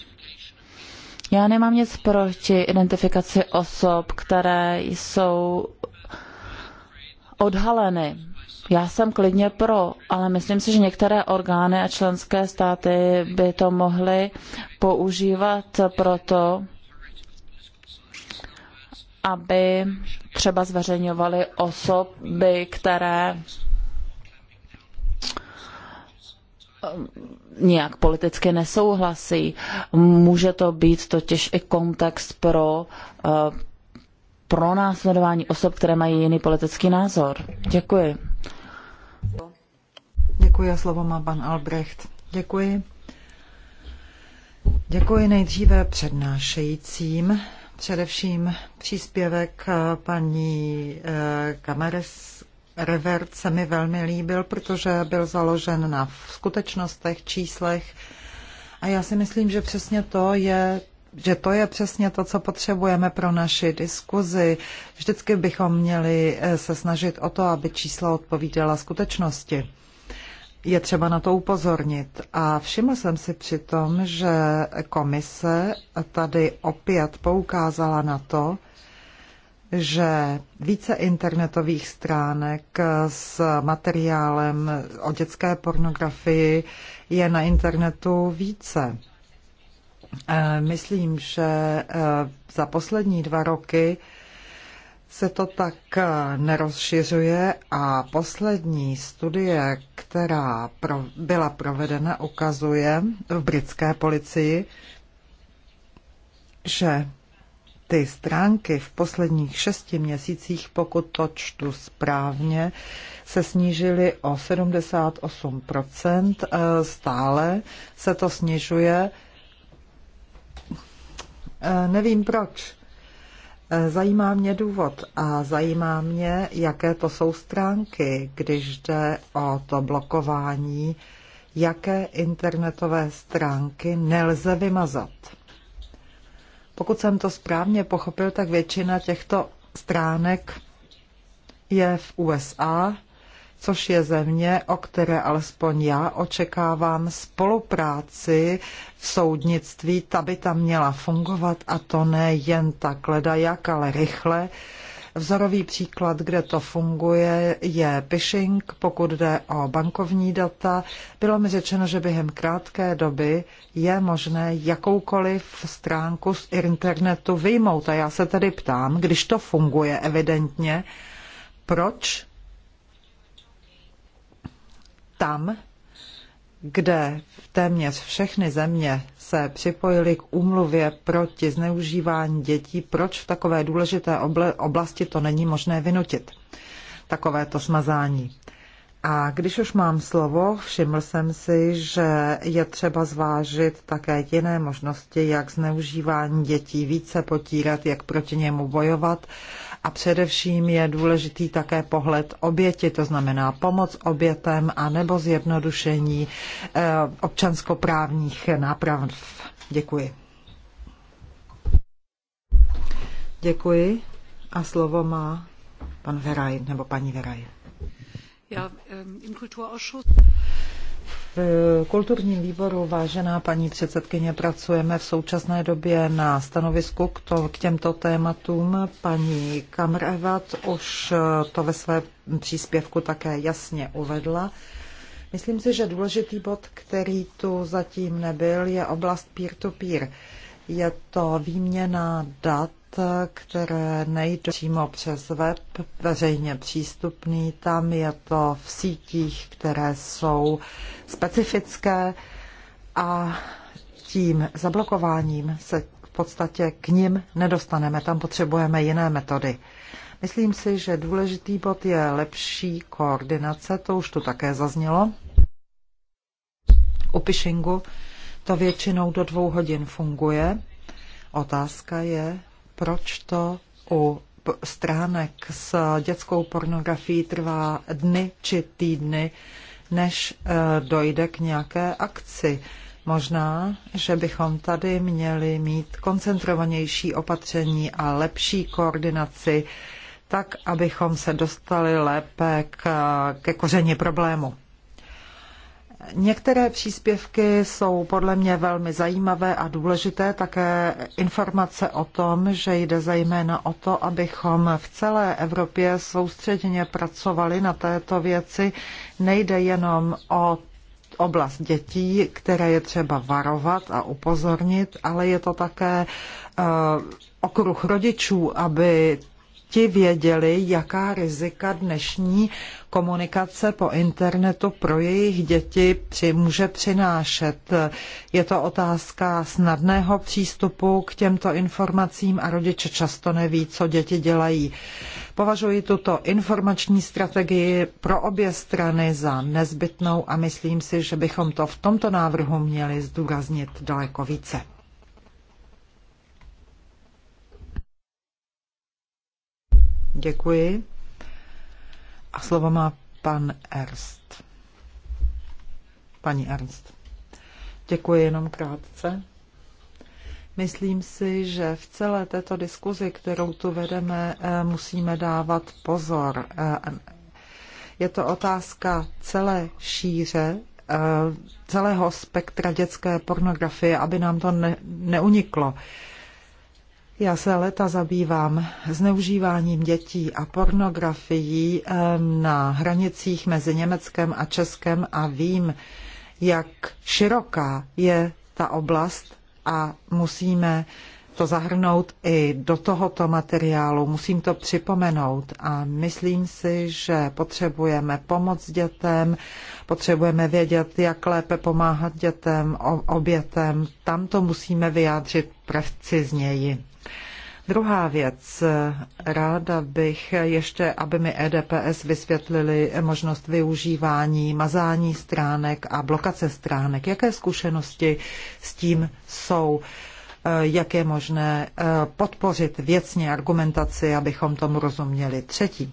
Já nemám nic proti identifikaci osob, které jsou odhaleny. Já jsem klidně pro, ale myslím si, že některé orgány a členské státy by to mohly používat proto, aby třeba zveřejňovaly osoby, které Um, nějak politicky nesouhlasí. Může to být totiž i kontext pro uh, pro následování osob, které mají jiný politický názor.
Děkuji. Děkuji a slovo má pan Albrecht. Děkuji. Děkuji nejdříve přednášejícím, především příspěvek uh, paní uh, Kamares Revert se mi velmi líbil, protože byl založen na skutečnostech, číslech a já si myslím, že přesně to je že to je přesně to, co potřebujeme pro naši diskuzi. Vždycky bychom měli eh, se snažit o to, aby čísla odpovídala skutečnosti. Je třeba na to upozornit. A všiml jsem si přitom, že komise tady opět poukázala na to, že více internetových stránek s materiálem o dětské pornografii je na internetu více. E, myslím, že e, za poslední dva roky se to tak e, nerozšiřuje a poslední studie, která pro, byla provedena, ukazuje v britské policii, že ty stránky v posledních šesti měsících, pokud to čtu správně, se snížily o 78%. Eh, stále se to snižuje. Eh, nevím proč. Eh, zajímá mě důvod a zajímá mě, jaké to jsou stránky, když jde o to blokování, jaké internetové stránky nelze vymazat. Pokud jsem to správně pochopil, tak většina těchto stránek je v USA, což je země, o které alespoň já očekávám spolupráci v soudnictví, ta by tam měla fungovat a to ne jen tak leda jak, ale rychle, Vzorový příklad, kde to funguje, je phishing, pokud jde o bankovní data. Bylo mi řečeno, že během krátké doby je možné jakoukoliv stránku z internetu vyjmout. A já se tedy ptám, když to funguje evidentně, proč tam, kde téměř všechny země se připojili k úmluvě proti zneužívání dětí, proč v takové důležité oblasti to není možné vynutit, takovéto smazání. A když už mám slovo, všiml jsem si, že je třeba zvážit také jiné možnosti, jak zneužívání dětí více potírat, jak proti němu bojovat a především je důležitý také pohled oběti, to znamená pomoc obětem a nebo zjednodušení eh, občanskoprávních náprav. Děkuji. Děkuji a slovo má pan Veraj nebo paní Veraj.
Já, im Kulturausschuss.
V kulturním výboru, vážená paní předsedkyně, pracujeme v současné době na stanovisku k, to, k těmto tématům. Paní Kamrevat už to ve své příspěvku také jasně uvedla. Myslím si, že důležitý bod, který tu zatím nebyl, je oblast peer-to-peer. -peer. Je to výměna dat které nejdou přímo přes web, veřejně přístupný. Tam je to v sítích, které jsou specifické a tím zablokováním se v podstatě k ním nedostaneme. Tam potřebujeme jiné metody. Myslím si, že důležitý bod je lepší koordinace, to už tu také zaznělo. U phishingu to většinou do dvou hodin funguje. Otázka je, proč to u stránek s dětskou pornografií trvá dny či týdny, než e, dojde k nějaké akci. Možná, že bychom tady měli mít koncentrovanější opatření a lepší koordinaci, tak abychom se dostali lépe k, ke kořeni problému. Některé příspěvky jsou podle mě velmi zajímavé a důležité, také informace o tom, že jde zejména o to, abychom v celé Evropě soustředěně pracovali na této věci. Nejde jenom o oblast dětí, které je třeba varovat a upozornit, ale je to také eh, okruh rodičů, aby ti věděli, jaká rizika dnešní komunikace po internetu pro jejich děti při, může přinášet. Je to otázka snadného přístupu k těmto informacím a rodiče často neví, co děti dělají. Považuji tuto informační strategii pro obě strany za nezbytnou a myslím si, že bychom to v tomto návrhu měli zdůraznit daleko více. Děkuji. A slovo má pan Ernst. Paní Ernst. Děkuji jenom krátce. Myslím si, že v celé této diskuzi, kterou tu vedeme, eh, musíme dávat pozor. Eh, je to otázka celé šíře, eh, celého spektra dětské pornografie, aby nám to ne, neuniklo. Já se leta zabývám zneužíváním dětí a pornografií na hranicích mezi Německem a Českem a vím, jak široká je ta oblast a musíme to zahrnout i do tohoto materiálu, musím to připomenout a myslím si, že potřebujeme pomoc dětem, potřebujeme vědět, jak lépe pomáhat dětem, obětem, tam to musíme vyjádřit precizněji. Druhá věc, ráda bych ještě, aby mi EDPS vysvětlili možnost využívání mazání stránek a blokace stránek. Jaké zkušenosti s tím jsou? Jak je možné eh, podpořit věcně argumentaci, abychom tomu rozuměli? Třetí,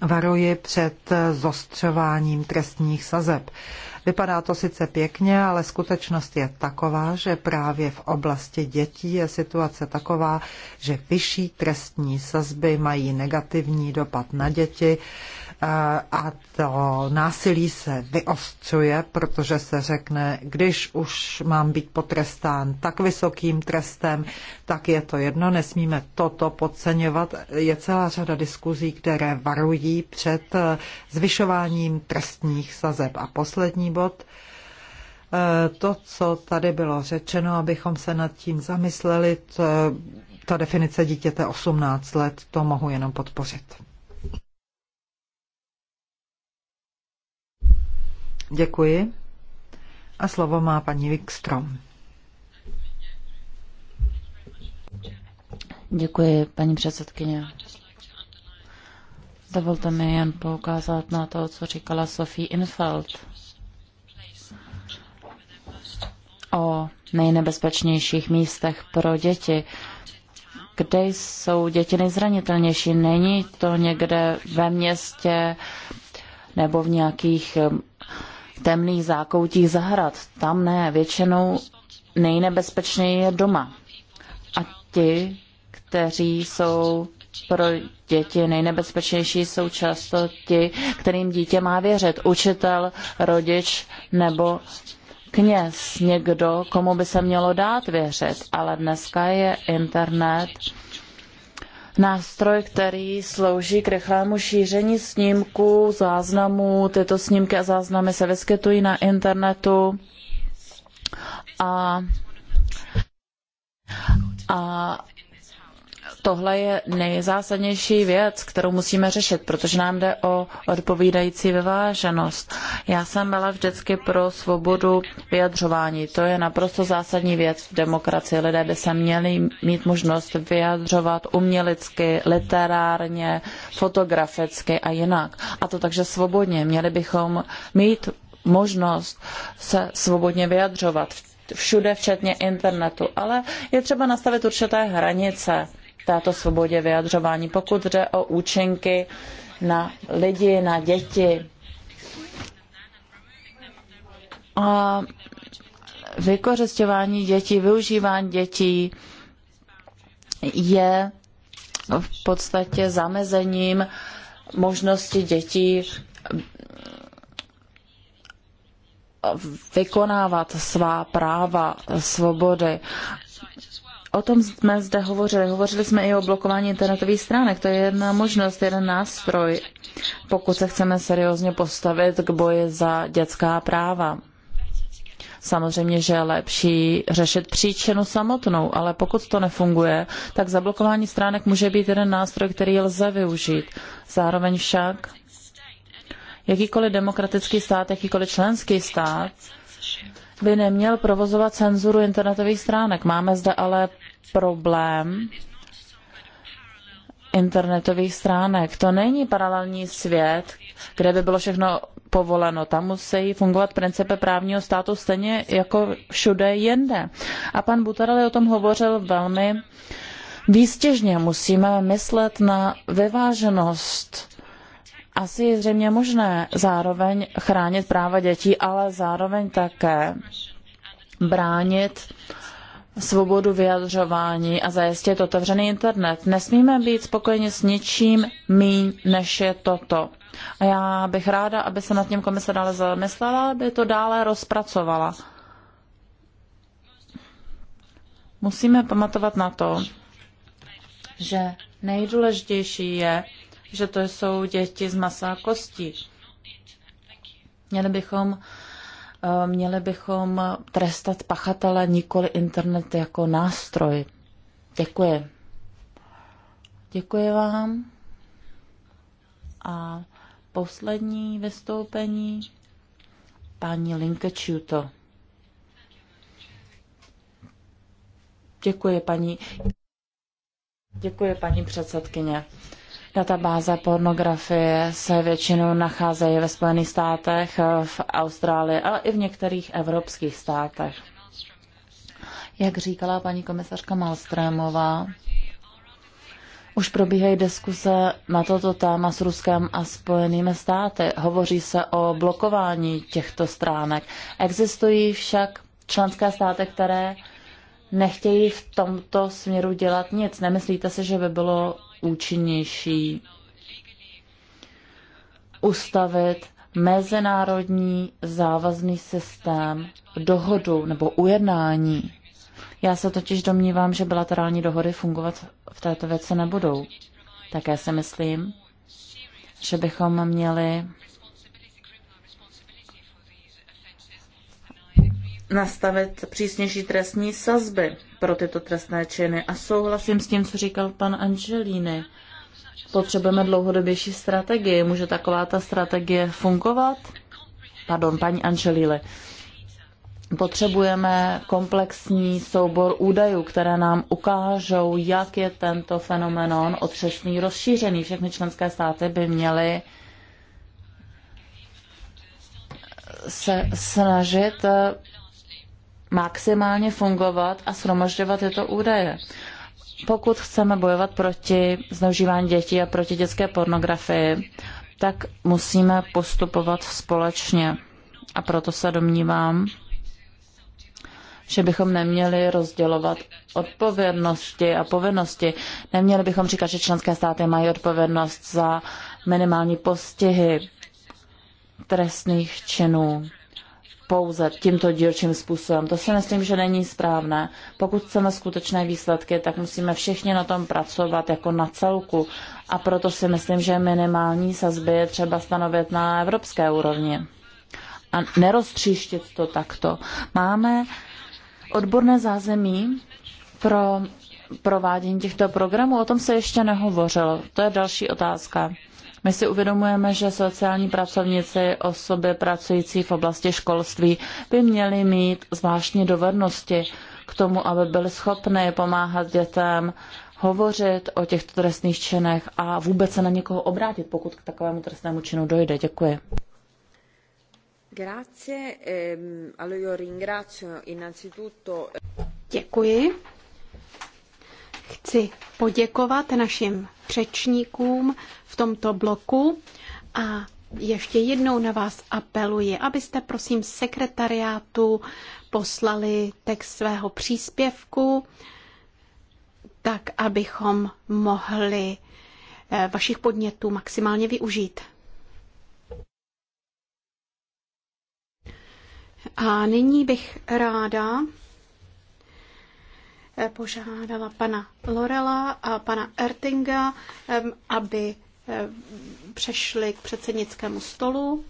varuji před zostřováním trestních sazeb. Vypadá to sice pěkně, ale skutečnost je taková, že právě v oblasti dětí je situace taková, že vyšší trestní sazby mají negativní dopad na děti Eh, a to násilí se vyostřuje, protože se řekne, když už mám být potrestán tak vysokým trestem, tak je to jedno, nesmíme toto podceňovat. Je celá řada diskuzí, které varují před eh, zvyšováním trestních sazeb. A poslední bod, eh, to, co tady bylo řečeno, abychom se nad tím zamysleli, to, ta definice dítěte 18 let, to mohu jenom podpořit. Děkuji. A slovo má paní Wikstrom.
Děkuji, paní předsedkyně. Dovolte mi jen poukázat na to, co říkala Sophie Infeld o nejnebezpečnějších místech pro děti. Kde jsou děti nejzranitelnější? Není to někde ve městě nebo v nějakých temných zákoutích zahrad. Tam ne, většinou nejnebezpečněji je doma. A ti, kteří jsou pro děti nejnebezpečnější jsou často ti, kterým dítě má věřit. Učitel, rodič nebo kněz, někdo, komu by se mělo dát věřit. Ale dneska je internet nástroj, který slouží k rychlému šíření snímků, záznamů. Tyto snímky a záznamy se vyskytují na internetu a, a tohle je nejzásadnější věc, kterou musíme řešit, protože nám jde o odpovídající vyváženost. Já jsem byla vždycky pro svobodu vyjadřování. To je naprosto zásadní věc v demokracii. Lidé by se měli mít možnost vyjadřovat umělecky, literárně, fotograficky a jinak. A to takže svobodně. Měli bychom mít možnost se svobodně vyjadřovat všude, včetně internetu. Ale je třeba nastavit určité hranice této svobodě vyjadřování, pokud jde o účinky na lidi, na děti. A vykořišťování dětí, využívání dětí je v podstatě zamezením možnosti dětí vykonávat svá práva, svobody. O tom jsme zde hovořili. Hovořili jsme i o blokování internetových stránek. To je jedna možnost, jeden nástroj, pokud se chceme seriózně postavit k boji za dětská práva. Samozřejmě, že je lepší řešit příčinu samotnou, ale pokud to nefunguje, tak zablokování stránek může být jeden nástroj, který lze využít. Zároveň však jakýkoliv demokratický stát, jakýkoliv členský stát by neměl provozovat cenzuru internetových stránek. Máme zde ale problém internetových stránek. To není paralelní svět, kde by bylo všechno povoleno. Tam musí fungovat principy právního státu stejně jako všude jinde. A pan Butarelli o tom hovořil velmi výstěžně. Musíme myslet na vyváženost. Asi je zřejmě možné zároveň chránit práva dětí, ale zároveň také bránit svobodu vyjadřování a zajistit otevřený internet. Nesmíme být spokojeni s ničím míň, než je toto. A já bych ráda, aby se nad tím komise dále zamyslela, aby to dále rozpracovala. Musíme pamatovat na to, že nejdůležitější je, že to jsou děti z masa a kostí. Měli bychom Eh, měli bychom trestat pachatele, nikoli internet jako nástroj. Děkuji. Děkuji vám. A poslední vystoupení paní Linke Čuto. Děkuji, paní. Děkuji, paní předsedkyně. Databáze pornografie se většinou nacházejí ve Spojených státech, v Austrálii, ale i v některých evropských státech. Jak říkala paní komisařka Malstrémová, už probíhají diskuse na toto téma s Ruskem a Spojenými státy. Hovoří se o blokování těchto stránek. Existují však členské státy, které nechtějí v tomto směru dělat nic. Nemyslíte si, že by bylo účinnější ustavit mezinárodní závazný systém dohodu nebo ujednání. Já se totiž domnívám, že bilaterální dohody fungovat v této věci nebudou. Také si myslím, že bychom měli nastavit přísnější trestní sazby pro tyto trestné činy. A souhlasím s tím, co říkal pan Angelini. Potřebujeme dlouhodobější strategii. Může taková ta strategie fungovat? Pardon, paní Angelili. Potřebujeme komplexní soubor údajů, které nám ukážou, jak je tento fenomenon otřesný rozšířený. Všechny členské státy by měly se snažit maximálně fungovat a shromažďovat tyto údaje. Pokud chceme bojovat proti zneužívání dětí a proti dětské pornografii, tak musíme postupovat společně. A proto se domnívám, že bychom neměli rozdělovat odpovědnosti a povinnosti. Neměli bychom říkat, že členské státy mají odpovědnost za minimální postihy trestných činů pouze tímto dílčím způsobem. To si myslím, že není správné. Pokud chceme skutečné výsledky, tak musíme všichni na tom pracovat jako na celku. A proto si myslím, že minimální sazby je třeba stanovit na evropské úrovni. A neroztříštit to takto. Máme odborné zázemí pro provádění těchto programů. O tom se ještě nehovořilo. To je další otázka. My si uvědomujeme, že sociální pracovníci, osoby pracující v oblasti školství by měli mít zvláštní dovednosti k tomu, aby byli schopni pomáhat dětem, hovořit o těchto trestných činech a vůbec se na někoho obrátit, pokud k takovému trestnému činu dojde. Děkuji. Grazie. Ehm, allora io ringrazio innanzitutto...
Děkuji. Chci poděkovat našim řečníkům v tomto bloku a ještě jednou na vás apeluji, abyste prosím sekretariátu poslali text svého příspěvku, tak abychom mohli eh, vašich podnětů maximálně využít. A nyní bych ráda Eh, požádala pana Lorela a pana Ertinga, aby přešli k předsednickému stolu.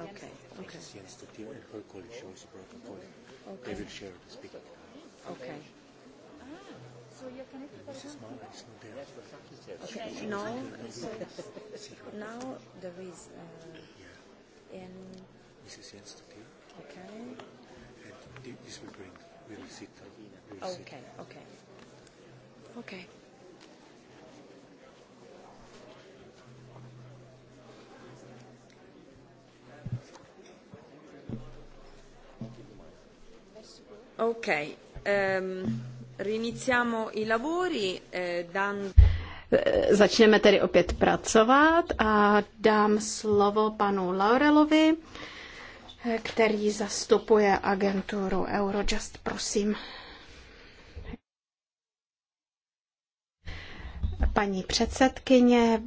Okay. Okay. Yes, the dear and her colleague, she also brought a colleague. Okay. They will share the speaking
time. Okay.
Ah, so you're connected by Mrs. Mala is
not there. Okay, no, so
now there is. Uh, yeah.
In.
Mrs. Jenstotir. Okay. And this will bring, we will sit.
We'll okay, sit. okay. Okay.
Ok, um, riniziamo i lavori eh, Začneme tedy opět pracovat a dám slovo panu Laurelovi, eh, který zastupuje agenturu Eurojust. Prosím. Paní předsedkyně,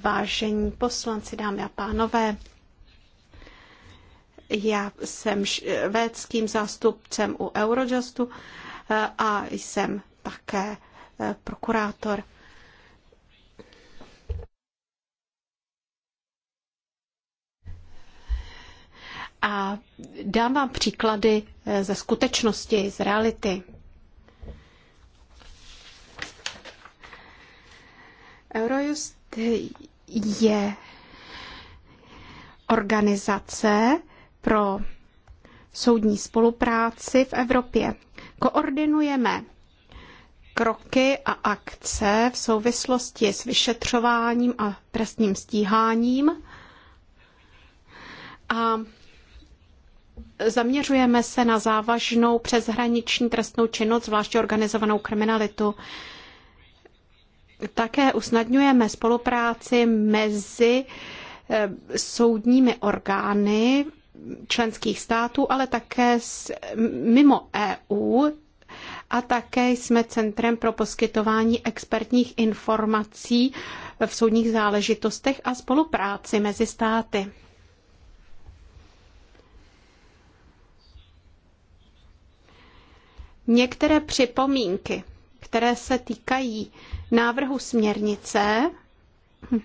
vážení poslanci, dámy a pánové, já jsem švédským zástupcem u Eurojustu eh, a jsem také eh, prokurátor. A dám vám příklady eh, ze skutečnosti, z reality. Eurojust je organizace, pro soudní spolupráci v Evropě. Koordinujeme kroky a akce v souvislosti s vyšetřováním a trestním stíháním a zaměřujeme se na závažnou přeshraniční trestnou činnost, zvláště organizovanou kriminalitu. Také usnadňujeme spolupráci mezi eh, soudními orgány členských států, ale také s, mimo EU a také jsme centrem pro poskytování expertních informací v soudních záležitostech a spolupráci mezi státy. Některé připomínky, které se týkají návrhu směrnice, hm,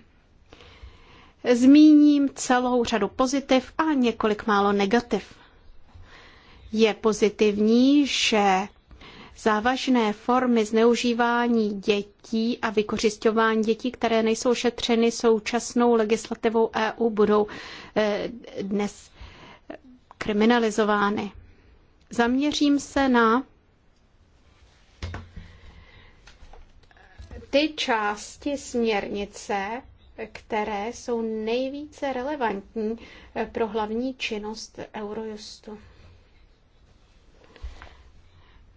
Zmíním celou řadu pozitiv a několik málo negativ. Je pozitivní, že závažné formy zneužívání dětí a vykořišťování dětí, které nejsou šetřeny současnou legislativou EU, budou eh, dnes kriminalizovány. Zaměřím se na ty části směrnice, které jsou nejvíce relevantní eh, pro hlavní činnost Eurojustu.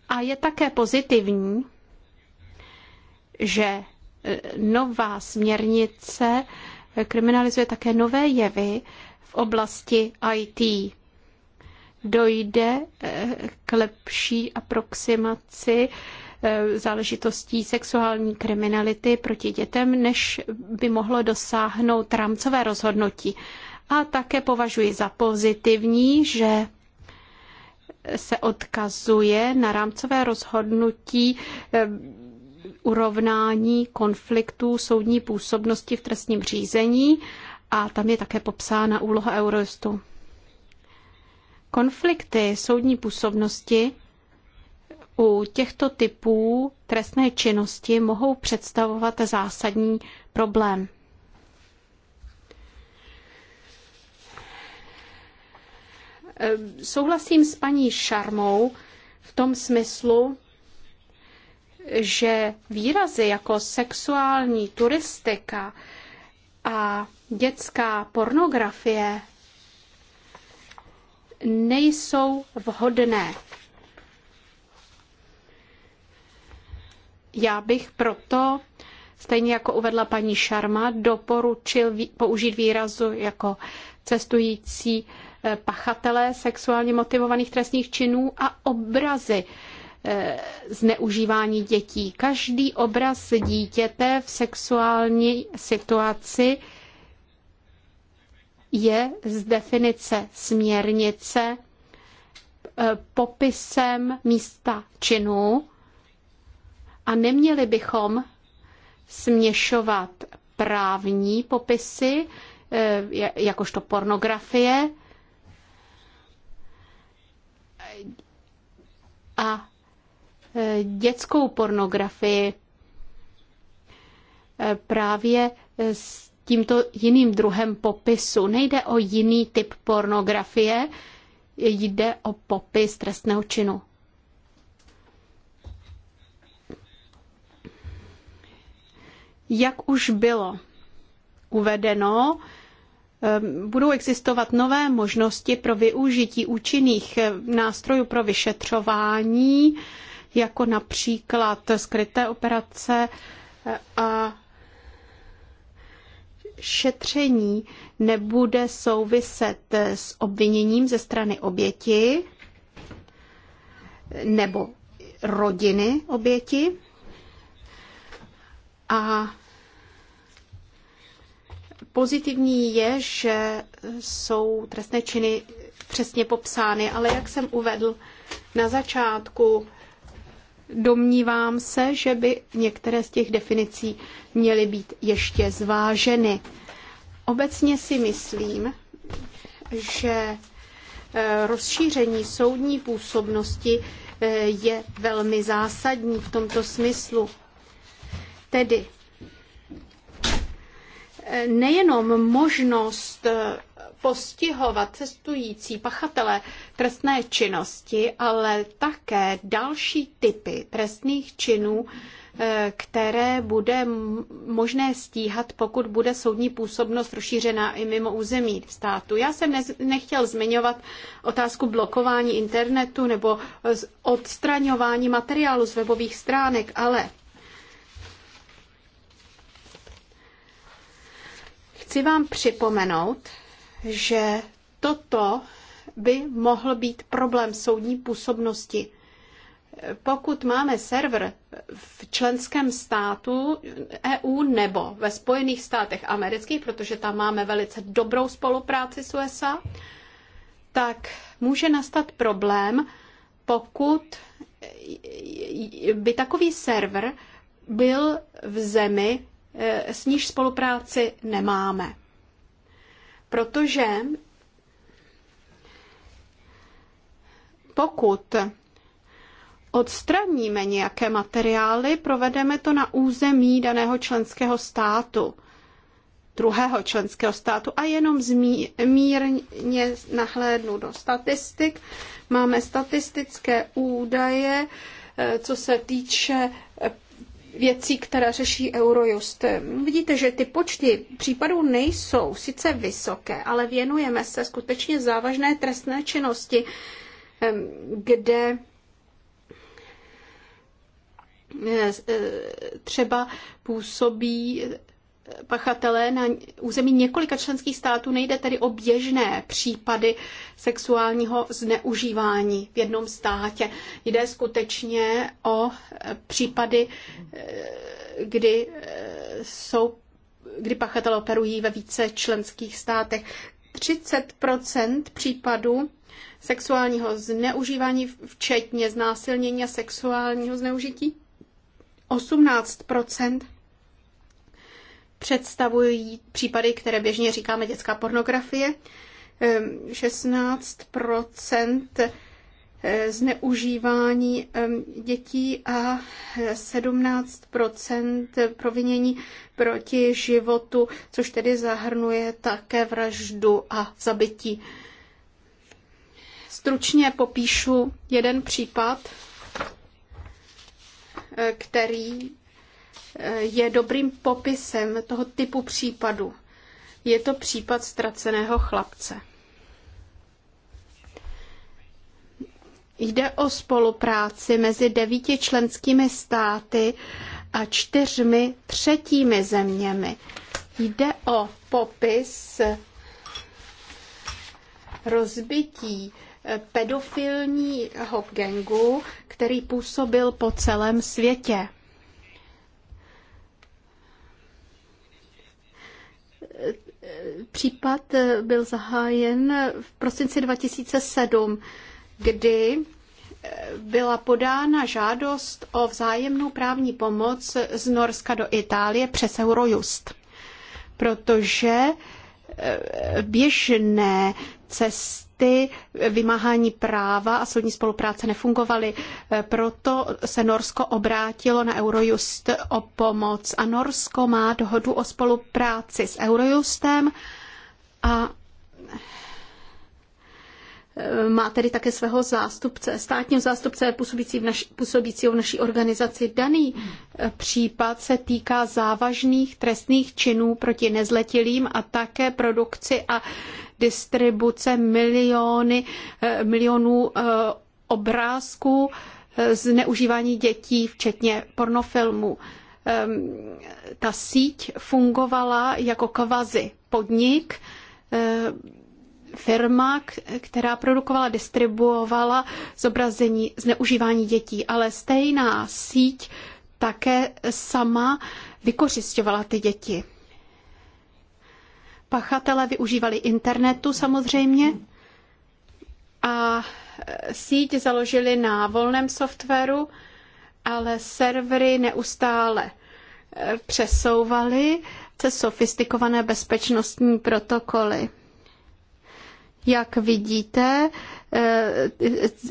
A je také pozitivní, že eh, nová směrnice eh, kriminalizuje také nové jevy v oblasti IT. Dojde k lepší aproximaci Eh, záležitostí sexuální kriminality proti dětem, než by mohlo dosáhnout rámcové rozhodnutí. A také považuji za pozitivní, že se odkazuje na rámcové rozhodnutí eh, urovnání konfliktů soudní působnosti v trestním řízení a tam je také popsána úloha eurostu. Konflikty soudní působnosti u těchto typů trestné činnosti mohou představovat zásadní problém. Souhlasím s paní Šarmou v tom smyslu, že výrazy jako sexuální turistika a dětská pornografie nejsou vhodné Já bych proto, stejně jako uvedla paní Šarma, doporučil použít výrazu jako cestující eh, pachatelé sexuálně motivovaných trestných činů a obrazy eh, zneužívání dětí. Každý obraz dítěte v sexuální situaci je z definice směrnice eh, popisem místa činu a neměli bychom směšovat právní popisy, eh, jakožto pornografie, a eh, dětskou pornografii eh, právě s tímto jiným druhem popisu. Nejde o jiný typ pornografie, jde o popis trestného činu. Jak už bylo uvedeno, eh, budou existovat nové možnosti pro využití účinných eh, nástrojů pro vyšetřování, jako například skryté operace eh, a šetření nebude souviset s obviněním ze strany oběti nebo rodiny oběti, a pozitivní je, že jsou trestné činy přesně popsány, ale jak jsem uvedl na začátku, domnívám se, že by některé z těch definicí měly být ještě zváženy. Obecně si myslím, že e, rozšíření soudní působnosti e, je velmi zásadní v tomto smyslu. Tedy nejenom možnost eh, postihovat cestující pachatele trestné činnosti, ale také další typy trestných činů, eh, které bude možné stíhat, pokud bude soudní působnost rozšířena i mimo území státu. Já jsem nechtěl zmiňovat otázku blokování internetu nebo odstraňování materiálu z webových stránek, ale Chci vám připomenout, že toto by mohl být problém soudní působnosti. Pokud máme server v členském státu EU nebo ve Spojených státech amerických, protože tam máme velice dobrou spolupráci s USA, tak může nastat problém, pokud by takový server byl v zemi, E, s níž spolupráci nemáme. Protože pokud odstraníme nějaké materiály, provedeme to na území daného členského státu, druhého členského státu a jenom mírně nahlédnu do statistik. Máme statistické údaje, e, co se týče věcí, které řeší Eurojust. Vidíte, že ty počty případů nejsou sice vysoké, ale věnujeme se skutečně závažné trestné činnosti, kde třeba působí pachatele na území několika členských států. Nejde tedy o běžné případy sexuálního zneužívání v jednom státě. Jde skutečně o eh, případy, eh, kdy eh, jsou kdy pachatele operují ve více členských státech. 30 případů sexuálního zneužívání, včetně znásilnění a sexuálního zneužití, 18 představují případy, které běžně říkáme dětská pornografie. 16 ehm, eh, zneužívání ehm, dětí a 17 eh, provinění proti životu, což tedy zahrnuje také vraždu a zabití. Stručně popíšu jeden případ, eh, který je dobrým popisem toho typu případu. Je to případ ztraceného chlapce. Jde o spolupráci mezi devíti členskými státy a čtyřmi třetími zeměmi. Jde o popis rozbití eh, pedofilního gengu, který působil po celém světě. Případ byl zahájen v prosinci 2007, kdy eh, byla podána žádost o vzájemnou právní pomoc z Norska do Itálie přes Eurojust, protože eh, běžné cesty ty vymáhání práva a soudní spolupráce nefungovaly. Proto se Norsko obrátilo na Eurojust o pomoc a Norsko má dohodu o spolupráci s Eurojustem a má tedy také svého zástupce, státního zástupce působící v naši, působícího v naší organizaci. Daný případ se týká závažných trestných činů proti nezletilým a také produkci a distribuce miliony, eh, milionů eh, obrázků eh, zneužívání dětí, včetně pornofilmů. Ehm, ta síť fungovala jako kvazi podnik, firma, která produkovala, distribuovala zobrazení zneužívání dětí, ale stejná síť také sama vykořišťovala ty děti pachatelé využívali internetu samozřejmě a síť založili na volném softwaru, ale servery neustále eh, přesouvali se sofistikované bezpečnostní protokoly. Jak vidíte, eh,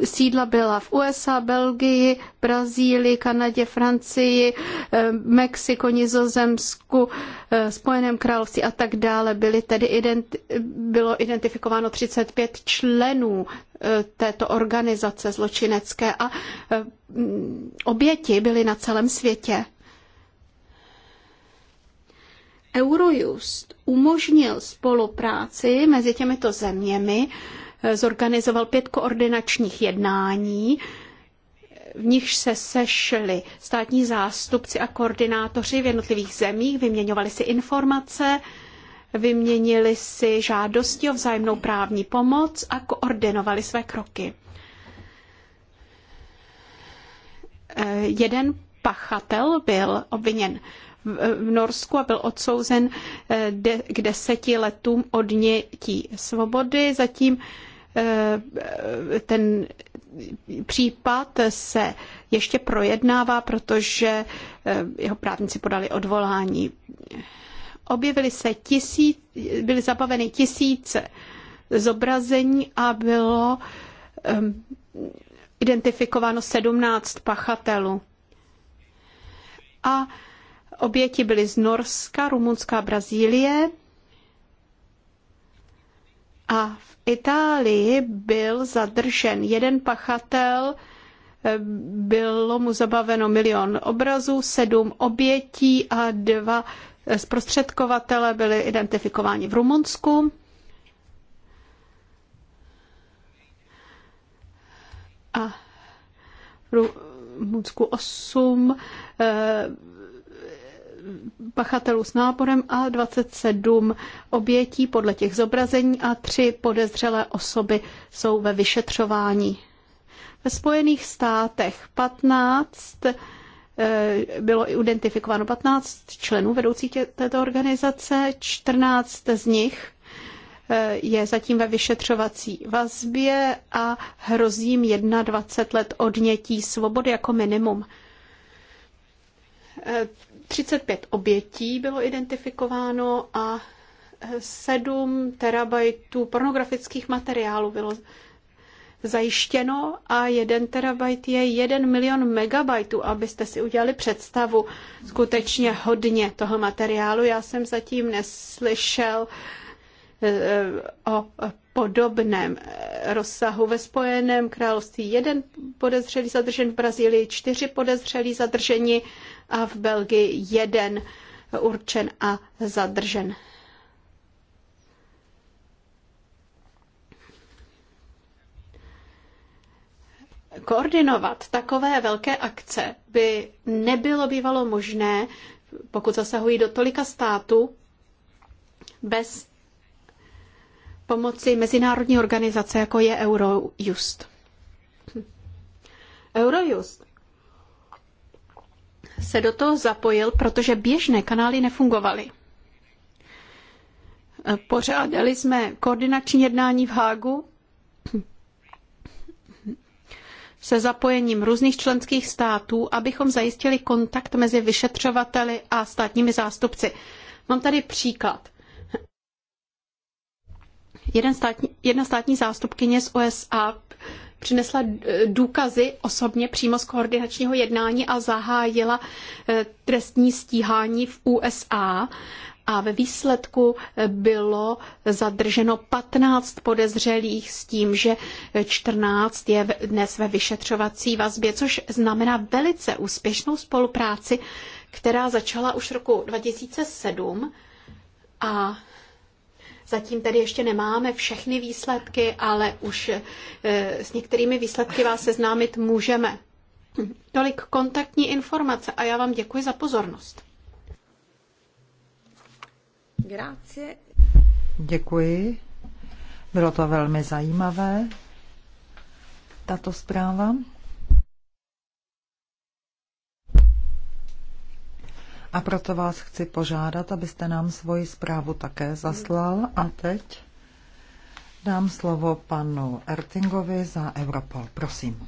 sídla byla v USA, Belgii, Brazílii, Kanadě, Francii, eh, Mexiko, Nizozemsku, eh, Spojeném království a tak dále. Byly tedy identi- bylo identifikováno 35 členů této organizace zločinecké a oběti byly na celém světě. Eurojust umožnil spolupráci mezi těmito zeměmi, eh, zorganizoval pět koordinačních jednání, v nichž se sešli státní zástupci a koordinátoři v jednotlivých zemích, vyměňovali si informace, vyměnili si žádosti o vzájemnou právní pomoc a koordinovali své kroky. Eh, jeden pachatel byl obviněn v Norsku a byl odsouzen eh, k deseti letům odnětí svobody. Zatím eh, ten případ se ještě projednává, protože eh, jeho právníci podali odvolání. Objevily se tisíc, byly zabaveny tisíce zobrazení a bylo ehm, identifikováno 17 pachatelů a oběti byly z Norska, Rumunska a Brazílie. A v Itálii byl zadržen jeden pachatel, eh, bylo mu zabaveno milion obrazů, sedm obětí a dva zprostředkovatele byli identifikováni v Rumunsku. A Mucku 8 eh, pachatelů s náporem a 27 obětí podle těch zobrazení a tři podezřelé osoby jsou ve vyšetřování. Ve Spojených státech 15 eh, bylo identifikováno 15 členů vedoucích této organizace, 14 z nich Eh, je zatím ve vyšetřovací vazbě a hrozí jim 21 let odnětí svobody jako minimum. 35 eh, obětí bylo identifikováno a 7 eh, terabajtů pornografických materiálů bylo zajištěno a 1 terabajt je 1 milion megabajtů, abyste si udělali představu. Skutečně hodně toho materiálu. Já jsem zatím neslyšel uh, o podobném rozsahu ve Spojeném království. Jeden podezřelý zadržen v Brazílii, čtyři podezřelí zadrženi a v Belgii jeden určen a zadržen. Koordinovat takové velké akce by nebylo bývalo možné, pokud zasahují do tolika států, bez pomoci mezinárodní organizace, jako je Eurojust. Eurojust se do toho zapojil, protože běžné kanály nefungovaly. Pořádali jsme koordinační jednání v Hágu se zapojením různých členských států, abychom zajistili kontakt mezi vyšetřovateli a státními zástupci. Mám tady příklad. Jeden státní, jedna státní zástupkyně z USA přinesla eh, důkazy osobně přímo z koordinačního jednání a zahájila eh, trestní stíhání v USA a ve výsledku eh, bylo zadrženo 15 podezřelých s tím, že 14 je dnes ve vyšetřovací vazbě, což znamená velice úspěšnou spolupráci, která začala už roku 2007 a Zatím tedy ještě nemáme všechny výsledky, ale už eh, s některými výsledky vás seznámit můžeme. Tolik kontaktní informace a já vám děkuji za pozornost.
Grazie. Děkuji. Bylo to velmi zajímavé, tato zpráva. A proto vás chci požádat, abyste nám svoji zprávu také zaslal. A teď dám slovo panu Ertingovi za Europol. Prosím.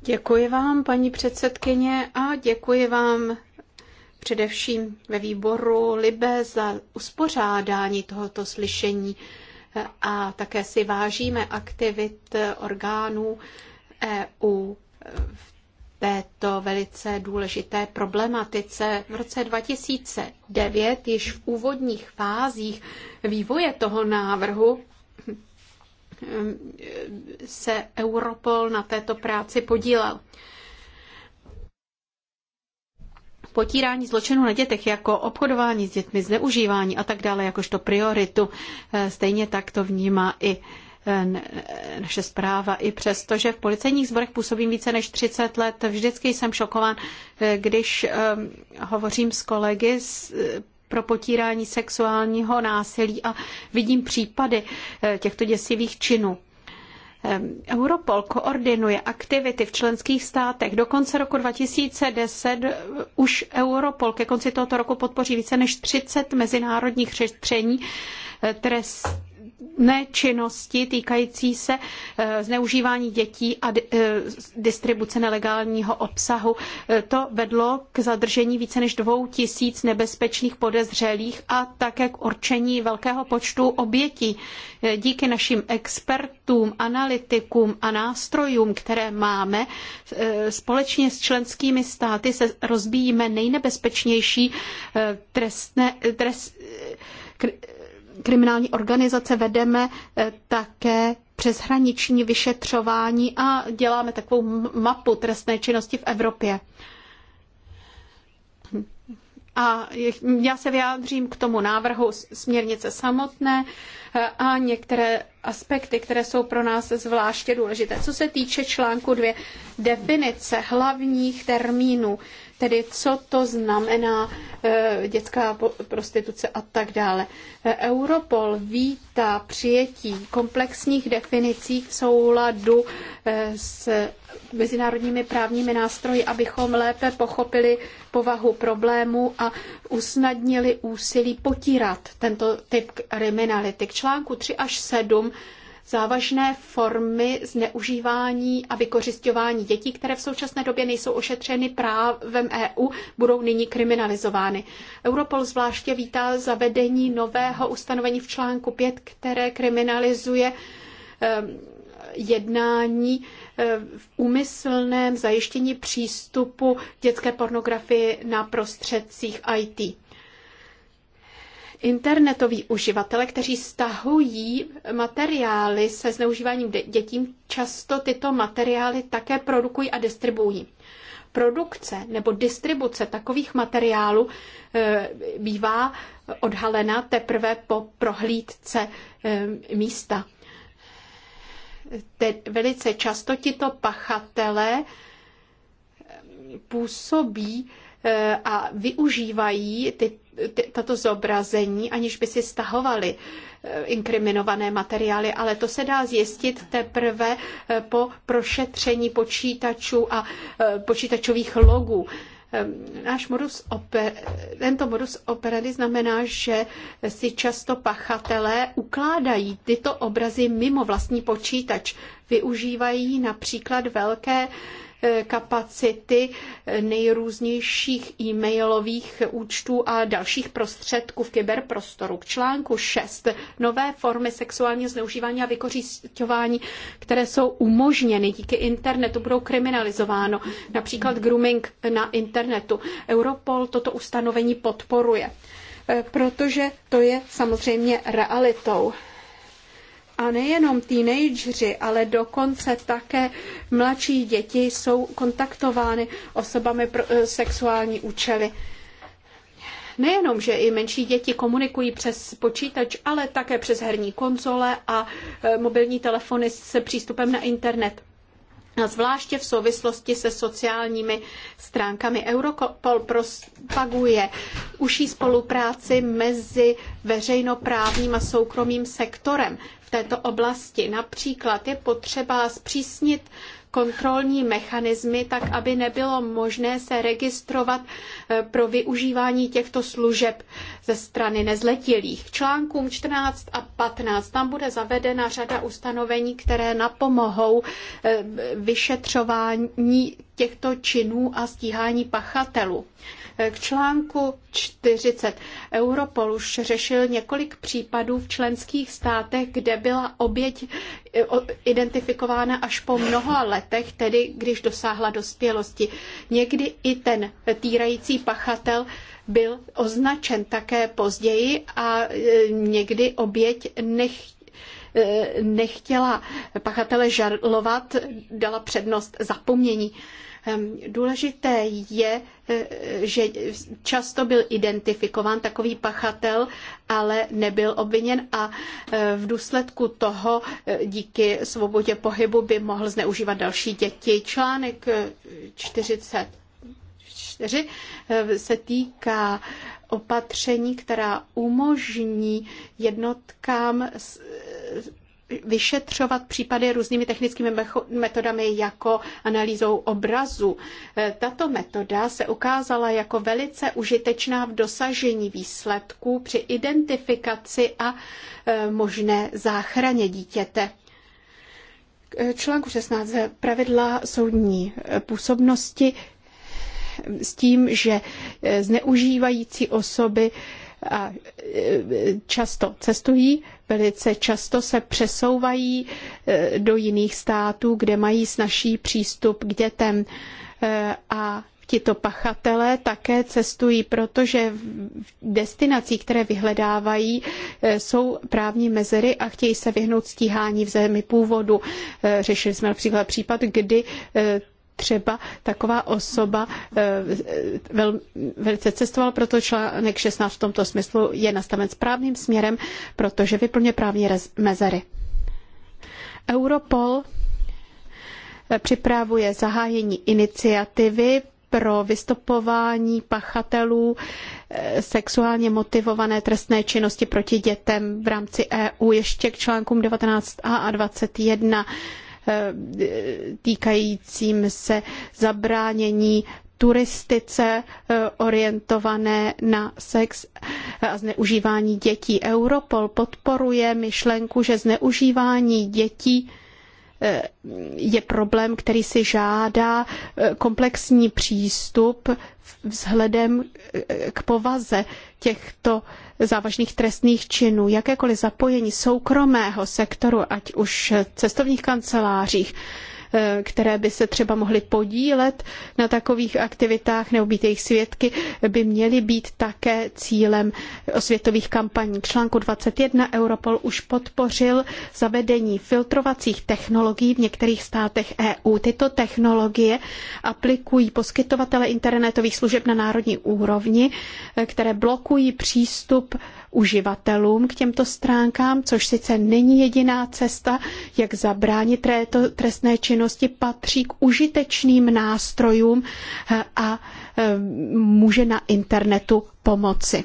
Děkuji vám, paní předsedkyně, a děkuji vám především ve výboru Libe za uspořádání tohoto slyšení a také si vážíme aktivit orgánů EU v této velice důležité problematice. V roce 2009 již v úvodních fázích vývoje toho návrhu ehm, se Europol na této práci podílel. Potírání zločinu na dětech jako obchodování s dětmi, zneužívání a tak dále jakožto prioritu, eh, stejně tak to vnímá i naše zpráva. I přesto, že v policejních sborech působím více než 30 let, vždycky jsem šokován, eh, když ehm, hovořím s kolegy eh, pro potírání sexuálního násilí a vidím případy eh, těchto děsivých činů. Ehm, Europol koordinuje aktivity v členských státech. Do konce roku 2010 už Europol ke konci tohoto roku podpoří více než 30 mezinárodních šetření trest nečinnosti týkající se eh, zneužívání dětí a eh, distribuce nelegálního obsahu. Eh, to vedlo k zadržení více než dvou tisíc nebezpečných podezřelých a také k určení velkého počtu obětí. Díky našim expertům, analytikům a nástrojům, které máme, společně s členskými státy se rozbíjíme nejnebezpečnější trestné, trest, kriminální organizace vedeme eh, také přeshraniční vyšetřování a děláme takovou mapu trestné činnosti v Evropě. A já se vyjádřím k tomu návrhu směrnice samotné eh, a některé aspekty, které jsou pro nás zvláště důležité. Co se týče článku 2, definice hlavních termínů, Tedy co to znamená eh, dětská prostituce a tak dále. Eh, Europol vítá přijetí komplexních definicí v souladu eh, s mezinárodními právními nástroji, abychom lépe pochopili povahu problému a usnadnili úsilí potírat tento typ kriminality. K článku 3 až 7 závažné formy zneužívání a vykořišťování dětí, které v současné době nejsou ošetřeny právem EU, budou nyní kriminalizovány. Europol zvláště vítá zavedení nového ustanovení v článku 5, které kriminalizuje ehm, jednání ehm, v úmyslném zajištění přístupu dětské pornografii na prostředcích IT internetoví uživatele, kteří stahují materiály se zneužíváním dětí, často tyto materiály také produkují a distribuují. Produkce nebo distribuce takových materiálů eh, bývá odhalena teprve po prohlídce eh, místa. Te, velice často tito pachatelé eh, působí a využívají ty tato zobrazení, aniž by si stahovali eh, inkriminované materiály, ale to se dá zjistit teprve eh, po prošetření počítačů a eh, počítačových logů. Ehm, náš modus oper, tento modus operandi znamená, že si často pachatelé ukládají tyto obrazy mimo vlastní počítač. Využívají například velké uh, kapacity nejrůznějších e-mailových účtů a dalších prostředků v kyberprostoru. K článku 6. Nové formy sexuálního zneužívání a vykořišťování, které jsou umožněny díky internetu, budou kriminalizováno. Například grooming na internetu. Europol toto ustanovení podporuje, protože to je samozřejmě realitou. A nejenom teenageři, ale dokonce také mladší děti jsou kontaktovány osobami pro eh, sexuální účely. Nejenom, že i menší děti komunikují přes počítač, ale také přes herní konzole a eh, mobilní telefony se přístupem na internet zvláště v souvislosti se sociálními stránkami. Europol propaguje užší spolupráci mezi veřejnoprávním a soukromým sektorem v této oblasti. Například je potřeba zpřísnit kontrolní mechanismy, tak aby nebylo možné se registrovat eh, pro využívání těchto služeb ze strany nezletilých. K článkům 14 a 15 tam bude zavedena řada ustanovení, které napomohou eh, vyšetřování těchto činů a stíhání pachatelů. K článku 40 Europol už řešil několik případů v členských státech, kde byla oběť eh, identifikována až po mnoha letech, tedy když dosáhla dospělosti. Někdy i ten týrající pachatel byl označen také později a eh, někdy oběť nechtěla eh, nechtěla pachatele žalovat, dala přednost zapomnění. Ehm, důležité je, eh, že často byl identifikován takový pachatel, ale nebyl obviněn a eh, v důsledku toho eh, díky svobodě pohybu by mohl zneužívat další děti. Článek 40 4 se týká opatření, která umožní jednotkám vyšetřovat případy různými technickými metodami jako analýzou obrazu. E, tato metoda se ukázala jako velice užitečná v dosažení výsledků při identifikaci a e, možné záchraně dítěte. E, článku 16 pravidla soudní působnosti s tím, že zneužívající osoby a e, často cestují, velice často se přesouvají e, do jiných států, kde mají snažší přístup k dětem e, a Tito pachatelé také cestují, protože v destinací, které vyhledávají, jsou právní mezery a chtějí se vyhnout stíhání v zemi původu. Řešili jsme například případ, kdy třeba taková osoba eh, velice cestovala, proto článek 16 v tomto smyslu je nastaven správným směrem, protože vyplně právní mezery. Europol eh, připravuje zahájení iniciativy pro vystopování pachatelů eh, sexuálně motivované trestné činnosti proti dětem v rámci EU ještě k článkům 19a a 21 Eh, týkajícím se zabránění turistice eh, orientované na sex a zneužívání dětí. Europol podporuje myšlenku, že zneužívání dětí eh, je problém, který si žádá komplexní přístup vzhledem k povaze těchto závažných trestných činů, jakékoliv zapojení soukromého sektoru, ať už cestovních kancelářích, Eh, které by se třeba mohly podílet na takových aktivitách nebo být jejich svědky, by měly být také cílem osvětových kampaní. K článku 21 Europol už podpořil zavedení filtrovacích technologií v některých státech EU. Tyto technologie aplikují poskytovatele internetových služeb na národní úrovni, eh, které blokují přístup uživatelům k těmto stránkám, což sice není jediná cesta, jak zabránit trestné činnosti, patří k užitečným nástrojům eh, a eh, může na internetu pomoci.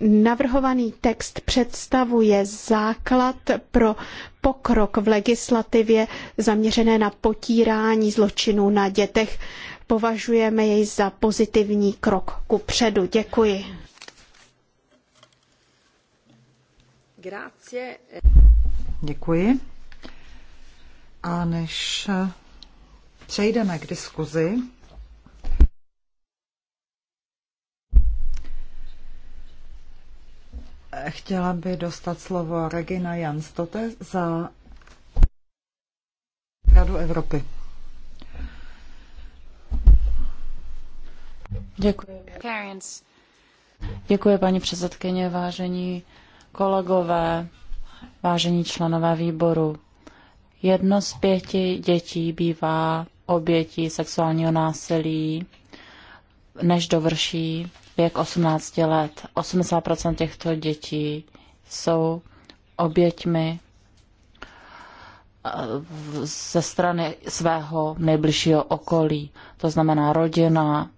Navrhovaný text představuje základ pro pokrok v legislativě zaměřené na potírání zločinů na dětech. Považujeme jej za pozitivní krok ku předu. Děkuji. Grazie.
Děkuji. A než přejdeme k diskuzi, chtěla by dostat slovo Regina Janstote za Radu Evropy. Děkuji.
Děkuji, paní předsedkyně, vážení kolegové, vážení členové výboru, jedno z pěti dětí bývá obětí sexuálního násilí, než dovrší věk 18 let. 80% těchto dětí jsou oběťmi eh, ze strany svého nejbližšího okolí, to znamená rodina,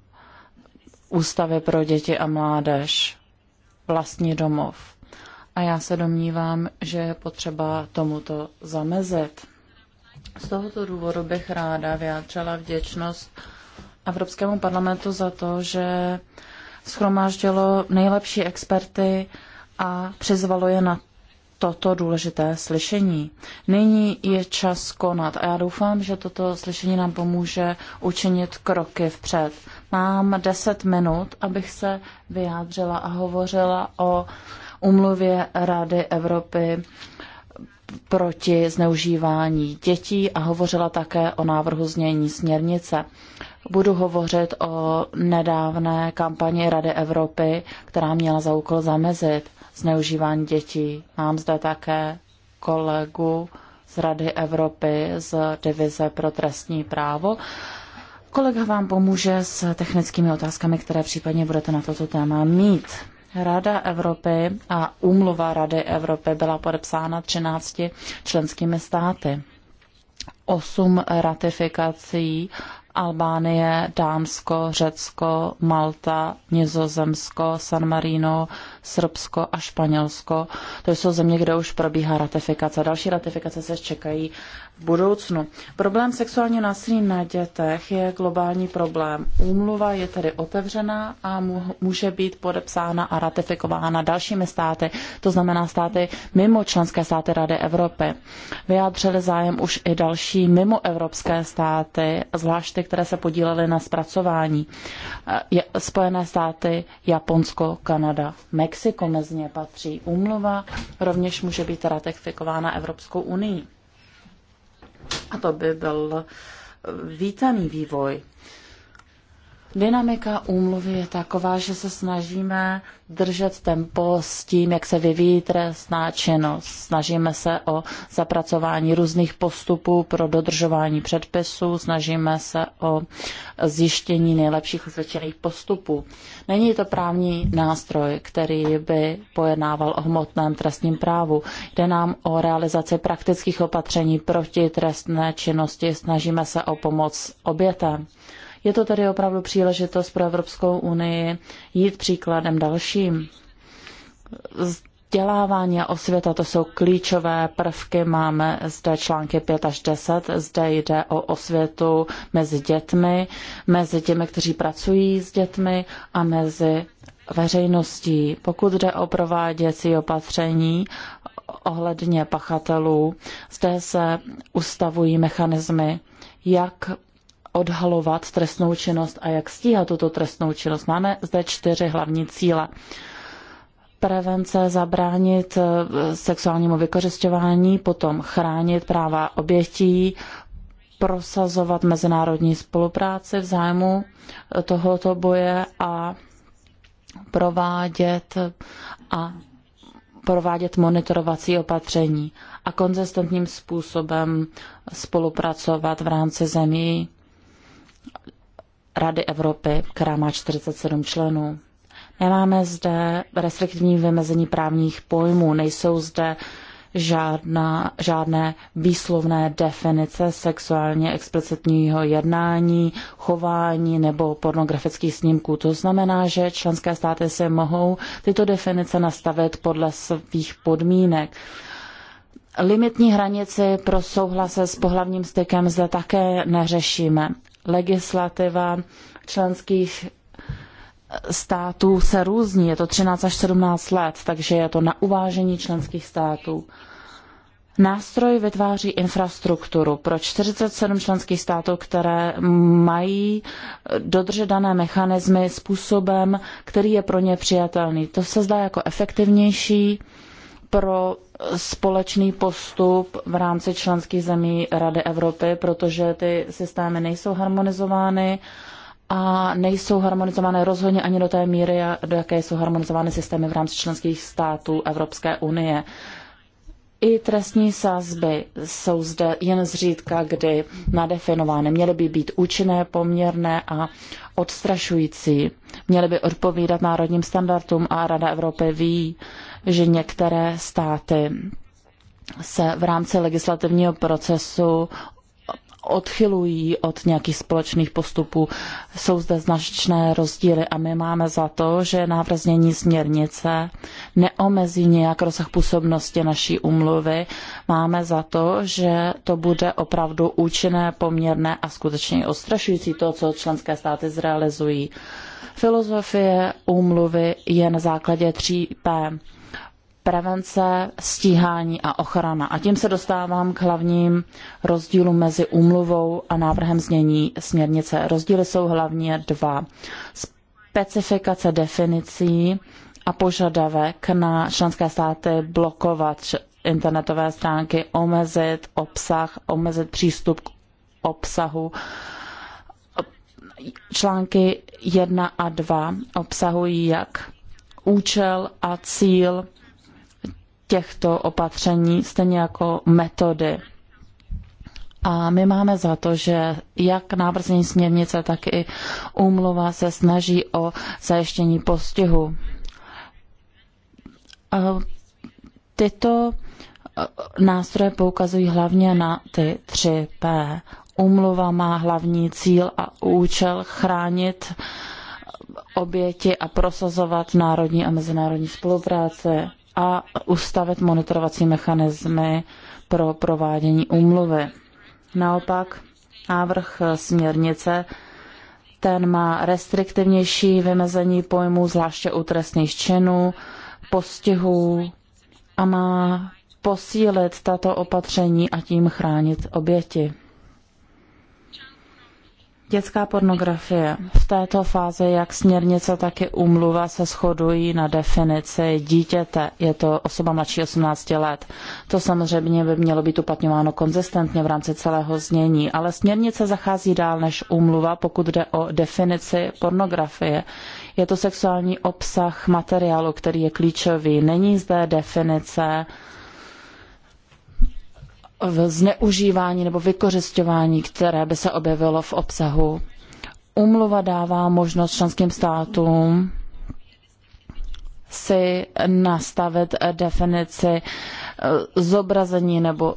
ústavy pro děti a mládež, vlastní domov a já se domnívám, že je potřeba tomuto zamezet. Z tohoto důvodu bych ráda vyjádřila vděčnost Evropskému parlamentu za to, že schromáždilo nejlepší experty a přizvalo je na toto důležité slyšení. Nyní je čas konat a já doufám, že toto slyšení nám pomůže učinit kroky vpřed. Mám deset minut, abych se vyjádřila a hovořila o umluvě Rady Evropy proti zneužívání dětí a hovořila také o návrhu změní směrnice. Budu hovořit o nedávné kampani Rady Evropy, která měla za úkol zamezit zneužívání dětí. Mám zde také kolegu z Rady Evropy z Divize pro trestní právo. Kolega vám pomůže s technickými otázkami, které případně budete na toto téma mít. Rada Evropy a úmluva Rady Evropy byla podepsána 13 členskými státy. Osm ratifikací Albánie, Dánsko, Řecko, Malta, Nizozemsko, San Marino, Srbsko a Španělsko. To jsou země, kde už probíhá ratifikace. Další ratifikace se čekají budoucnu. Problém sexuálního násilí na dětech je globální problém. Úmluva je tedy otevřená a může být podepsána a ratifikována dalšími státy, to znamená státy mimo členské státy Rady Evropy. Vyjádřili zájem už i další mimo evropské státy, zvláště ty, které se podílely na zpracování. Eh, Spojené státy, Japonsko, Kanada, Mexiko mezi ně patří. Úmluva rovněž může být ratifikována Evropskou unii. A to by byl vítaný vývoj. Dynamika úmluvy je taková, že se snažíme držet tempo s tím, jak se vyvíjí trestná činnost. Snažíme se o zapracování různých postupů pro dodržování předpisů, snažíme se o zjištění nejlepších osvědčených postupů. Není to právní nástroj, který by pojednával o hmotném trestním právu. Jde nám o realizaci praktických opatření proti trestné činnosti. Snažíme se o pomoc obětem. Je to tedy opravdu příležitost pro Evropskou unii jít příkladem dalším. Vzdělávání a osvěta to jsou klíčové prvky. Máme zde články 5 až 10. Zde jde o osvětu mezi dětmi, mezi těmi, kteří pracují s dětmi a mezi veřejností. Pokud jde o prováděcí opatření ohledně pachatelů, zde se ustavují mechanismy, jak odhalovat trestnou činnost a jak stíhat tuto trestnou činnost. Máme zde čtyři hlavní cíle. Prevence, zabránit eh, sexuálnímu vykořišťování, potom chránit práva obětí, prosazovat mezinárodní spolupráci v zájmu eh, tohoto boje a provádět eh, a provádět monitorovací opatření a konzistentním způsobem spolupracovat v rámci zemí Rady Evropy, která má 47 členů. Nemáme zde restriktivní vymezení právních pojmů, nejsou zde žádná, žádné výslovné definice sexuálně explicitního jednání, chování nebo pornografických snímků. To znamená, že členské státy si mohou tyto definice nastavit podle svých podmínek. Limitní hranici pro souhlase s pohlavním stykem zde také neřešíme legislativa členských států se různí. Je to 13 až 17 let, takže je to na uvážení členských států. Nástroj vytváří infrastrukturu pro 47 členských států, které mají dodržet dané mechanismy způsobem, který je pro ně přijatelný. To se zdá jako efektivnější pro společný postup v rámci členských zemí Rady Evropy, protože ty systémy nejsou harmonizovány a nejsou harmonizované rozhodně ani do té míry, do jaké jsou harmonizovány systémy v rámci členských států Evropské unie. I trestní sazby jsou zde jen zřídka kdy nadefinovány. Měly by být účinné, poměrné a odstrašující. Měly by odpovídat národním standardům a Rada Evropy ví, že některé státy se v rámci legislativního procesu odchylují od nějakých společných postupů. Jsou zde značné rozdíly a my máme za to, že návrh směrnice neomezí nějak rozsah působnosti naší umluvy. Máme za to, že to bude opravdu účinné, poměrné a skutečně ostrašující to, co členské státy zrealizují. Filozofie úmluvy je na základě tří P prevence, stíhání a ochrana. A tím se dostávám k hlavním rozdílům mezi úmluvou a návrhem znění směrnice. Rozdíly jsou hlavně dva. Specifikace definicí a požadavek na členské státy blokovat internetové stránky, omezit obsah, omezit přístup k obsahu. Články 1 a 2 obsahují jak účel a cíl těchto opatření, stejně jako metody. A my máme za to, že jak návrzení směrnice, tak i úmluva se snaží o zajištění postihu. Tyto e, nástroje poukazují hlavně na ty 3P. Úmluva má hlavní cíl a účel chránit oběti a prosazovat národní a mezinárodní spolupráce a ustavit monitorovací mechanismy pro provádění úmluvy. Naopak návrh směrnice ten má restriktivnější vymezení pojmů, zvláště u trestných činů, postihů a má posílit tato opatření a tím chránit oběti. Dětská pornografie. V této fázi jak směrnice, tak i umluva se shodují na definici dítěte. Je to osoba mladší 18 let. To samozřejmě by mělo být uplatňováno konzistentně v rámci celého znění, ale směrnice zachází dál než umluva, pokud jde o definici pornografie. Je to sexuální obsah materiálu, který je klíčový. Není zde definice v zneužívání nebo vykořišťování, které by se objevilo v obsahu. Umluva dává možnost členským státům si nastavit definici eh, zobrazení nebo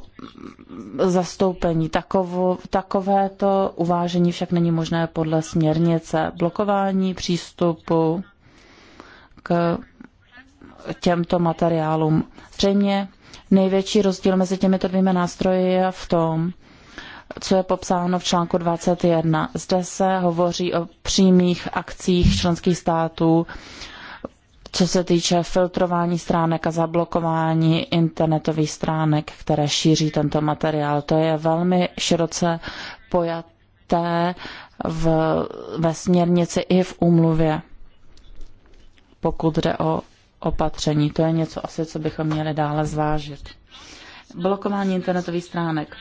zastoupení. Takovo, takovéto uvážení však není možné podle směrnice. Blokování přístupu k těmto materiálům. Zřejmě Největší rozdíl mezi těmito dvěma nástroji je v tom, co je popsáno v článku 21. Zde se hovoří o přímých akcích členských států, co se týče filtrování stránek a zablokování internetových stránek, které šíří tento materiál. To je velmi široce pojaté v, ve směrnici i v úmluvě, pokud jde o opatření. To je něco asi, co bychom měli dále zvážit. Blokování internetových stránek.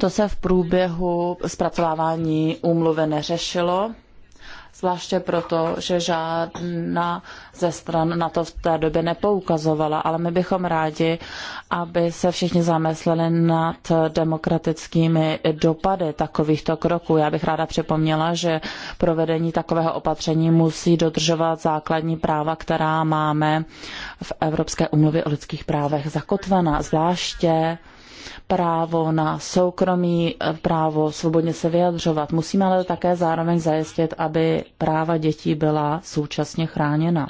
To se v průběhu zpracovávání úmluvy neřešilo zvláště proto, že žádná ze stran na to v té době nepoukazovala, ale my bychom rádi, aby se všichni zamysleli nad demokratickými dopady takovýchto kroků. Já bych ráda připomněla, že provedení takového opatření musí dodržovat základní práva, která máme v Evropské umluvě o lidských právech zakotvená, zvláště právo na soukromí, eh, právo svobodně se vyjadřovat. Musíme ale také zároveň zajistit, aby práva dětí byla současně chráněna.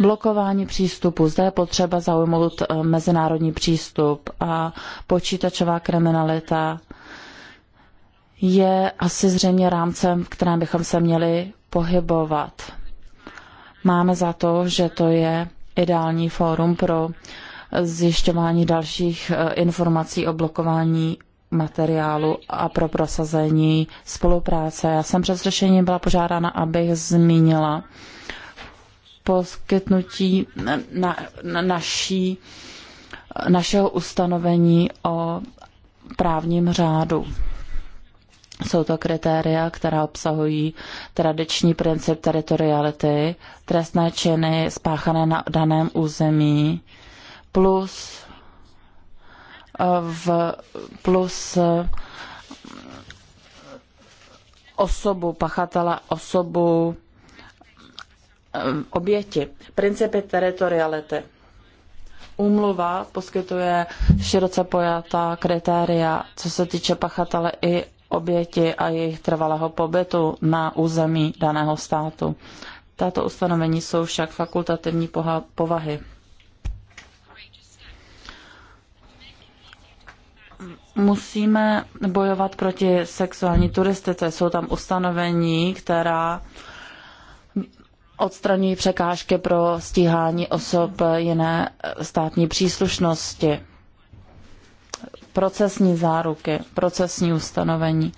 Blokování přístupu. Zde je potřeba zaujmout eh, mezinárodní přístup a počítačová kriminalita je asi zřejmě rámcem, v kterém bychom se měli pohybovat. Máme za to, že to je ideální fórum pro zjišťování dalších eh, informací o blokování materiálu a pro prosazení spolupráce. Já jsem před řešením byla požádána, abych zmínila poskytnutí na, na naší, eh, našeho ustanovení o právním řádu. Jsou to kritéria, která obsahují tradiční princip teritoriality, trestné činy spáchané na daném území, plus eh, v plus eh, osobu pachatela, osobu eh, oběti. Principy teritoriality. Úmluva poskytuje široce pojatá kritéria, co se týče pachatele i oběti a jejich trvalého pobytu na území daného státu. Tato ustanovení jsou však fakultativní povahy. musíme bojovat proti sexuální turistice. Jsou tam ustanovení, která odstraňují překážky pro stíhání osob jiné státní příslušnosti, procesní záruky, procesní ustanovení.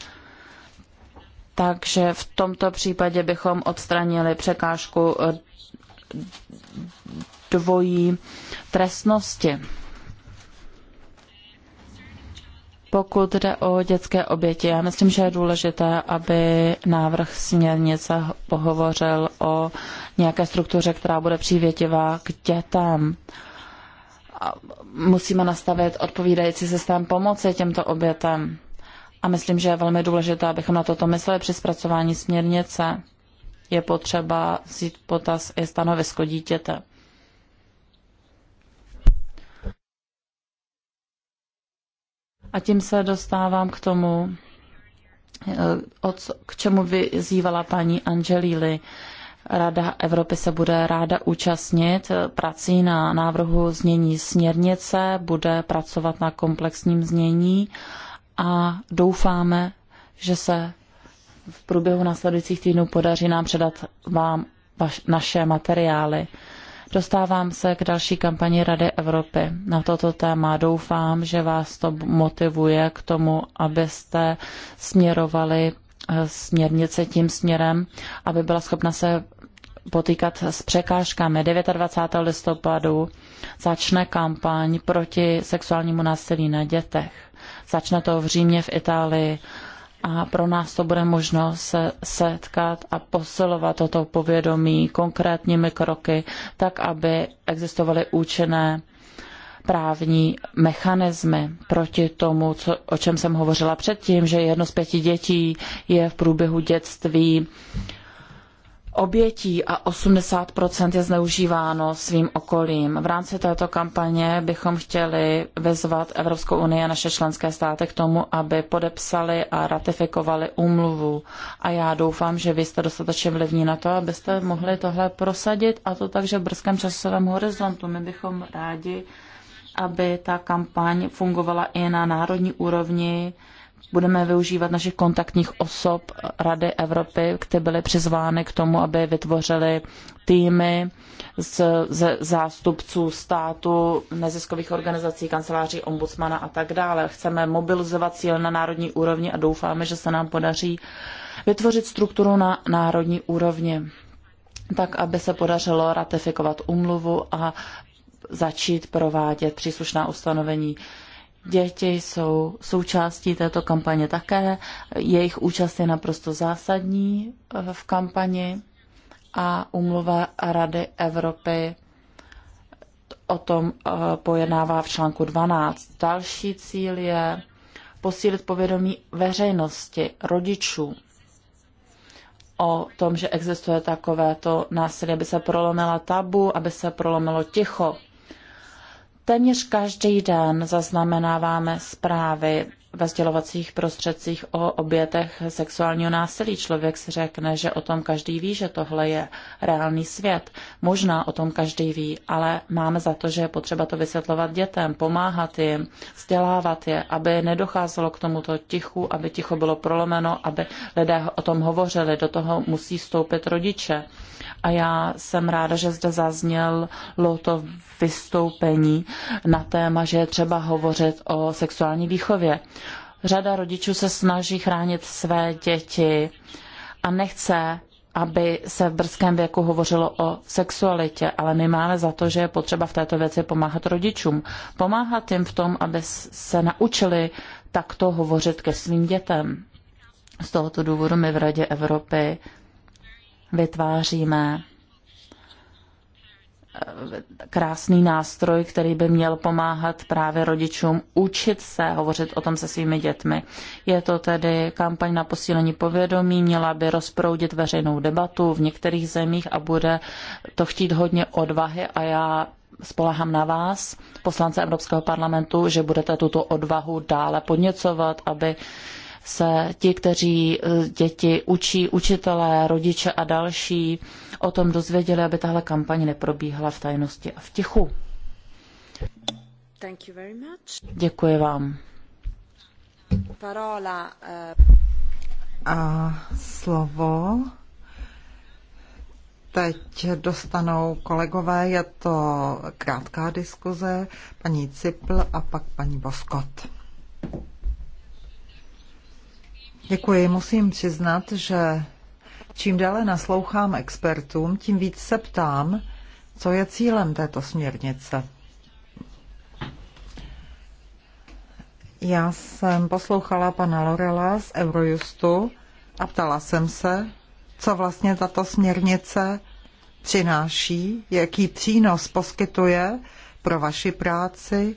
Takže v tomto případě bychom odstranili překážku dvojí trestnosti. Pokud jde o dětské oběti, já myslím, že je důležité, aby návrh směrnice pohovořil o nějaké struktuře, která bude přívětivá k dětem. Musíme nastavit odpovídající systém pomoci těmto obětem. A myslím, že je velmi důležité, abychom na toto mysleli při zpracování směrnice. Je potřeba vzít potaz i stanovisko dítěte. A tím se dostávám k tomu, eh, k čemu vyzývala paní Angelili. Rada Evropy se bude ráda účastnit eh, prací na návrhu změní směrnice, bude pracovat na komplexním změní a doufáme, že se v průběhu následujících týdnů podaří nám předat vám vaš, naše materiály. Dostávám se k další kampani Rady Evropy na toto téma. Doufám, že vás to motivuje k tomu, abyste směrovali eh, směrnice tím směrem, aby byla schopna se potýkat s překážkami. 29. listopadu začne kampaň proti sexuálnímu násilí na dětech. Začne to v Římě v Itálii a pro nás to bude možno se setkat a posilovat toto povědomí konkrétními kroky, tak aby existovaly účinné právní mechanismy proti tomu, co, o čem jsem hovořila předtím, že jedno z pěti dětí je v průběhu dětství uh, obětí a 80% je zneužíváno svým okolím. V rámci této kampaně bychom chtěli vyzvat Evropskou unii a naše členské státy k tomu, aby podepsali a ratifikovali úmluvu. A já doufám, že vy jste dostatečně vlivní na to, abyste mohli tohle prosadit a to takže v brzkém časovém horizontu. My bychom rádi, aby ta kampaň fungovala i na národní úrovni, budeme využívat našich kontaktních osob Rady Evropy, které byly přizvány k tomu, aby vytvořili týmy z, z zástupců státu, neziskových organizací, kanceláří ombudsmana a tak dále. Chceme mobilizovat cíl na národní úrovni a doufáme, že se nám podaří vytvořit strukturu na národní úrovni tak, aby se podařilo ratifikovat umluvu a začít provádět příslušná ustanovení. Děti jsou součástí této kampaně také, jejich účast je naprosto zásadní eh, v kampani a umluva Rady Evropy o tom eh, pojednává v článku 12. Další cíl je posílit povědomí veřejnosti, rodičů o tom, že existuje takovéto násilí, aby se prolomila tabu, aby se prolomilo ticho Téměř každý den zaznamenáváme zprávy ve sdělovacích prostředcích o obětech sexuálního násilí. Člověk si řekne, že o tom každý ví, že tohle je reálný svět. Možná o tom každý ví, ale máme za to, že je potřeba to vysvětlovat dětem, pomáhat jim, vzdělávat je, aby nedocházelo k tomuto tichu, aby ticho bylo prolomeno, aby lidé o tom hovořili. Do toho musí vstoupit rodiče a já jsem ráda, že zde zazněl louto vystoupení na téma, že je třeba hovořit o sexuální výchově. Řada rodičů se snaží chránit své děti a nechce, aby se v brzkém věku hovořilo o sexualitě, ale my máme za to, že je potřeba v této věci pomáhat rodičům. Pomáhat jim v tom, aby se naučili takto hovořit ke svým dětem. Z tohoto důvodu my v Radě Evropy vytváříme eh, krásný nástroj, který by měl pomáhat právě rodičům učit se hovořit o tom se svými dětmi. Je to tedy kampaň na posílení povědomí, měla by rozproudit veřejnou debatu v některých zemích a bude to chtít hodně odvahy a já spolehám na vás, poslance Evropského parlamentu, že budete tuto odvahu dále podněcovat, aby se ti, kteří e, děti učí, učitelé, rodiče a další, o tom dozvěděli, aby tahle kampaň neprobíhala v tajnosti a v tichu. Thank you very much. Děkuji vám. Parola,
uh... A slovo teď dostanou kolegové, je to krátká diskuze, paní Cipl a pak paní Boskot. Děkuji. Musím přiznat, že čím dále naslouchám expertům, tím víc se ptám, co je cílem této směrnice. Já jsem poslouchala pana Lorela z Eurojustu a ptala jsem se, co vlastně tato směrnice přináší, jaký přínos poskytuje pro vaši práci,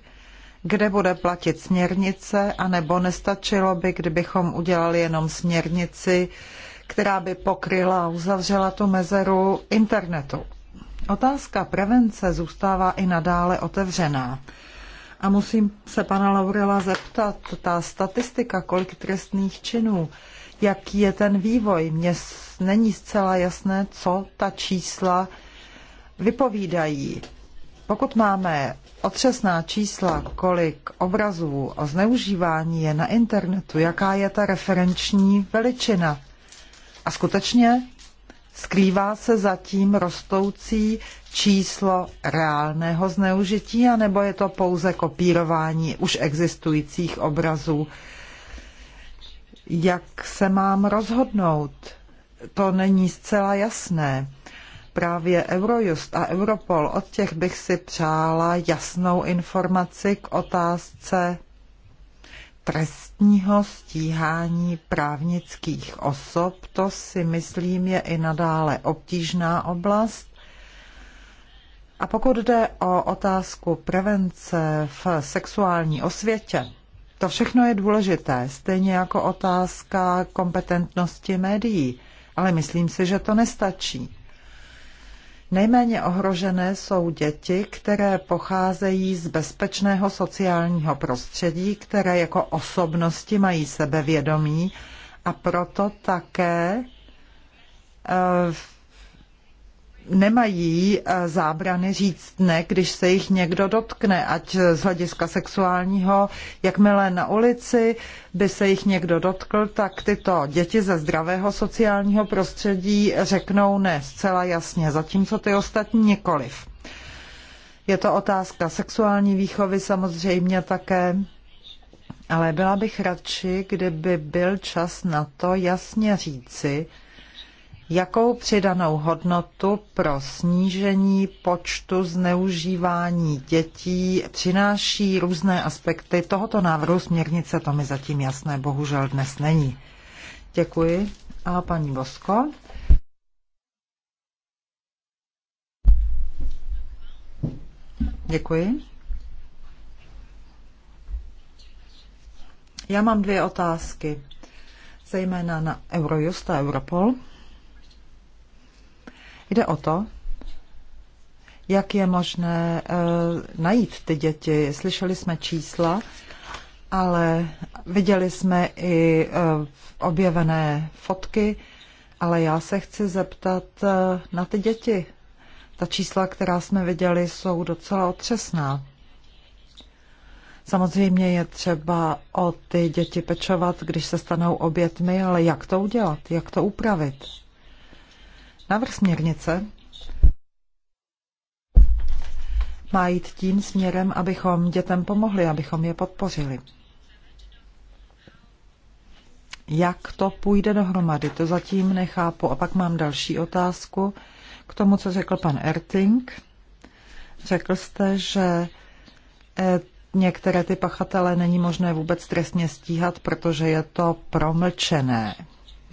kde bude platit směrnice, anebo nestačilo by, kdybychom udělali jenom směrnici, která by pokryla a uzavřela tu mezeru internetu. Otázka prevence zůstává i nadále otevřená. A musím se pana Laurela zeptat, ta statistika, kolik trestných činů, jaký je ten vývoj. Mně není zcela jasné, co ta čísla vypovídají. Pokud máme otřesná čísla, kolik obrazů o zneužívání je na internetu, jaká je ta referenční veličina. A skutečně skrývá se zatím rostoucí číslo reálného zneužití, anebo je to pouze kopírování už existujících obrazů. Jak se mám rozhodnout? To není zcela jasné právě Eurojust a Europol. Od těch bych si přála jasnou informaci k otázce trestního stíhání právnických osob. To si myslím je i nadále obtížná oblast. A pokud jde o otázku prevence v sexuální osvětě, to všechno je důležité, stejně jako otázka kompetentnosti médií, ale myslím si, že to nestačí. Nejméně ohrožené jsou děti, které pocházejí z bezpečného sociálního prostředí, které jako osobnosti mají sebevědomí a proto také eh, nemají eh, zábrany říct ne, když se jich někdo dotkne, ať z hlediska sexuálního, jakmile na ulici by se jich někdo dotkl, tak tyto děti ze zdravého sociálního prostředí řeknou ne zcela jasně, zatímco ty ostatní nikoliv. Je to otázka sexuální výchovy samozřejmě také, ale byla bych radši, kdyby byl čas na to jasně říci, jakou přidanou hodnotu pro snížení počtu zneužívání dětí přináší různé aspekty tohoto návrhu směrnice, to mi zatím jasné bohužel dnes není. Děkuji. A paní Bosko. Děkuji. Já mám dvě otázky, zejména na Eurojust a Europol. Jde o to, jak je možné uh, najít ty děti. Slyšeli jsme čísla, ale viděli jsme i uh, objevené fotky, ale já se chci zeptat uh, na ty děti. Ta čísla, která jsme viděli, jsou docela otřesná. Samozřejmě je třeba o ty děti pečovat, když se stanou obětmi, ale jak to udělat, jak to upravit? Návrh směrnice má jít tím směrem, abychom dětem pomohli, abychom je podpořili. Jak to půjde dohromady, to zatím nechápu. A pak mám další otázku k tomu, co řekl pan Erting. Řekl jste, že eh, některé ty pachatele není možné vůbec trestně stíhat, protože je to promlčené.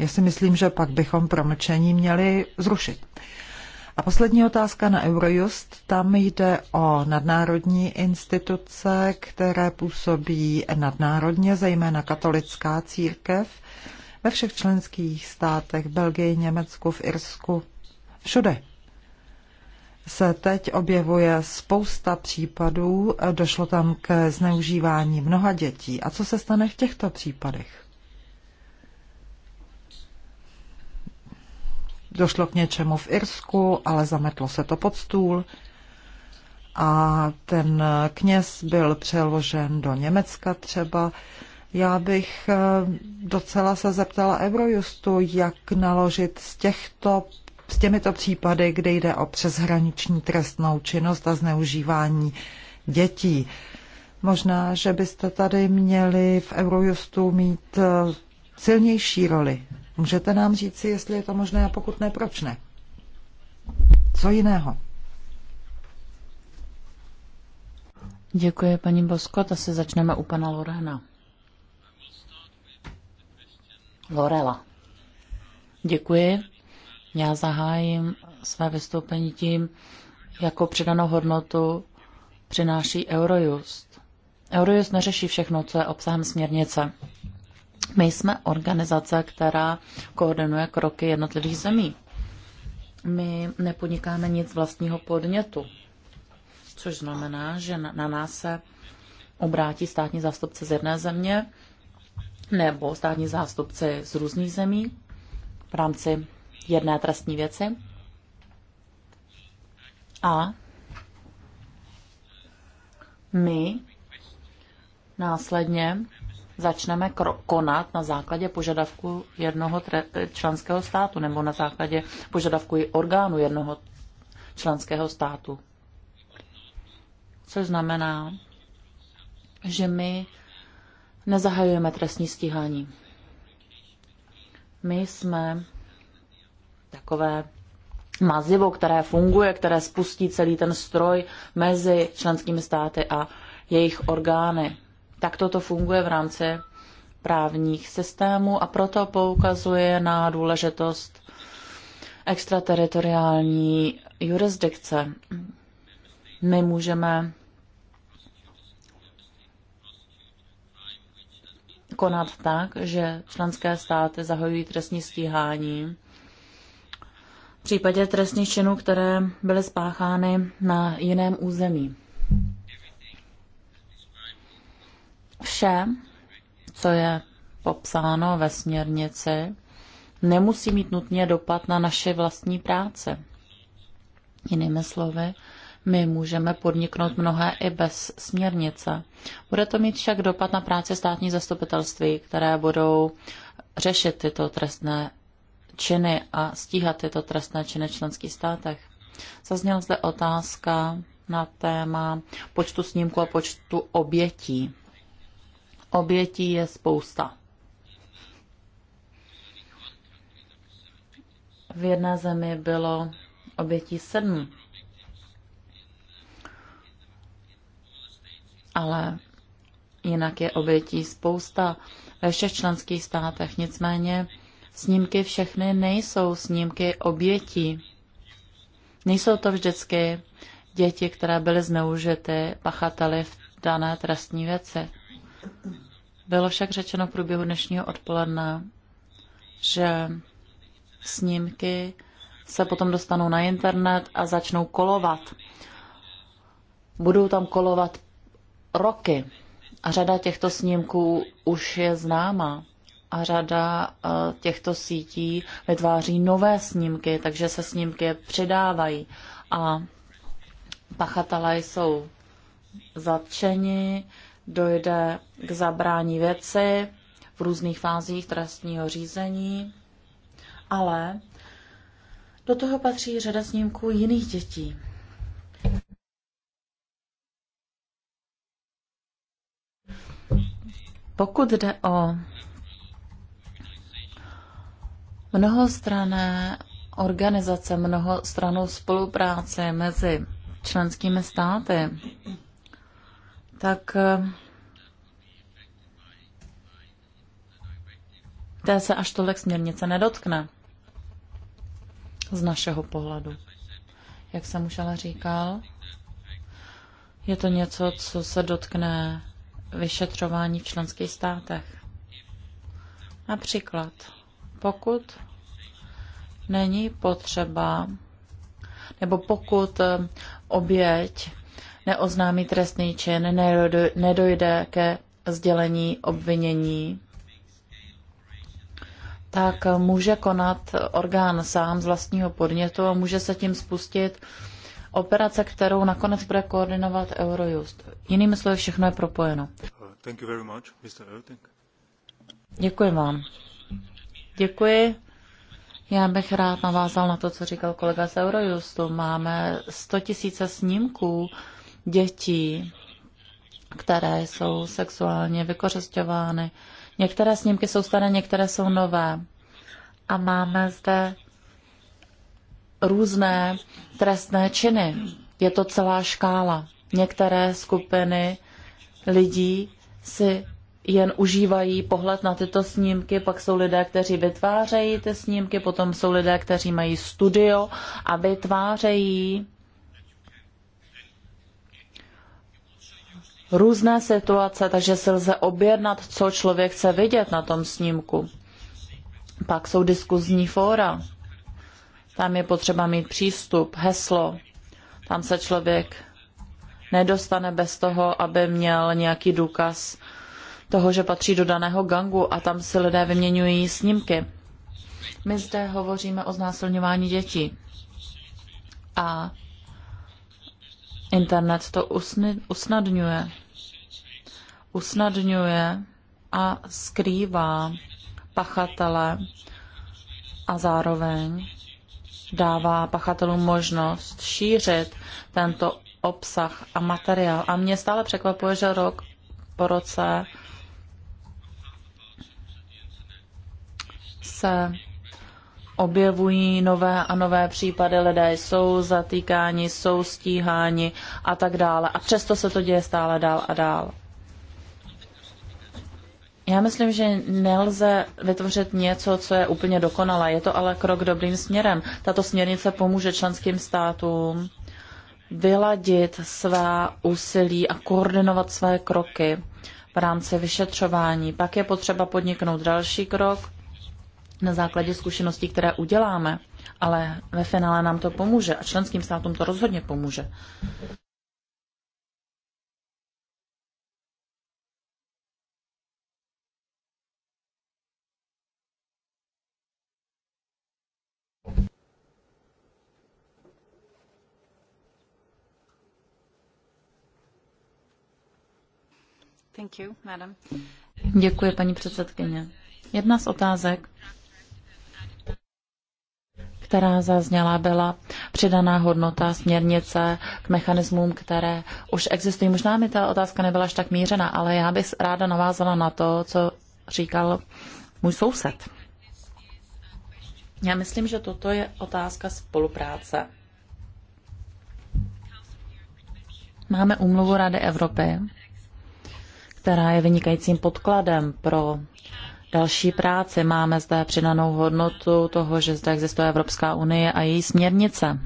Já si myslím, že pak bychom promlčení měli zrušit. A poslední otázka na Eurojust. Tam jde o nadnárodní instituce, které působí nadnárodně, zejména katolická církev ve všech členských státech, Belgii, Německu, v Irsku, všude se teď objevuje spousta případů, došlo tam k zneužívání mnoha dětí. A co se stane v těchto případech? došlo k něčemu v Irsku, ale zametlo se to pod stůl a ten kněz byl přeložen do Německa třeba. Já bych eh, docela se zeptala Eurojustu, jak naložit z těchto s těmito případy, kde jde o přeshraniční trestnou činnost a zneužívání dětí. Možná, že byste tady měli v Eurojustu mít eh, silnější roli. Můžete nám říci, jestli je to možné a pokud ne, proč ne? Co jiného?
Děkuji, paní Bosko. A se začneme u pana Lorena. Lorela. Děkuji. Já zahájím své vystoupení tím, jako přidanou hodnotu přináší Eurojust. Eurojust neřeší všechno, co je obsahem směrnice. My jsme organizace, která koordinuje kroky jednotlivých zemí. My nepodnikáme nic vlastního podnětu, což znamená, že na, nás se obrátí státní zástupce z jedné země nebo státní zástupci z různých zemí v rámci jedné trestní věci. A my následně začneme konat na základě požadavku jednoho členského státu nebo na základě požadavku i orgánu jednoho členského státu. Což znamená, že my nezahajujeme trestní stíhání. My jsme takové mazivo, které funguje, které spustí celý ten stroj mezi členskými státy a jejich orgány. Tak toto funguje v rámci právních systémů a proto poukazuje na důležitost extrateritoriální jurisdikce. My můžeme konat tak, že členské státy zahojují trestní stíhání v případě trestních činů, které byly spáchány na jiném území. Vše, co je popsáno ve směrnici, nemusí mít nutně dopad na naše vlastní práce. Jinými slovy, my můžeme podniknout mnohé i bez směrnice. Bude to mít však dopad na práci státní zastupitelství, které budou řešit tyto trestné činy a stíhat tyto trestné činy v členských státech. Zazněla zde otázka na téma počtu snímků a počtu obětí. Obětí je spousta. V jedné zemi bylo obětí sedm. Ale jinak je obětí spousta ve všech členských státech. Nicméně snímky všechny nejsou snímky obětí. Nejsou to vždycky děti, které byly zneužity pachateli v dané trestní věci. Bylo však řečeno v průběhu dnešního odpoledne, že snímky se potom dostanou na internet a začnou kolovat. Budou tam kolovat roky. A řada těchto snímků už je známa. A řada eh, těchto sítí vytváří nové snímky, takže se snímky přidávají. A pachatelé jsou zatčeni, dojde k zabrání věci v různých fázích trestního řízení, ale do toho patří řada snímků jiných dětí. Pokud jde o mnohostrané organizace, mnohostranou spolupráci mezi členskými státy, tak eh, té se až tolik směrnice nedotkne z našeho pohledu. Jak jsem už ale říkal, je to něco, co se dotkne vyšetřování v členských státech. Například, pokud není potřeba, nebo pokud eh, oběť neoznámí trestný čin, nedojde ke sdělení obvinění, tak může konat orgán sám z vlastního podnětu a může se tím spustit operace, kterou nakonec bude koordinovat Eurojust. Jinými slovy, všechno je propojeno. Much, Děkuji vám. Děkuji. Já bych rád navázal na to, co říkal kolega z Eurojustu. Máme 100 000 snímků dětí, které jsou sexuálně vykořišťovány. Některé snímky jsou staré, některé jsou nové. A máme zde různé trestné činy. Je to celá škála. Některé skupiny lidí si jen užívají pohled na tyto snímky, pak jsou lidé, kteří vytvářejí ty snímky, potom jsou lidé, kteří mají studio a vytvářejí různé situace, takže si lze objednat, co člověk chce vidět na tom snímku. Pak jsou diskuzní fóra. Tam je potřeba mít přístup, heslo. Tam se člověk nedostane bez toho, aby měl nějaký důkaz toho, že patří do daného gangu a tam si lidé vyměňují snímky. My zde hovoříme o znásilňování dětí. A Internet to usnadňuje. Usnadňuje a skrývá pachatele a zároveň dává pachatelům možnost šířit tento obsah a materiál. A mě stále překvapuje, že rok po roce se objevují nové a nové případy, lidé jsou zatýkáni, jsou stíháni a tak dále. A přesto se to děje stále dál a dál. Já myslím, že nelze vytvořit něco, co je úplně dokonalé. Je to ale krok dobrým směrem. Tato směrnice pomůže členským státům vyladit svá úsilí a koordinovat své kroky v rámci vyšetřování. Pak je potřeba podniknout další krok na základě zkušeností, které uděláme, ale ve finále nám to pomůže a členským státům to rozhodně pomůže. Děkuji, paní předsedkyně. Jedna z otázek, která zazněla, byla přidaná hodnota směrnice k mechanismům, které už existují. Možná mi ta otázka nebyla až tak mířena, ale já bych ráda navázala na to, co říkal můj soused. Já myslím, že toto je otázka spolupráce. Máme úmluvu Rady Evropy, která je vynikajícím podkladem pro další práci. Máme zde přidanou hodnotu toho, že zde existuje Evropská unie a její směrnice,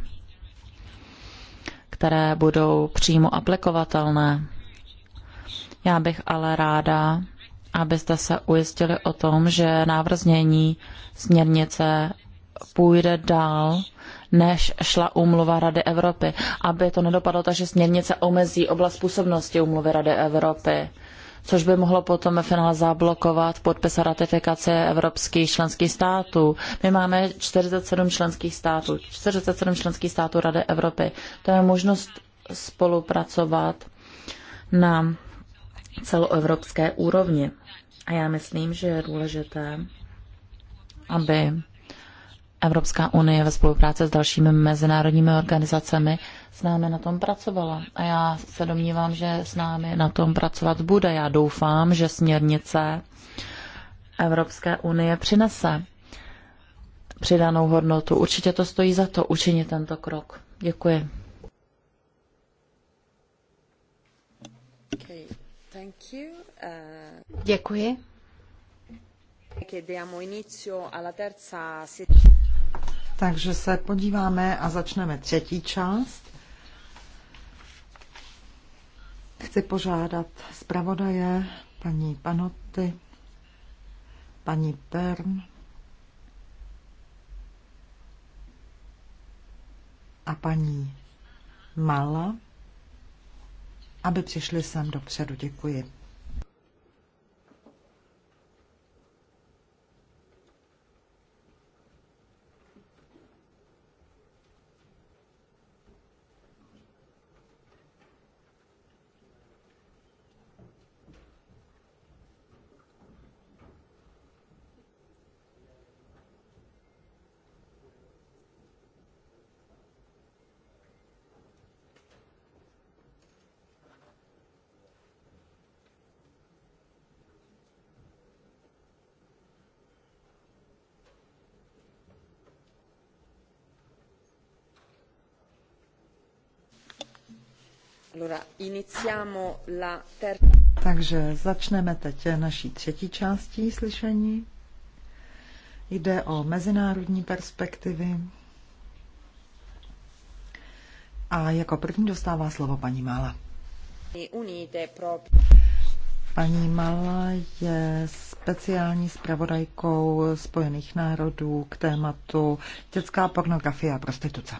které budou přímo aplikovatelné. Já bych ale ráda, abyste se ujistili o tom, že návrh znění směrnice půjde dál, než šla úmluva Rady Evropy, aby to nedopadlo tak, že směrnice omezí oblast působnosti úmluvy Rady Evropy což by mohlo potom ve finále zablokovat podpis a ratifikace evropských členských států. My máme 47 členských států, 47 členských států Rady Evropy. To je možnost spolupracovat na celoevropské úrovni. A já myslím, že je důležité, aby Evropská unie ve spolupráci s dalšími mezinárodními organizacemi s námi na tom pracovala. A já se domnívám, že s námi na tom pracovat bude. Já doufám, že směrnice Evropské unie přinese přidanou hodnotu. Určitě to stojí za to učinit tento krok. Děkuji.
Okay, thank you. Uh... Děkuji. Takže se podíváme a začneme třetí část. Chci požádat zpravodaje, paní Panoty, paní Pern a paní Mala, aby přišli sem dopředu. Děkuji. Takže začneme teď naší třetí částí slyšení. Jde o mezinárodní perspektivy. A jako první dostává slovo paní Mala. Paní Mala je speciální zpravodajkou Spojených národů k tématu dětská pornografie a prostituce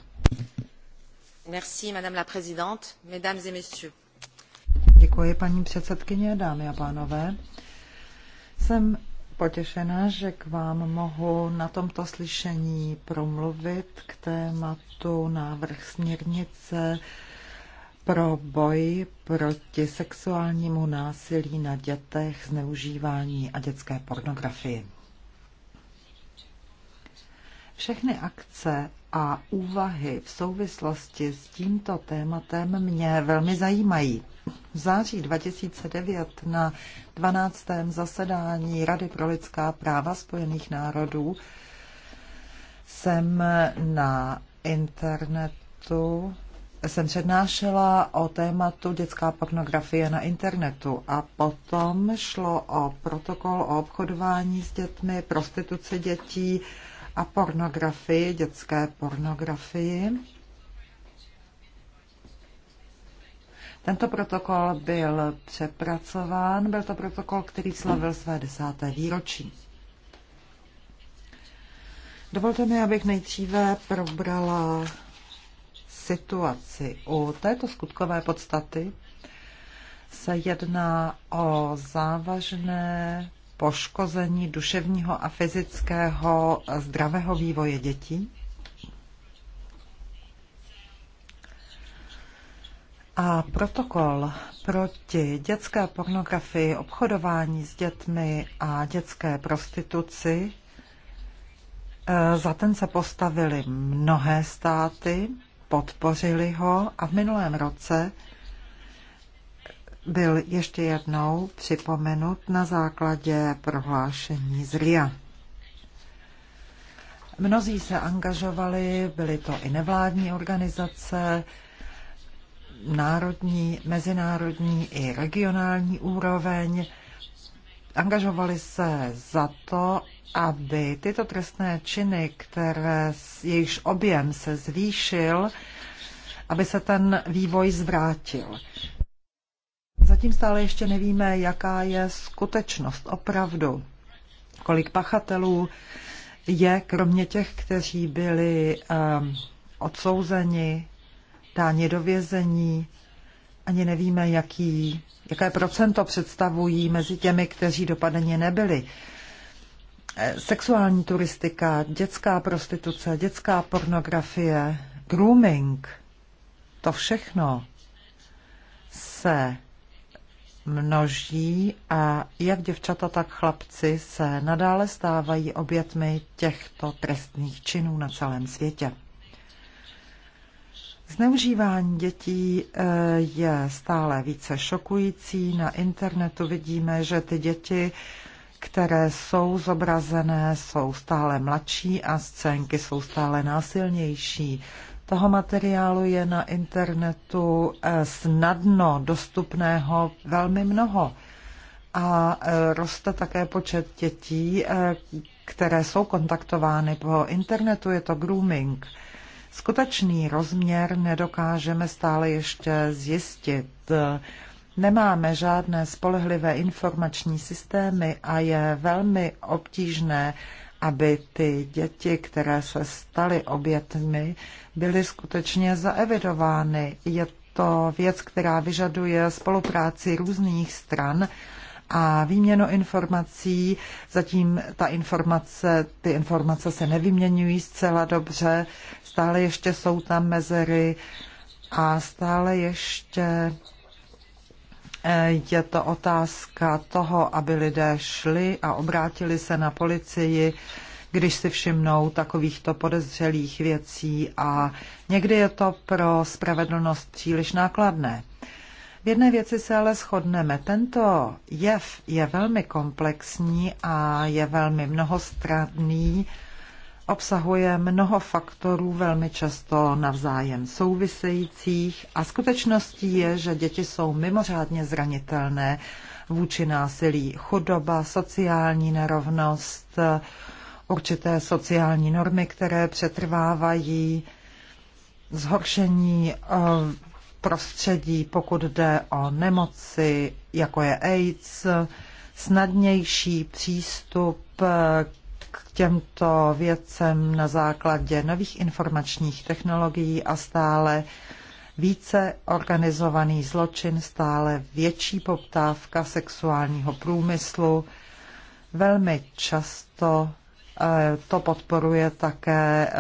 madame la présidente, mesdames et messieurs.
Děkuji, paní předsedkyně, dámy a pánové. Jsem potěšena, že k vám mohu na tomto slyšení promluvit k tématu návrh směrnice pro boj proti sexuálnímu násilí na dětech, zneužívání a dětské pornografii. Všechny akce a úvahy v souvislosti s tímto tématem mě velmi zajímají. V září 2009 na 12. zasedání Rady pro lidská práva Spojených národů jsem na internetu jsem přednášela o tématu dětská pornografie na internetu a potom šlo o protokol o obchodování s dětmi, prostituce dětí, a pornografii, dětské pornografii. Tento protokol byl přepracován, byl to protokol, který slavil své desáté výročí. Dovolte mi, abych nejdříve probrala situaci. U této skutkové podstaty se jedná o závažné poškození duševního a fyzického zdravého vývoje dětí. A protokol proti dětské pornografii, obchodování s dětmi a dětské prostituci, e, za ten se postavili mnohé státy, podpořili ho a v minulém roce byl ještě jednou připomenut na základě prohlášení z RIA. Mnozí se angažovali, byly to i nevládní organizace, národní, mezinárodní i regionální úroveň. Angažovali se za to, aby tyto trestné činy, které jejichž objem se zvýšil, aby se ten vývoj zvrátil. Zatím stále ještě nevíme, jaká je skutečnost opravdu, kolik pachatelů je, kromě těch, kteří byli um, odsouzeni, dáni do vězení, ani nevíme, jaký, jaké procento představují mezi těmi, kteří dopadeně nebyli. Eh, sexuální turistika, dětská prostituce, dětská pornografie, grooming, to všechno se množí a jak děvčata, tak chlapci se nadále stávají obětmi těchto trestných činů na celém světě. Zneužívání dětí eh, je stále více šokující. Na internetu vidíme, že ty děti, které jsou zobrazené, jsou stále mladší a scénky jsou stále násilnější. Toho materiálu je na internetu eh, snadno dostupného velmi mnoho. A eh, roste také počet dětí, eh, které jsou kontaktovány po internetu, je to grooming. Skutečný rozměr nedokážeme stále ještě zjistit. Nemáme žádné spolehlivé informační systémy a je velmi obtížné aby ty děti, které se staly obětmi, byly skutečně zaevidovány. Je to věc, která vyžaduje spolupráci různých stran a výměnu informací. Zatím ta informace, ty informace se nevyměňují zcela dobře, stále ještě jsou tam mezery a stále ještě je to otázka toho, aby lidé šli a obrátili se na policii, když si všimnou takovýchto podezřelých věcí a někdy je to pro spravedlnost příliš nákladné. V jedné věci se ale shodneme. Tento jev je velmi komplexní a je velmi mnohostranný obsahuje mnoho faktorů, velmi často navzájem souvisejících a skutečností je, že děti jsou mimořádně zranitelné vůči násilí. Chudoba, sociální nerovnost, určité sociální normy, které přetrvávají, zhoršení eh, prostředí, pokud jde o nemoci, jako je AIDS, snadnější přístup eh, k těmto věcem na základě nových informačních technologií a stále více organizovaný zločin, stále větší poptávka sexuálního průmyslu. Velmi často eh, to podporuje také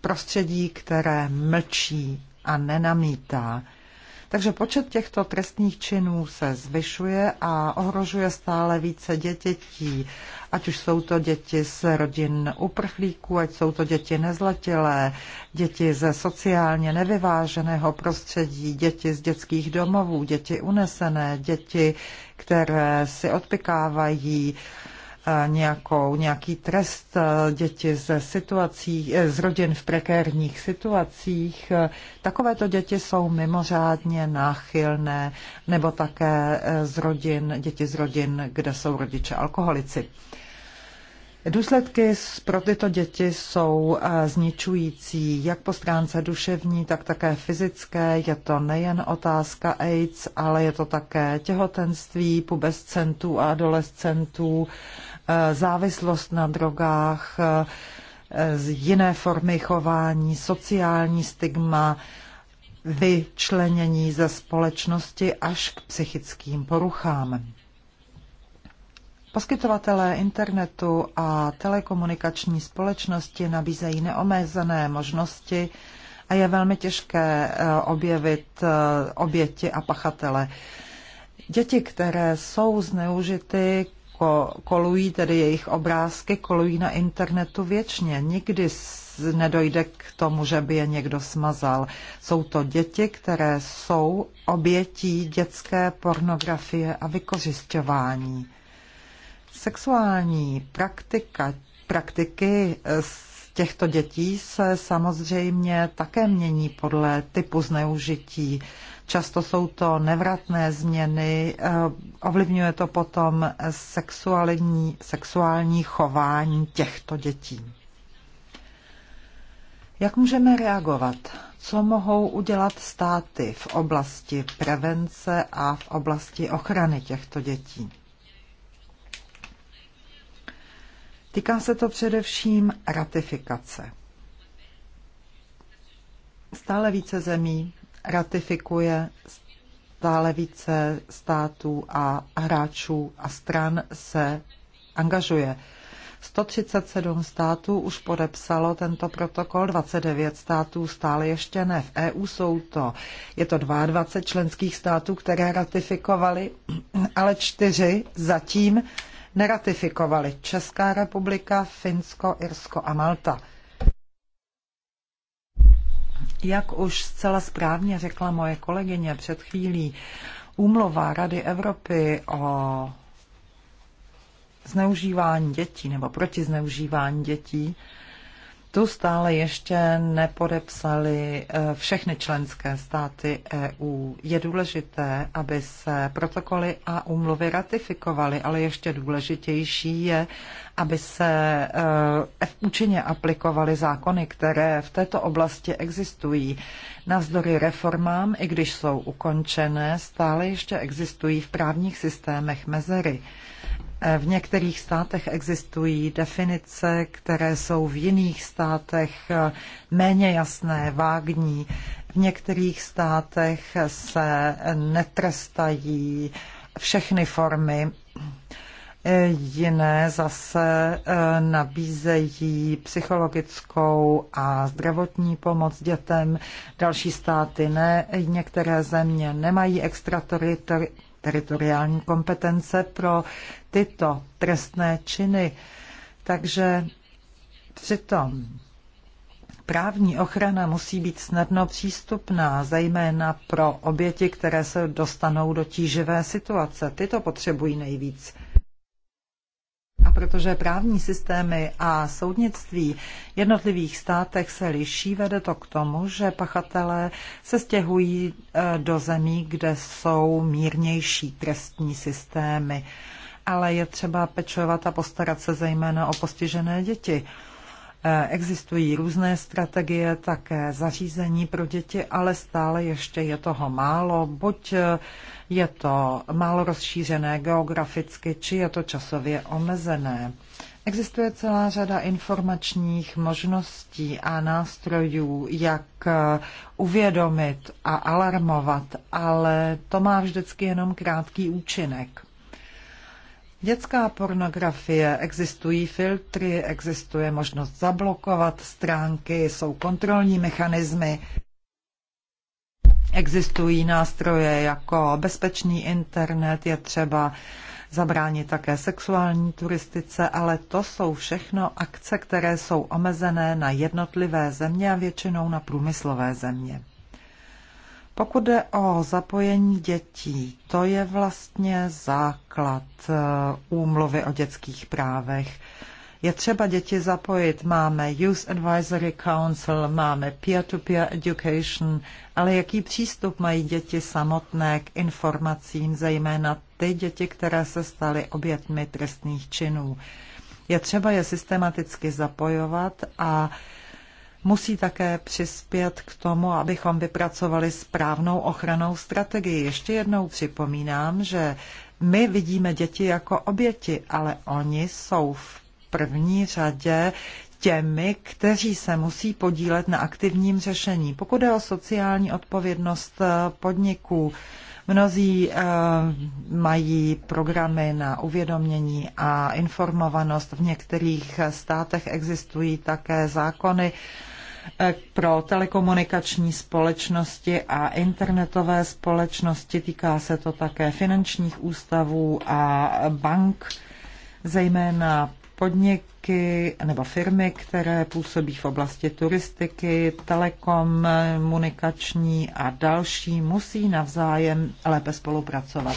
prostředí, které mlčí a nenamítá. Takže počet těchto trestných činů se zvyšuje a ohrožuje stále více dětí, ať už jsou to děti z rodin uprchlíků, ať jsou to děti nezletilé, děti ze sociálně nevyváženého prostředí, děti z dětských domovů, děti unesené, děti, které si odpikávají nějakou, nějaký trest e, děti ze situací, e, z rodin v prekérních situacích. E, takovéto děti jsou mimořádně náchylné, nebo také z rodin, děti z rodin, kde jsou rodiče alkoholici. Důsledky pro tyto děti jsou zničující, jak po stránce duševní, tak také fyzické. Je to nejen otázka AIDS, ale je to také těhotenství, pubescentů a adolescentů, Eh, závislost na drogách, eh, jiné formy chování, sociální stigma, vyčlenění ze společnosti až k psychickým poruchám. Poskytovatelé internetu a telekomunikační společnosti nabízejí neomezené možnosti a je velmi těžké eh, objevit oběti a pachatele. Děti, které jsou zneužity kolují, tedy jejich obrázky kolují na internetu věčně. Nikdy nedojde k tomu, že by je někdo smazal. Jsou to děti, které jsou obětí dětské pornografie a vykořišťování. Sexuální praktika, praktiky eh, s těchto dětí se samozřejmě také mění podle typu zneužití. Často jsou to nevratné změny, eh, ovlivňuje to potom sexuální, sexuální chování těchto dětí. Jak můžeme reagovat? Co mohou udělat státy v oblasti prevence a v oblasti ochrany těchto dětí? Týká se to především ratifikace. Stále více zemí ratifikuje stále více států a hráčů a stran se angažuje. 137 států už podepsalo tento protokol, 29 států stále ještě ne. V EU jsou to, je to 22 členských států, které ratifikovali, ale čtyři zatím neratifikovali. Česká republika, Finsko, Irsko a Malta. Jak už zcela správně řekla moje kolegyně před chvílí, úmluva Rady Evropy o zneužívání dětí nebo proti zneužívání dětí tu stále ještě nepodepsali eh, všechny členské státy EU. Je důležité, aby se protokoly a úmluvy ratifikovaly, ale ještě důležitější je, aby se eh, účinně aplikovaly zákony, které v této oblasti existují. Navzdory reformám, i když jsou ukončené, stále ještě existují v právních systémech mezery. V některých státech existují definice, které jsou v jiných státech méně jasné, vágní. V některých státech se netrestají všechny formy. Jiné zase eh, nabízejí psychologickou a zdravotní pomoc dětem. Další státy ne. Některé země nemají extrateritoriální kompetence pro tyto trestné činy. Takže přitom právní ochrana musí být snadno přístupná, zejména pro oběti, které se dostanou do tíživé situace. Ty to potřebují nejvíc. A protože právní systémy a soudnictví jednotlivých státech se liší, vede to k tomu, že pachatelé se stěhují eh, do zemí, kde jsou mírnější trestní systémy ale je třeba pečovat a postarat se zejména o postižené děti. E, existují různé strategie, také zařízení pro děti, ale stále ještě je toho málo. Buď e, je to málo rozšířené geograficky, či je to časově omezené. Existuje celá řada informačních možností a nástrojů, jak e, uvědomit a alarmovat, ale to má vždycky jenom krátký účinek. Dětská pornografie, existují filtry, existuje možnost zablokovat stránky, jsou kontrolní mechanismy. Existují nástroje jako bezpečný internet, je třeba zabránit také sexuální turistice, ale to jsou všechno akce, které jsou omezené na jednotlivé země a většinou na průmyslové země. Pokud jde o zapojení dětí, to je vlastně základ eh, úmluvy o dětských právech. Je třeba děti zapojit. Máme Youth Advisory Council, máme peer-to-peer -peer education, ale jaký přístup mají děti samotné k informacím, zejména ty děti, které se staly obětmi trestných činů. Je třeba je systematicky zapojovat a uh, musí také přispět k tomu, abychom vypracovali správnou ochranou strategii. Ještě jednou připomínám, že my vidíme děti jako oběti, ale oni jsou v první řadě těmi, kteří se musí podílet na aktivním řešení. Pokud je o sociální odpovědnost eh, podniků, Mnozí eh, mají programy na uvědomění a informovanost. V některých státech existují také zákony pro telekomunikační společnosti a internetové společnosti. Týká se to také finančních ústavů a bank, zejména podniky nebo firmy, které působí v oblasti turistiky, telekomunikační a další, musí navzájem lépe spolupracovat.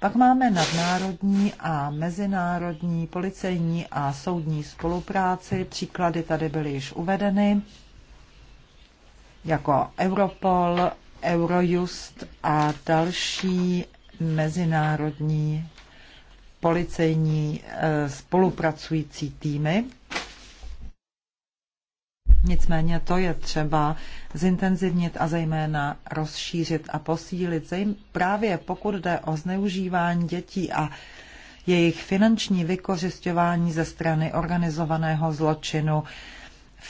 Pak máme nadnárodní a mezinárodní policejní a soudní spolupráci. Příklady tady byly již uvedeny jako Europol, Eurojust a další mezinárodní policejní eh, spolupracující týmy. Nicméně to je třeba zintenzivnit a zejména rozšířit a posílit, zejm, právě pokud jde o zneužívání dětí a jejich finanční vykořišťování ze strany organizovaného zločinu,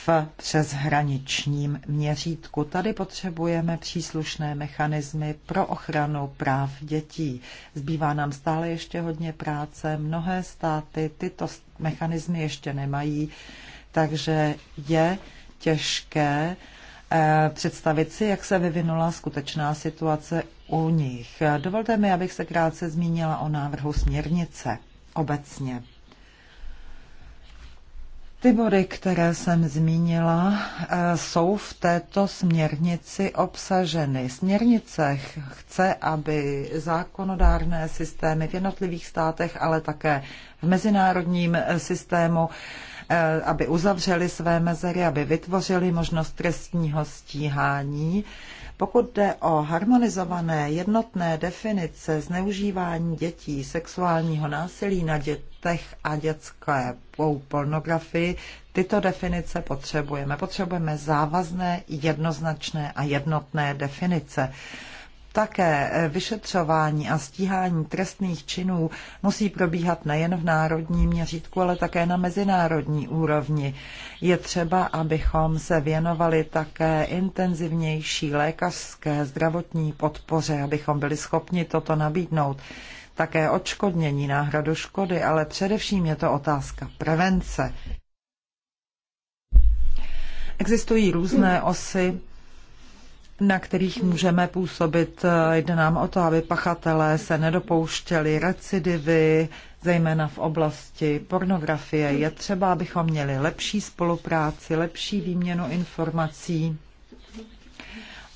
v přeshraničním měřítku. Tady potřebujeme příslušné mechanismy pro ochranu práv dětí. Zbývá nám stále ještě hodně práce. Mnohé státy tyto mechanismy ještě nemají, takže je těžké eh, představit si, jak se vyvinula skutečná situace u nich. Dovolte mi, abych se krátce zmínila o návrhu směrnice obecně. Ty body, které jsem zmínila, eh, jsou v této směrnici obsaženy. Směrnice chce, aby zákonodárné systémy v jednotlivých státech, ale také v mezinárodním eh, systému, eh, aby uzavřeli své mezery, aby vytvořili možnost trestního stíhání pokud jde o harmonizované jednotné definice zneužívání dětí, sexuálního násilí na dětech a dětské pornografii, tyto definice potřebujeme. Potřebujeme závazné, jednoznačné a jednotné definice. Také eh, vyšetřování a stíhání trestných činů musí probíhat nejen v národním měřítku, ale také na mezinárodní úrovni. Je třeba, abychom se věnovali také intenzivnější lékařské zdravotní podpoře, abychom byli schopni toto nabídnout. Také odškodnění náhradu škody, ale především je to otázka prevence. Existují různé osy na kterých můžeme působit. Jde nám o to, aby pachatelé se nedopouštěli recidivy, zejména v oblasti pornografie. Je třeba, abychom měli lepší spolupráci, lepší výměnu informací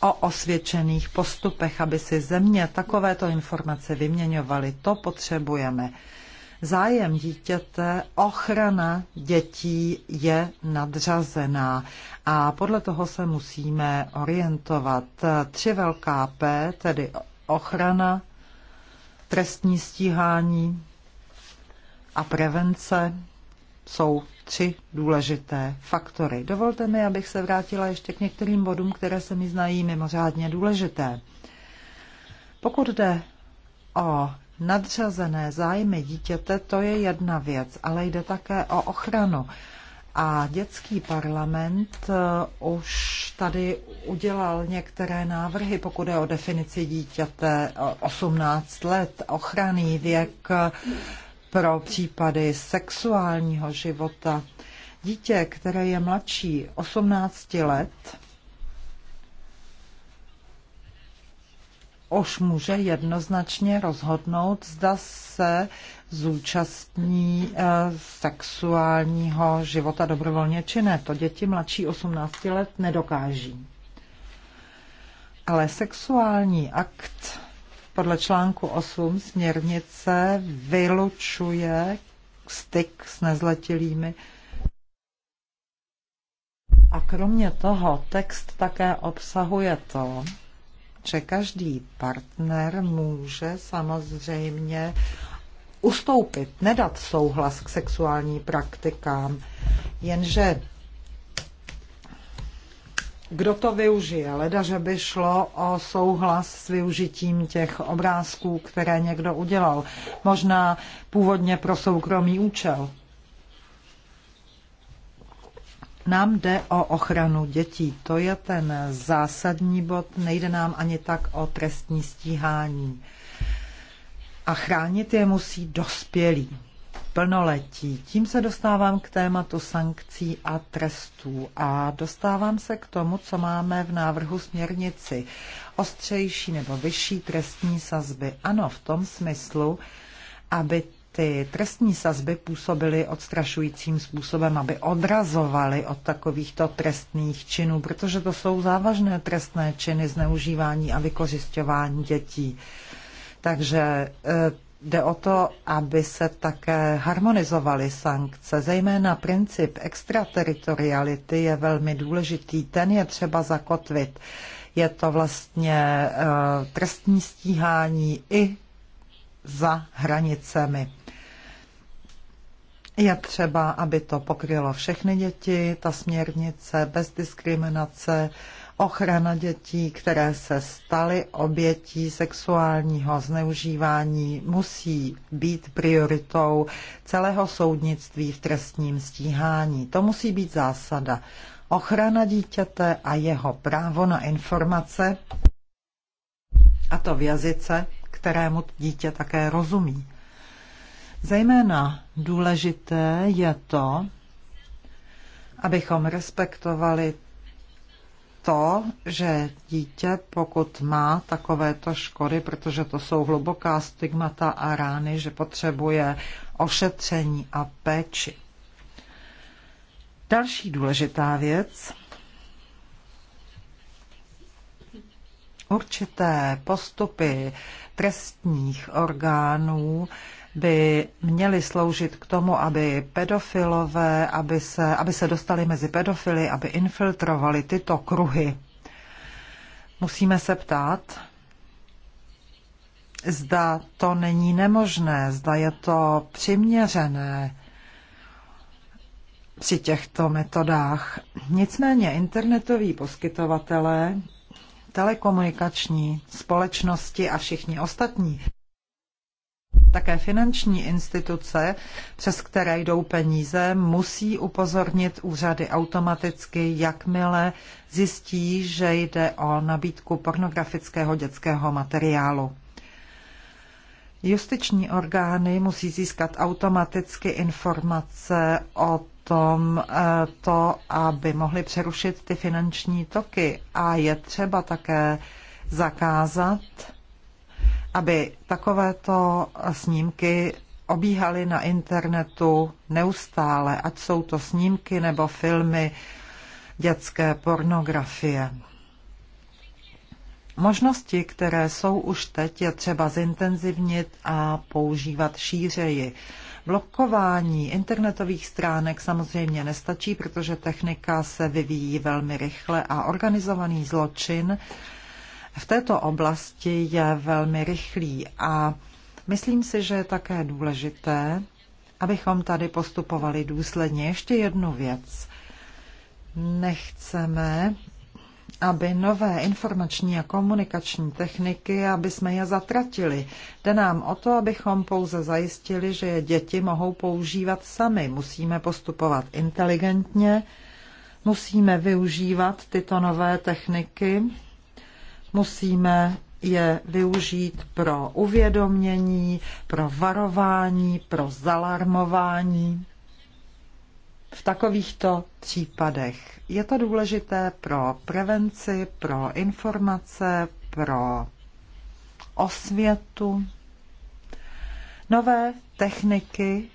o osvědčených postupech, aby si země takovéto informace vyměňovaly. To potřebujeme. Zájem dítěte, ochrana dětí je nadřazená a podle toho se musíme orientovat. Tři velká P, tedy ochrana, trestní stíhání a prevence jsou tři důležité faktory. Dovolte mi, abych se vrátila ještě k některým bodům, které se mi znají mimořádně důležité. Pokud jde o nadřazené zájmy dítěte, to je jedna věc, ale jde také o ochranu. A dětský parlament eh, už tady udělal některé návrhy, pokud je o definici dítěte 18 eh, let, ochranný věk eh, pro případy sexuálního života. Dítě, které je mladší 18 let, už může jednoznačně rozhodnout, zda se zúčastní eh, sexuálního života dobrovolně či ne. To děti mladší 18 let nedokáží. Ale sexuální akt podle článku 8 směrnice vylučuje styk s nezletilými. A kromě toho text také obsahuje to, že každý partner může samozřejmě ustoupit, nedat souhlas k sexuální praktikám, jenže kdo to využije? Leda, že by šlo o souhlas s využitím těch obrázků, které někdo udělal. Možná původně pro soukromý účel. Nám jde o ochranu dětí. To je ten zásadní bod. Nejde nám ani tak o trestní stíhání. A chránit je musí dospělí, plnoletí. Tím se dostávám k tématu sankcí a trestů a dostávám se k tomu, co máme v návrhu směrnici. Ostřejší nebo vyšší trestní sazby. Ano, v tom smyslu, aby ty trestní sazby působily odstrašujícím způsobem, aby odrazovaly od takovýchto trestných činů, protože to jsou závažné trestné činy zneužívání a vykořišťování dětí. Takže e, jde o to, aby se také harmonizovaly sankce. Zejména princip extrateritoriality je velmi důležitý, ten je třeba zakotvit. Je to vlastně e, trestní stíhání i za hranicemi. Je třeba, aby to pokrylo všechny děti, ta směrnice bez diskriminace, ochrana dětí, které se staly obětí sexuálního zneužívání, musí být prioritou celého soudnictví v trestním stíhání. To musí být zásada. Ochrana dítěte a jeho právo na informace, a to v jazyce, kterému dítě také rozumí. Zejména důležité je to, abychom respektovali to, že dítě, pokud má takovéto škody, protože to jsou hluboká stigmata a rány, že potřebuje ošetření a péči. Další důležitá věc. Určité postupy trestních orgánů by měly sloužit k tomu, aby pedofilové, aby se, aby se dostali mezi pedofily, aby infiltrovali tyto kruhy. Musíme se ptát, zda to není nemožné, zda je to přiměřené při těchto metodách. Nicméně internetoví poskytovatelé, telekomunikační společnosti a všichni ostatní také finanční instituce, přes které jdou peníze, musí upozornit úřady automaticky, jakmile zjistí, že jde o nabídku pornografického dětského materiálu. Justiční orgány musí získat automaticky informace o tom, eh, to, aby mohly přerušit ty finanční toky. A je třeba také zakázat aby takovéto snímky obíhaly na internetu neustále, ať jsou to snímky nebo filmy dětské pornografie. Možnosti, které jsou už teď, je třeba zintenzivnit a používat šířeji. Blokování internetových stránek samozřejmě nestačí, protože technika se vyvíjí velmi rychle a organizovaný zločin v této oblasti je velmi rychlý a myslím si, že je také důležité, abychom tady postupovali důsledně. Ještě jednu věc. Nechceme, aby nové informační a komunikační techniky, aby jsme je zatratili. Jde nám o to, abychom pouze zajistili, že je děti mohou používat sami. Musíme postupovat inteligentně, musíme využívat tyto nové techniky musíme je využít pro uvědomění, pro varování, pro zalarmování. V takovýchto případech je to důležité pro prevenci, pro informace, pro osvětu. Nové techniky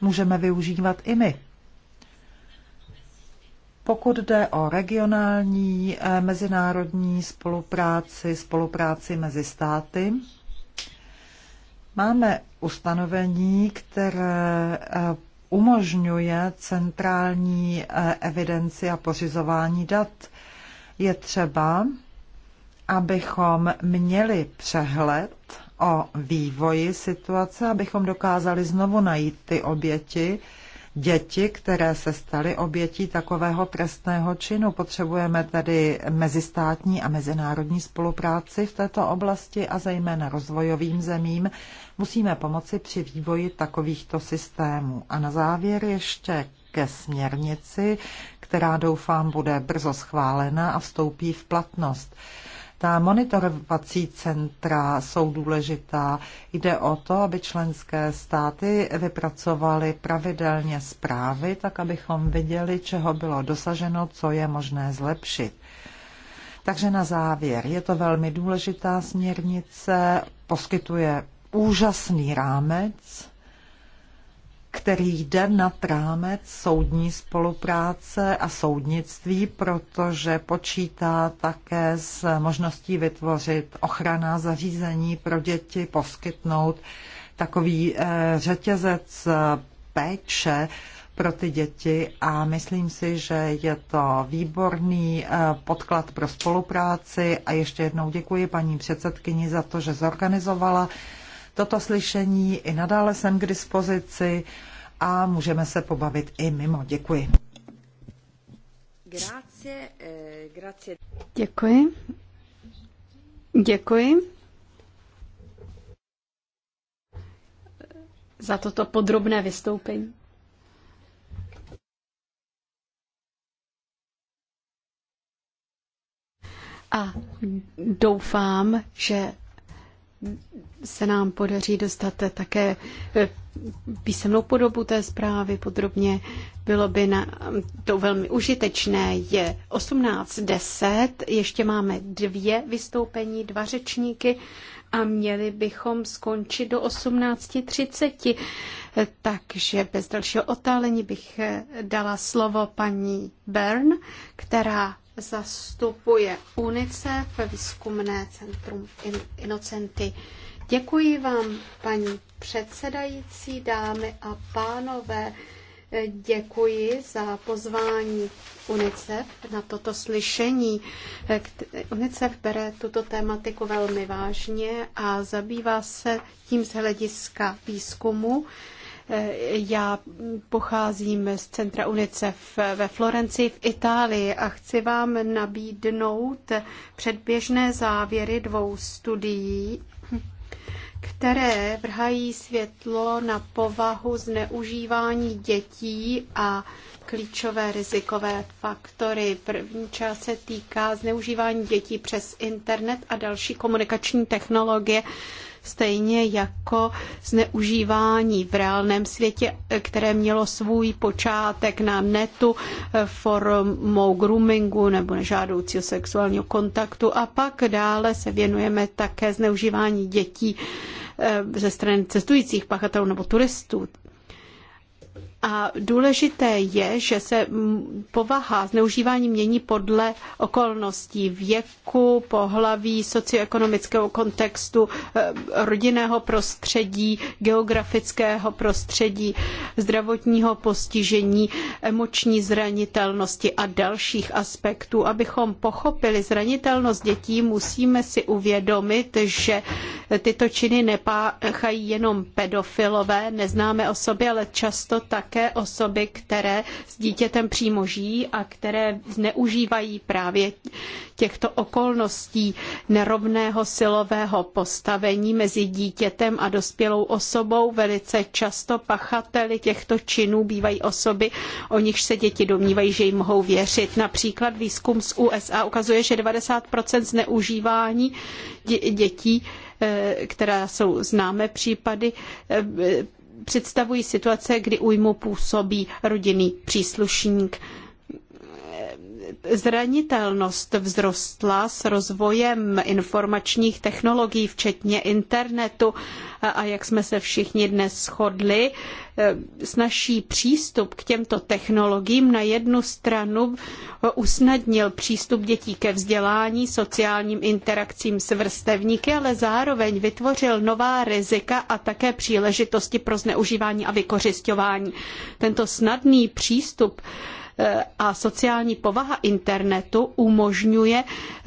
můžeme využívat i my. Pokud jde o regionální eh, mezinárodní spolupráci, spolupráci mezi státy, máme ustanovení, které eh, umožňuje centrální eh, evidenci a pořizování dat. Je třeba, abychom měli přehled o vývoji situace, abychom dokázali znovu najít ty oběti, děti, které se staly obětí takového trestného činu. Potřebujeme tedy mezistátní a mezinárodní spolupráci v této oblasti a zejména rozvojovým zemím. Musíme pomoci při vývoji takovýchto systémů. A na závěr ještě ke směrnici, která doufám bude brzo schválena a vstoupí v platnost. Ta monitorovací centra jsou důležitá. Jde o to, aby členské státy vypracovaly pravidelně zprávy, tak abychom viděli, čeho bylo dosaženo, co je možné zlepšit. Takže na závěr, je to velmi důležitá směrnice, poskytuje úžasný rámec, který jde na rámec soudní spolupráce a soudnictví, protože počítá také s možností vytvořit ochranná zařízení pro děti, poskytnout takový eh, řetězec eh, péče pro ty děti a myslím si, že je to výborný eh, podklad pro spolupráci a ještě jednou děkuji paní předsedkyni za to, že zorganizovala toto slyšení. I nadále jsem k dispozici a můžeme se pobavit i mimo. Děkuji. Grazie, eh, grazie.
Děkuji. Děkuji. za toto podrobné vystoupení. A doufám, že se nám podaří dostat také eh, písemnou podobu té zprávy podrobně. Bylo by na, to velmi užitečné. Je 18.10, ještě máme dvě vystoupení, dva řečníky a měli bychom skončit do 18.30. Eh, takže bez dalšího otálení bych eh, dala slovo paní Bern, která zastupuje UNICEF, výzkumné centrum Inocenty. In- Děkuji vám, paní předsedající, dámy a pánové. Děkuji za pozvání UNICEF na toto slyšení. UNICEF bere tuto tématiku velmi vážně a zabývá se tím z hlediska výzkumu. Já pocházím z centra UNICEF ve Florencii v Itálii a chci vám nabídnout předběžné závěry dvou studií které vrhají světlo na povahu zneužívání dětí a klíčové rizikové faktory. První část se týká zneužívání dětí přes internet a další komunikační technologie stejně jako zneužívání v reálném světě, které mělo svůj počátek na netu eh, formou groomingu nebo nežádoucího sexuálního kontaktu a pak dále se věnujeme také zneužívání dětí eh, ze strany cestujících pachatelů nebo turistů. A důležité je, že se povaha zneužívání mění podle okolností věku, pohlaví, socioekonomického kontextu, eh, rodinného prostředí, geografického prostředí, zdravotního postižení, emoční zranitelnosti a dalších aspektů. Abychom pochopili zranitelnost dětí, musíme si uvědomit, že Tyto činy nepáchají jenom pedofilové, neznámé osoby, ale často také osoby, které s dítětem přímo žijí a které zneužívají právě těchto okolností nerovného silového postavení mezi dítětem a dospělou osobou. Velice často pachateli těchto činů bývají osoby, o nichž se děti domnívají, že jim mohou věřit. Například výzkum z USA ukazuje, že 90% zneužívání dětí Eh, která jsou známé případy, eh, představují situace, kdy újmu působí rodinný příslušník zranitelnost vzrostla s rozvojem informačních technologií, včetně internetu a jak jsme se všichni dnes shodli, e, snažší přístup k těmto technologiím na jednu stranu usnadnil přístup dětí ke vzdělání, sociálním interakcím s vrstevníky, ale zároveň vytvořil nová rizika a také příležitosti pro zneužívání a vykořisťování. Tento snadný přístup Eh, a sociální povaha internetu umožňuje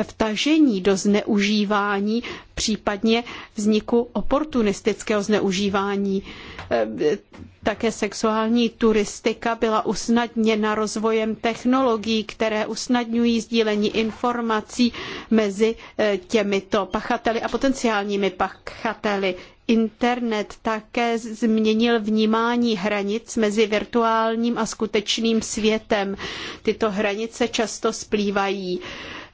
vtažení do zneužívání, případně vzniku oportunistického zneužívání. Eh, také sexuální turistika byla usnadněna rozvojem technologií, které usnadňují sdílení informací mezi eh, těmito pachateli a potenciálními pachateli. Internet také změnil vnímání hranic mezi virtuálním a skutečným světem. Tyto hranice často splývají.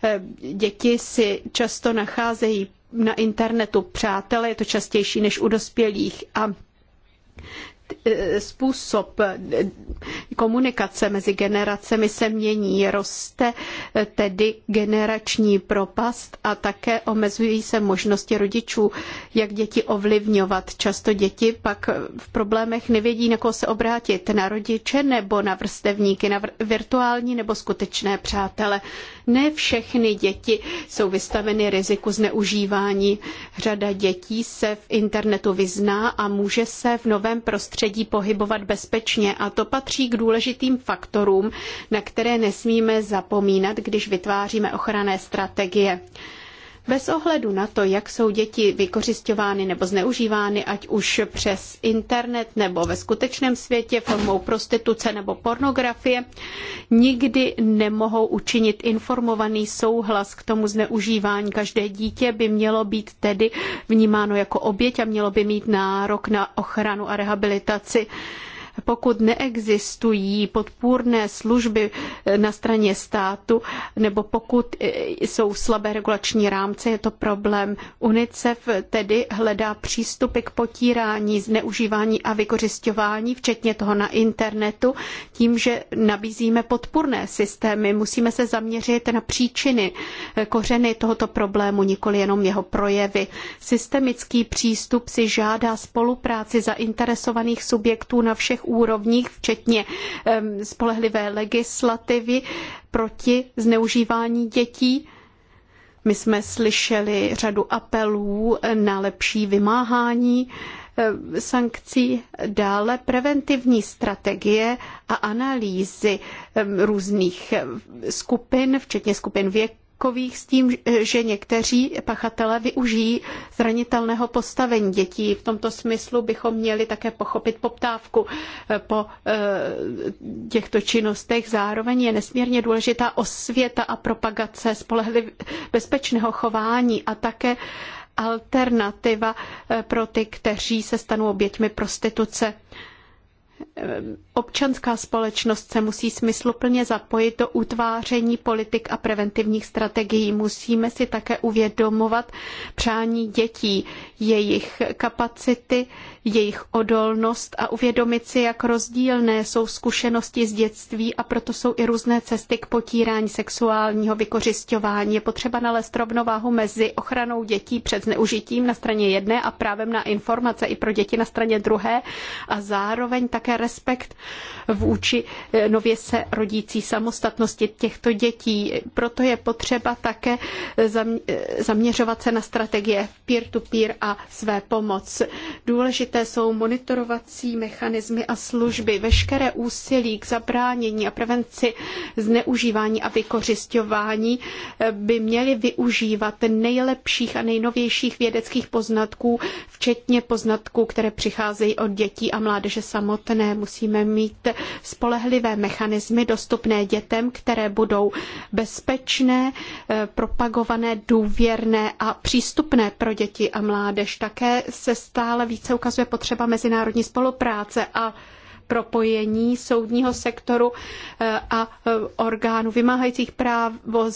Eh, děti si často nacházejí na internetu přátele, je to častější než u dospělých. A Eh, způsob komunikace mezi generacemi se mění. Roste eh, tedy generační propast a také omezují se možnosti rodičů, jak děti ovlivňovat. Často děti pak v problémech nevědí, na koho se obrátit, na rodiče nebo na vrstevníky, na virtuální nebo skutečné přátele. Ne všechny děti jsou vystaveny riziku zneužívání. Řada dětí se v internetu vyzná a může se v novém prostředí lidí pohybovat bezpečně a to patří k důležitým faktorům, na které nesmíme zapomínat, když vytváříme ochranné strategie. Bez ohledu na to, jak jsou děti vykořišťovány nebo zneužívány, ať už přes internet nebo ve skutečném světě formou prostituce nebo pornografie, nikdy nemohou učinit informovaný souhlas k tomu zneužívání. Každé dítě by mělo být tedy vnímáno jako oběť a mělo by mít nárok na ochranu a rehabilitaci. Pokud neexistují podpůrné služby eh, na straně státu, nebo pokud eh, jsou slabé regulační rámce, je to problém. UNICEF tedy hledá přístupy k potírání, zneužívání a vykořišťování, včetně toho na internetu, tím, že nabízíme podpůrné systémy. Musíme se zaměřit na příčiny, eh, kořeny tohoto problému, nikoli jenom jeho projevy. Systemický přístup si žádá spolupráci zainteresovaných subjektů na všech úrovních, včetně spolehlivé legislativy proti zneužívání dětí. My jsme slyšeli řadu apelů na lepší vymáhání sankcí, dále preventivní strategie a analýzy různých skupin, včetně skupin věku takových s tím, že někteří pachatelé využijí zranitelného postavení dětí. V tomto smyslu bychom měli také pochopit poptávku po eh, těchto činnostech. Zároveň je nesmírně důležitá osvěta a propagace spolehliv bezpečného chování a také alternativa eh, pro ty, kteří se stanou oběťmi prostituce. Občanská společnost se musí smysluplně zapojit do utváření politik a preventivních strategií. Musíme si také uvědomovat přání dětí, jejich kapacity, jejich odolnost a uvědomit si, jak rozdílné jsou zkušenosti z dětství a proto jsou i různé cesty k potírání sexuálního vykořišťování. Je potřeba nalézt rovnováhu mezi ochranou dětí před zneužitím na straně jedné a právem na informace i pro děti na straně druhé a zároveň také respekt vůči eh, nově se rodící samostatnosti těchto dětí. Proto je potřeba také eh, eh, zaměřovat se na strategie peer-to-peer a své pomoc. Důležité Důležité jsou monitorovací mechanismy a služby, veškeré úsilí k zabránění a prevenci zneužívání a vykořišťování eh, by měly využívat nejlepších a nejnovějších vědeckých poznatků, včetně poznatků, které přicházejí od dětí a mládeže samotné. Musíme mít spolehlivé mechanismy dostupné dětem, které budou bezpečné, eh, propagované, důvěrné a přístupné pro děti a mládež. Také se stále více ukazuje je potřeba mezinárodní spolupráce a propojení soudního sektoru eh, a eh, orgánů vymáhajících právo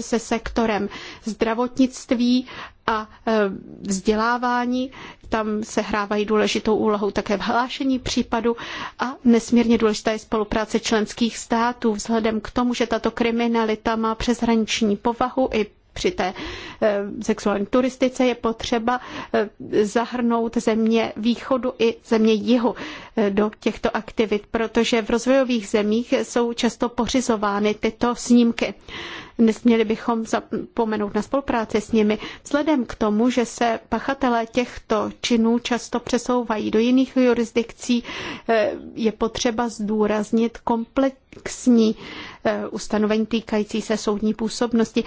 se sektorem zdravotnictví a eh, vzdělávání. Tam se hrávají důležitou úlohou také v hlášení případu a nesmírně důležitá je spolupráce členských států vzhledem k tomu, že tato kriminalita má přeshraniční povahu i při té eh, sexuální turistice je potřeba eh, zahrnout země východu i země jihu eh, do těchto aktivit, protože v rozvojových zemích jsou často pořizovány tyto snímky. Nesměli bychom zapomenout na spolupráci s nimi, vzhledem k tomu, že se pachatelé těchto činů často přesouvají do jiných jurisdikcí, je potřeba zdůraznit komplexní ustanovení týkající se soudní působnosti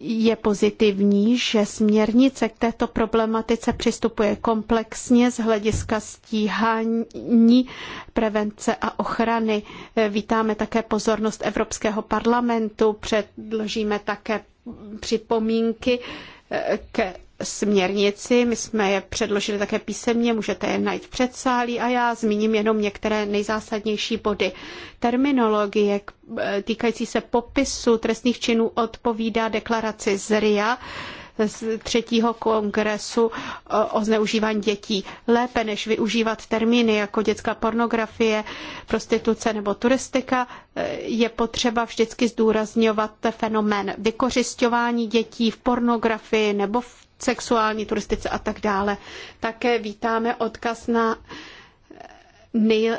je pozitivní, že směrnice k této problematice přistupuje komplexně z hlediska stíhání, prevence a ochrany. Vítáme také pozornost Evropského parlamentu, předložíme také připomínky ke směrnici. My jsme je předložili také písemně, můžete je najít v předsálí a já zmíním jenom některé nejzásadnější body. Terminologie týkající se popisu trestných činů odpovídá deklaraci z RIA z třetího kongresu e, o zneužívání dětí. Lépe než využívat termíny jako dětská pornografie, prostituce nebo turistika, e, je potřeba vždycky zdůrazňovat fenomén vykořišťování dětí v pornografii nebo v sexuální turistice a tak dále. Také vítáme odkaz na nej,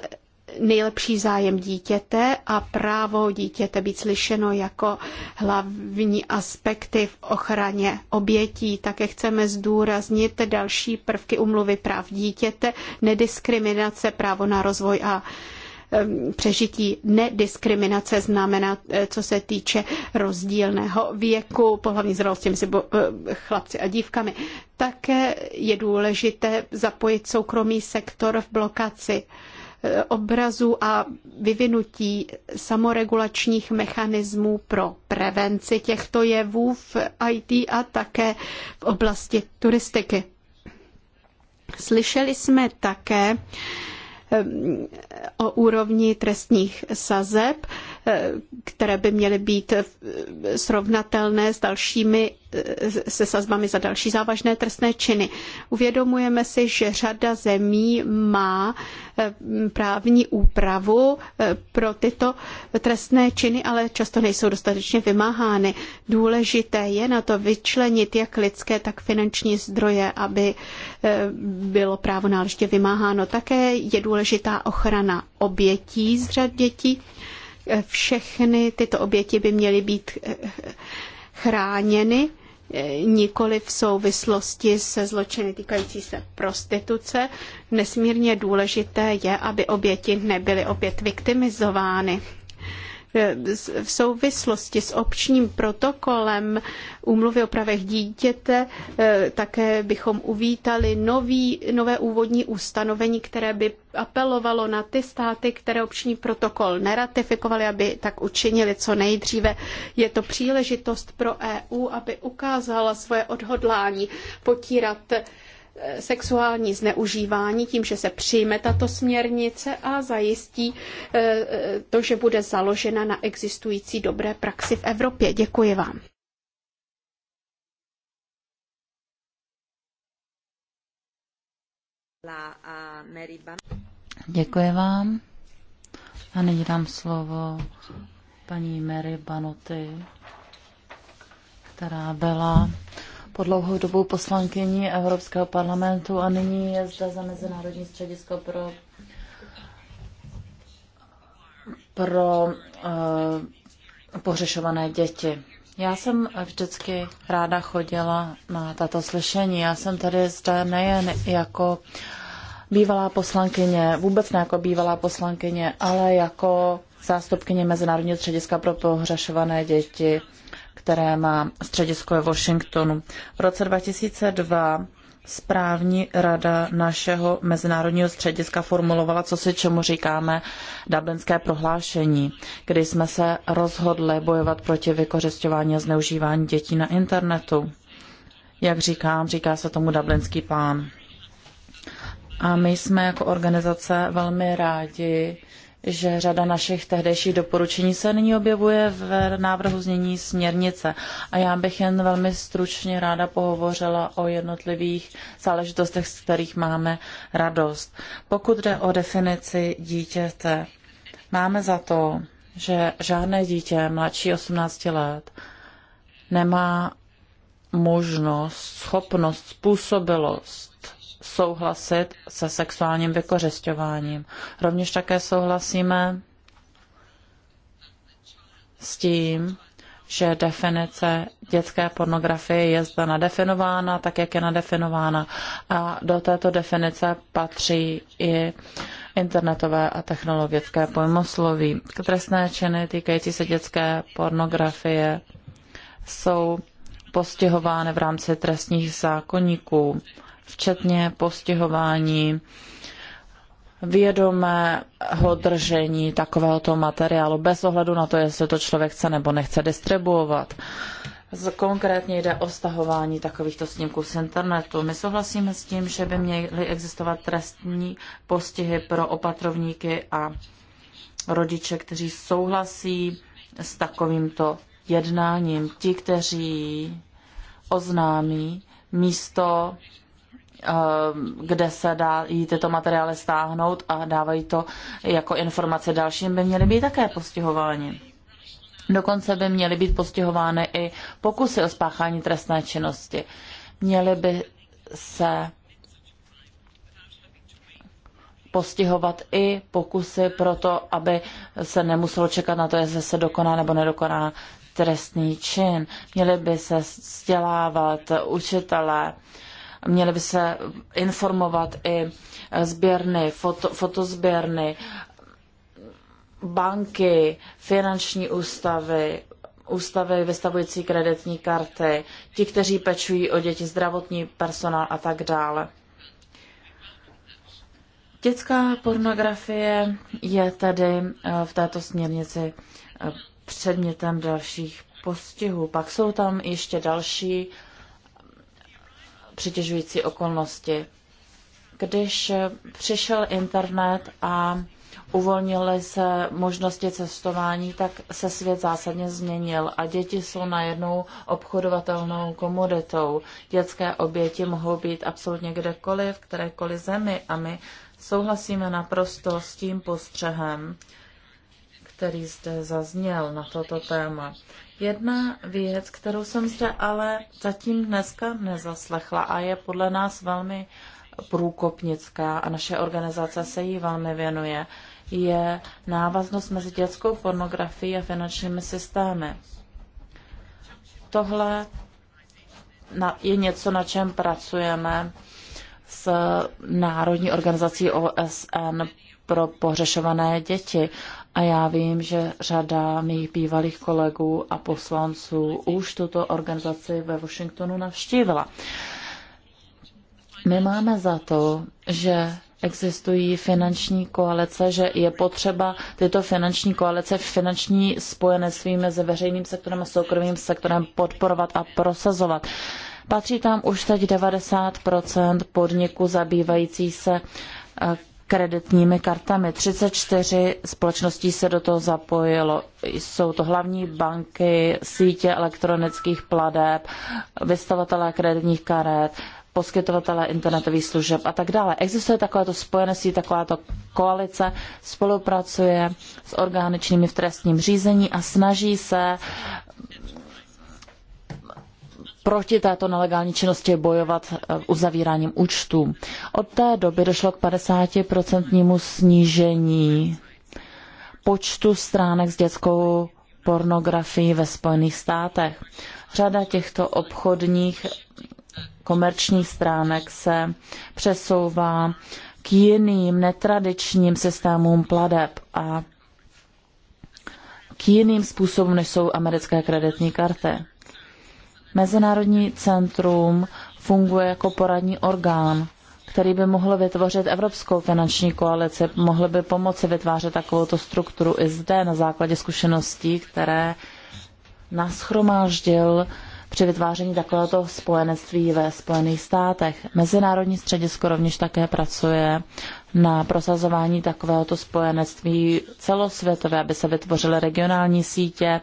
nejlepší zájem dítěte a právo dítěte být slyšeno jako hlavní aspekty v ochraně obětí. Také chceme zdůraznit další prvky umluvy práv dítěte, nediskriminace, právo na rozvoj a Ehm, přežití nediskriminace znamená, eh, co se týče rozdílného věku, pohlavní zralosti mezi eh, chlapci a dívkami. Také je důležité zapojit soukromý sektor v blokaci eh, obrazu a vyvinutí samoregulačních mechanismů pro prevenci těchto jevů v IT a také v oblasti turistiky. Slyšeli jsme také, Eh, o úrovni trestních sazeb Eh, které by měly být eh, srovnatelné s dalšími eh, se sazbami za další závažné trestné činy. Uvědomujeme si, že řada zemí má právní úpravu pro tyto trestné činy, ale často nejsou dostatečně vymáhány. Důležité je na to vyčlenit jak lidské, tak finanční zdroje, aby bylo právo náležitě vymáháno. Také je důležitá ochrana obětí z řad dětí všechny tyto oběti by měly být chráněny nikoli v souvislosti se zločiny týkající se prostituce. Nesmírně důležité je, aby oběti nebyly opět viktimizovány v souvislosti s občním protokolem úmluvy o právech dítěte eh, také bychom uvítali nový, nové úvodní ustanovení, které by apelovalo na ty státy, které obční protokol neratifikovaly, aby tak učinili co nejdříve. Je to příležitost pro EU, aby ukázala svoje odhodlání potírat sexuální zneužívání tím, že se přijme tato směrnice a zajistí eh, eh, to, že bude založena na existující dobré praxi v Evropě. Děkuji vám.
Děkuji vám. A nyní dám slovo paní Mary Banoty, která byla po dlouhou dobu poslankyní Evropského parlamentu a nyní je zde za Mezinárodní středisko pro pro uh, pohřešované děti. Já jsem vždycky ráda chodila na tato slyšení. Já jsem tady zde nejen jako bývalá poslankyně, vůbec ne jako bývalá poslankyně, ale jako zástupkyně Mezinárodního střediska pro pohřešované děti které má středisko ve Washingtonu. V roce 2002 správní rada našeho mezinárodního střediska formulovala, co si čemu říkáme dublinské prohlášení, kdy jsme se rozhodli bojovat proti vykořišťování a zneužívání dětí na internetu. Jak říkám, říká se tomu dublinský plán. A my jsme jako organizace velmi rádi, že řada našich tehdejších doporučení se nyní objevuje v návrhu znění směrnice. A já bych jen velmi stručně ráda pohovořila o jednotlivých záležitostech, z kterých máme radost. Pokud jde o definici dítěte, máme za to, že žádné dítě mladší 18 let nemá možnost, schopnost, způsobilost souhlasit se sexuálním vykořišťováním. Rovněž také souhlasíme s tím, že definice dětské pornografie je zde nadefinována, tak jak je nadefinována. A do této definice patří i internetové a technologické pojmosloví. Trestné činy týkající se dětské pornografie jsou postihovány v rámci trestních zákonníků včetně postihování vědomého držení takovéhoto materiálu, bez ohledu na to, jestli to člověk chce nebo nechce distribuovat. Konkrétně jde o stahování takovýchto snímků z internetu. My souhlasíme s tím, že by měly existovat trestní postihy pro opatrovníky a rodiče, kteří souhlasí s takovýmto jednáním. Ti, kteří oznámí místo Ehm, kde se dá jí tyto materiály stáhnout a dávají to jako informace dalším, by měly být také postihováni. Dokonce by měly být postihovány i pokusy o spáchání trestné činnosti. Měly by se postihovat i pokusy pro to, aby se nemuselo čekat na to, jestli se dokoná nebo nedokoná trestný čin. Měli by se vzdělávat učitelé, Měly by se informovat i sběrny, foto, fotozběrny, banky, finanční ústavy, ústavy vystavující kreditní karty, ti, kteří pečují o děti, zdravotní personál a tak dále. Dětská pornografie je tedy eh, v této směrnici eh, předmětem dalších postihů. Pak jsou tam ještě další přitěžující okolnosti. Když přišel internet a uvolnily se možnosti cestování, tak se svět zásadně změnil a děti jsou najednou obchodovatelnou komoditou. Dětské oběti mohou být absolutně kdekoliv, v kterékoliv zemi a my souhlasíme naprosto s tím postřehem, který zde zazněl na toto téma. Jedna věc, kterou jsem se ale zatím dneska nezaslechla a je podle nás velmi průkopnická a naše organizace se jí velmi věnuje, je návaznost mezi dětskou pornografií a finančními systémy. Tohle je něco, na čem pracujeme s Národní organizací OSN pro pohřešované děti. A já vím, že řada mých bývalých kolegů a poslanců už tuto organizaci ve Washingtonu navštívila. My máme za to, že existují finanční koalice, že je potřeba tyto finanční koalice, finanční spojenectví mezi veřejným sektorem a soukromým sektorem podporovat a prosazovat. Patří tam už teď 90 podniků zabývající se eh, kreditními kartami. 34 společností se do toho zapojilo. Jsou to hlavní banky, sítě elektronických pladeb, vystavatelé kreditních karet, poskytovatelé internetových služeb a tak dále. Existuje takovéto spojené sítě, takováto koalice, spolupracuje s orgány činnými v trestním řízení a snaží se proti této nelegální činnosti bojovat eh, uzavíráním účtů. Od té doby došlo k 50% snížení počtu stránek s dětskou pornografií ve Spojených státech. Řada těchto obchodních komerčních stránek se přesouvá k jiným netradičním systémům pladeb a k jiným způsobům, než jsou americké kreditní karty. Mezinárodní centrum funguje jako poradní orgán, který by mohl vytvořit evropskou finanční koalici, mohl by pomoci vytvářet takovouto strukturu i zde na základě zkušeností, které naschromáždil při vytváření takovéhoto spojenectví ve Spojených státech. Mezinárodní středisko rovněž také pracuje na prosazování takovéhoto spojenectví celosvětové, aby se vytvořily regionální sítě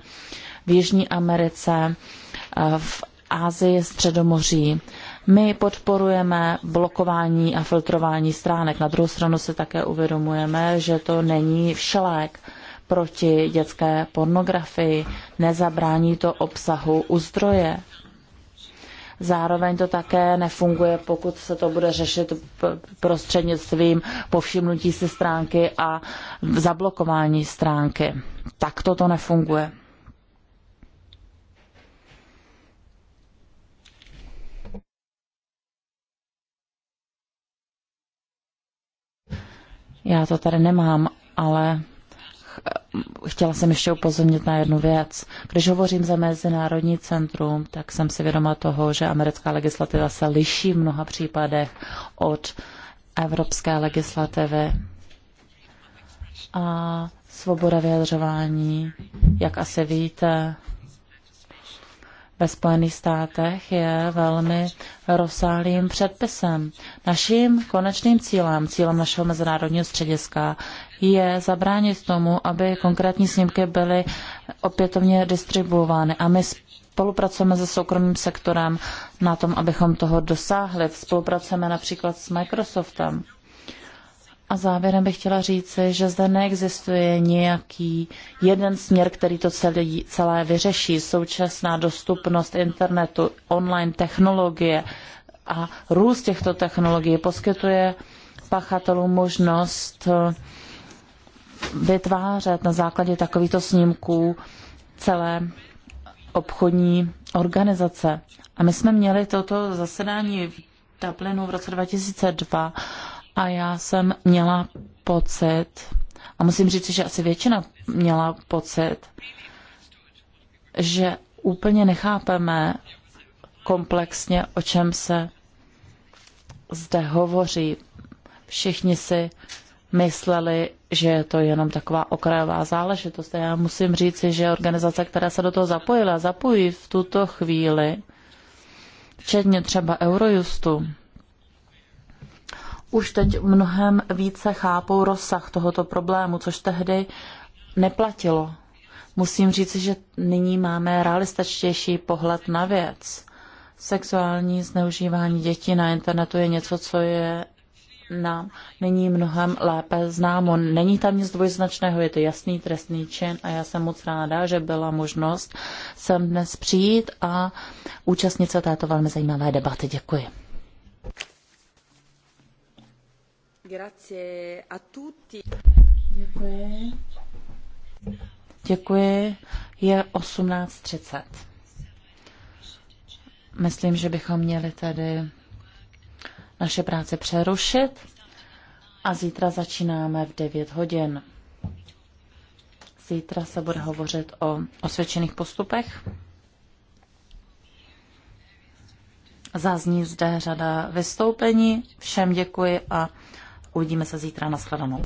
v Jižní Americe, v Ázii, Středomoří. My podporujeme blokování a filtrování stránek. Na druhou stranu se také uvědomujeme, že to není všelék proti dětské pornografii, nezabrání to obsahu u zdroje. Zároveň to také nefunguje, pokud se to bude řešit prostřednictvím povšimnutí si stránky a zablokování stránky. Takto to nefunguje. Já to tady nemám, ale chtěla jsem ještě upozornit na jednu věc. Když hovořím za Mezinárodní centrum, tak jsem si vědoma toho, že americká legislativa se liší v mnoha případech od evropské legislativy. A svoboda vyjadřování, jak asi víte, ve Spojených státech je velmi rozsáhlým předpisem. Naším konečným cílem, cílem našeho mezinárodního střediska, je zabránit tomu, aby konkrétní snímky byly opětovně distribuovány. A my spolupracujeme se soukromým sektorem na tom, abychom toho dosáhli. Spolupracujeme například s Microsoftem. A závěrem bych chtěla říci, že zde neexistuje nějaký jeden směr, který to celé, celé vyřeší. Současná dostupnost internetu, online technologie a růst těchto technologií poskytuje pachatelům možnost eh, vytvářet na základě takovýchto snímků celé obchodní organizace. A my jsme měli toto zasedání v Dublinu v roce 2002 a já jsem měla pocit, a musím říct, že asi většina měla pocit, že úplně nechápeme komplexně, o čem se zde hovoří. Všichni si mysleli, že je to jenom taková okrajová záležitost. A já musím říci, že organizace, která se do toho zapojila, zapojí v tuto chvíli, včetně třeba Eurojustu, už teď mnohem více chápou rozsah tohoto problému, což tehdy neplatilo. Musím říct, že nyní máme realističtější pohled na věc. Sexuální zneužívání dětí na internetu je něco, co je nám není mnohem lépe známo. Není tam nic dvojznačného, je to jasný trestný čin a já jsem moc ráda, že byla možnost sem dnes přijít a účastnit se této velmi zajímavé debaty. Děkuji. Děkuji. Děkuji. Je 18.30. Myslím, že bychom měli tedy naše práce přerušit a zítra začínáme v 9 hodin. Zítra se bude hovořit o osvědčených postupech. Zazní zde řada vystoupení. Všem děkuji a Uvidíme se zítra. Naschledanou.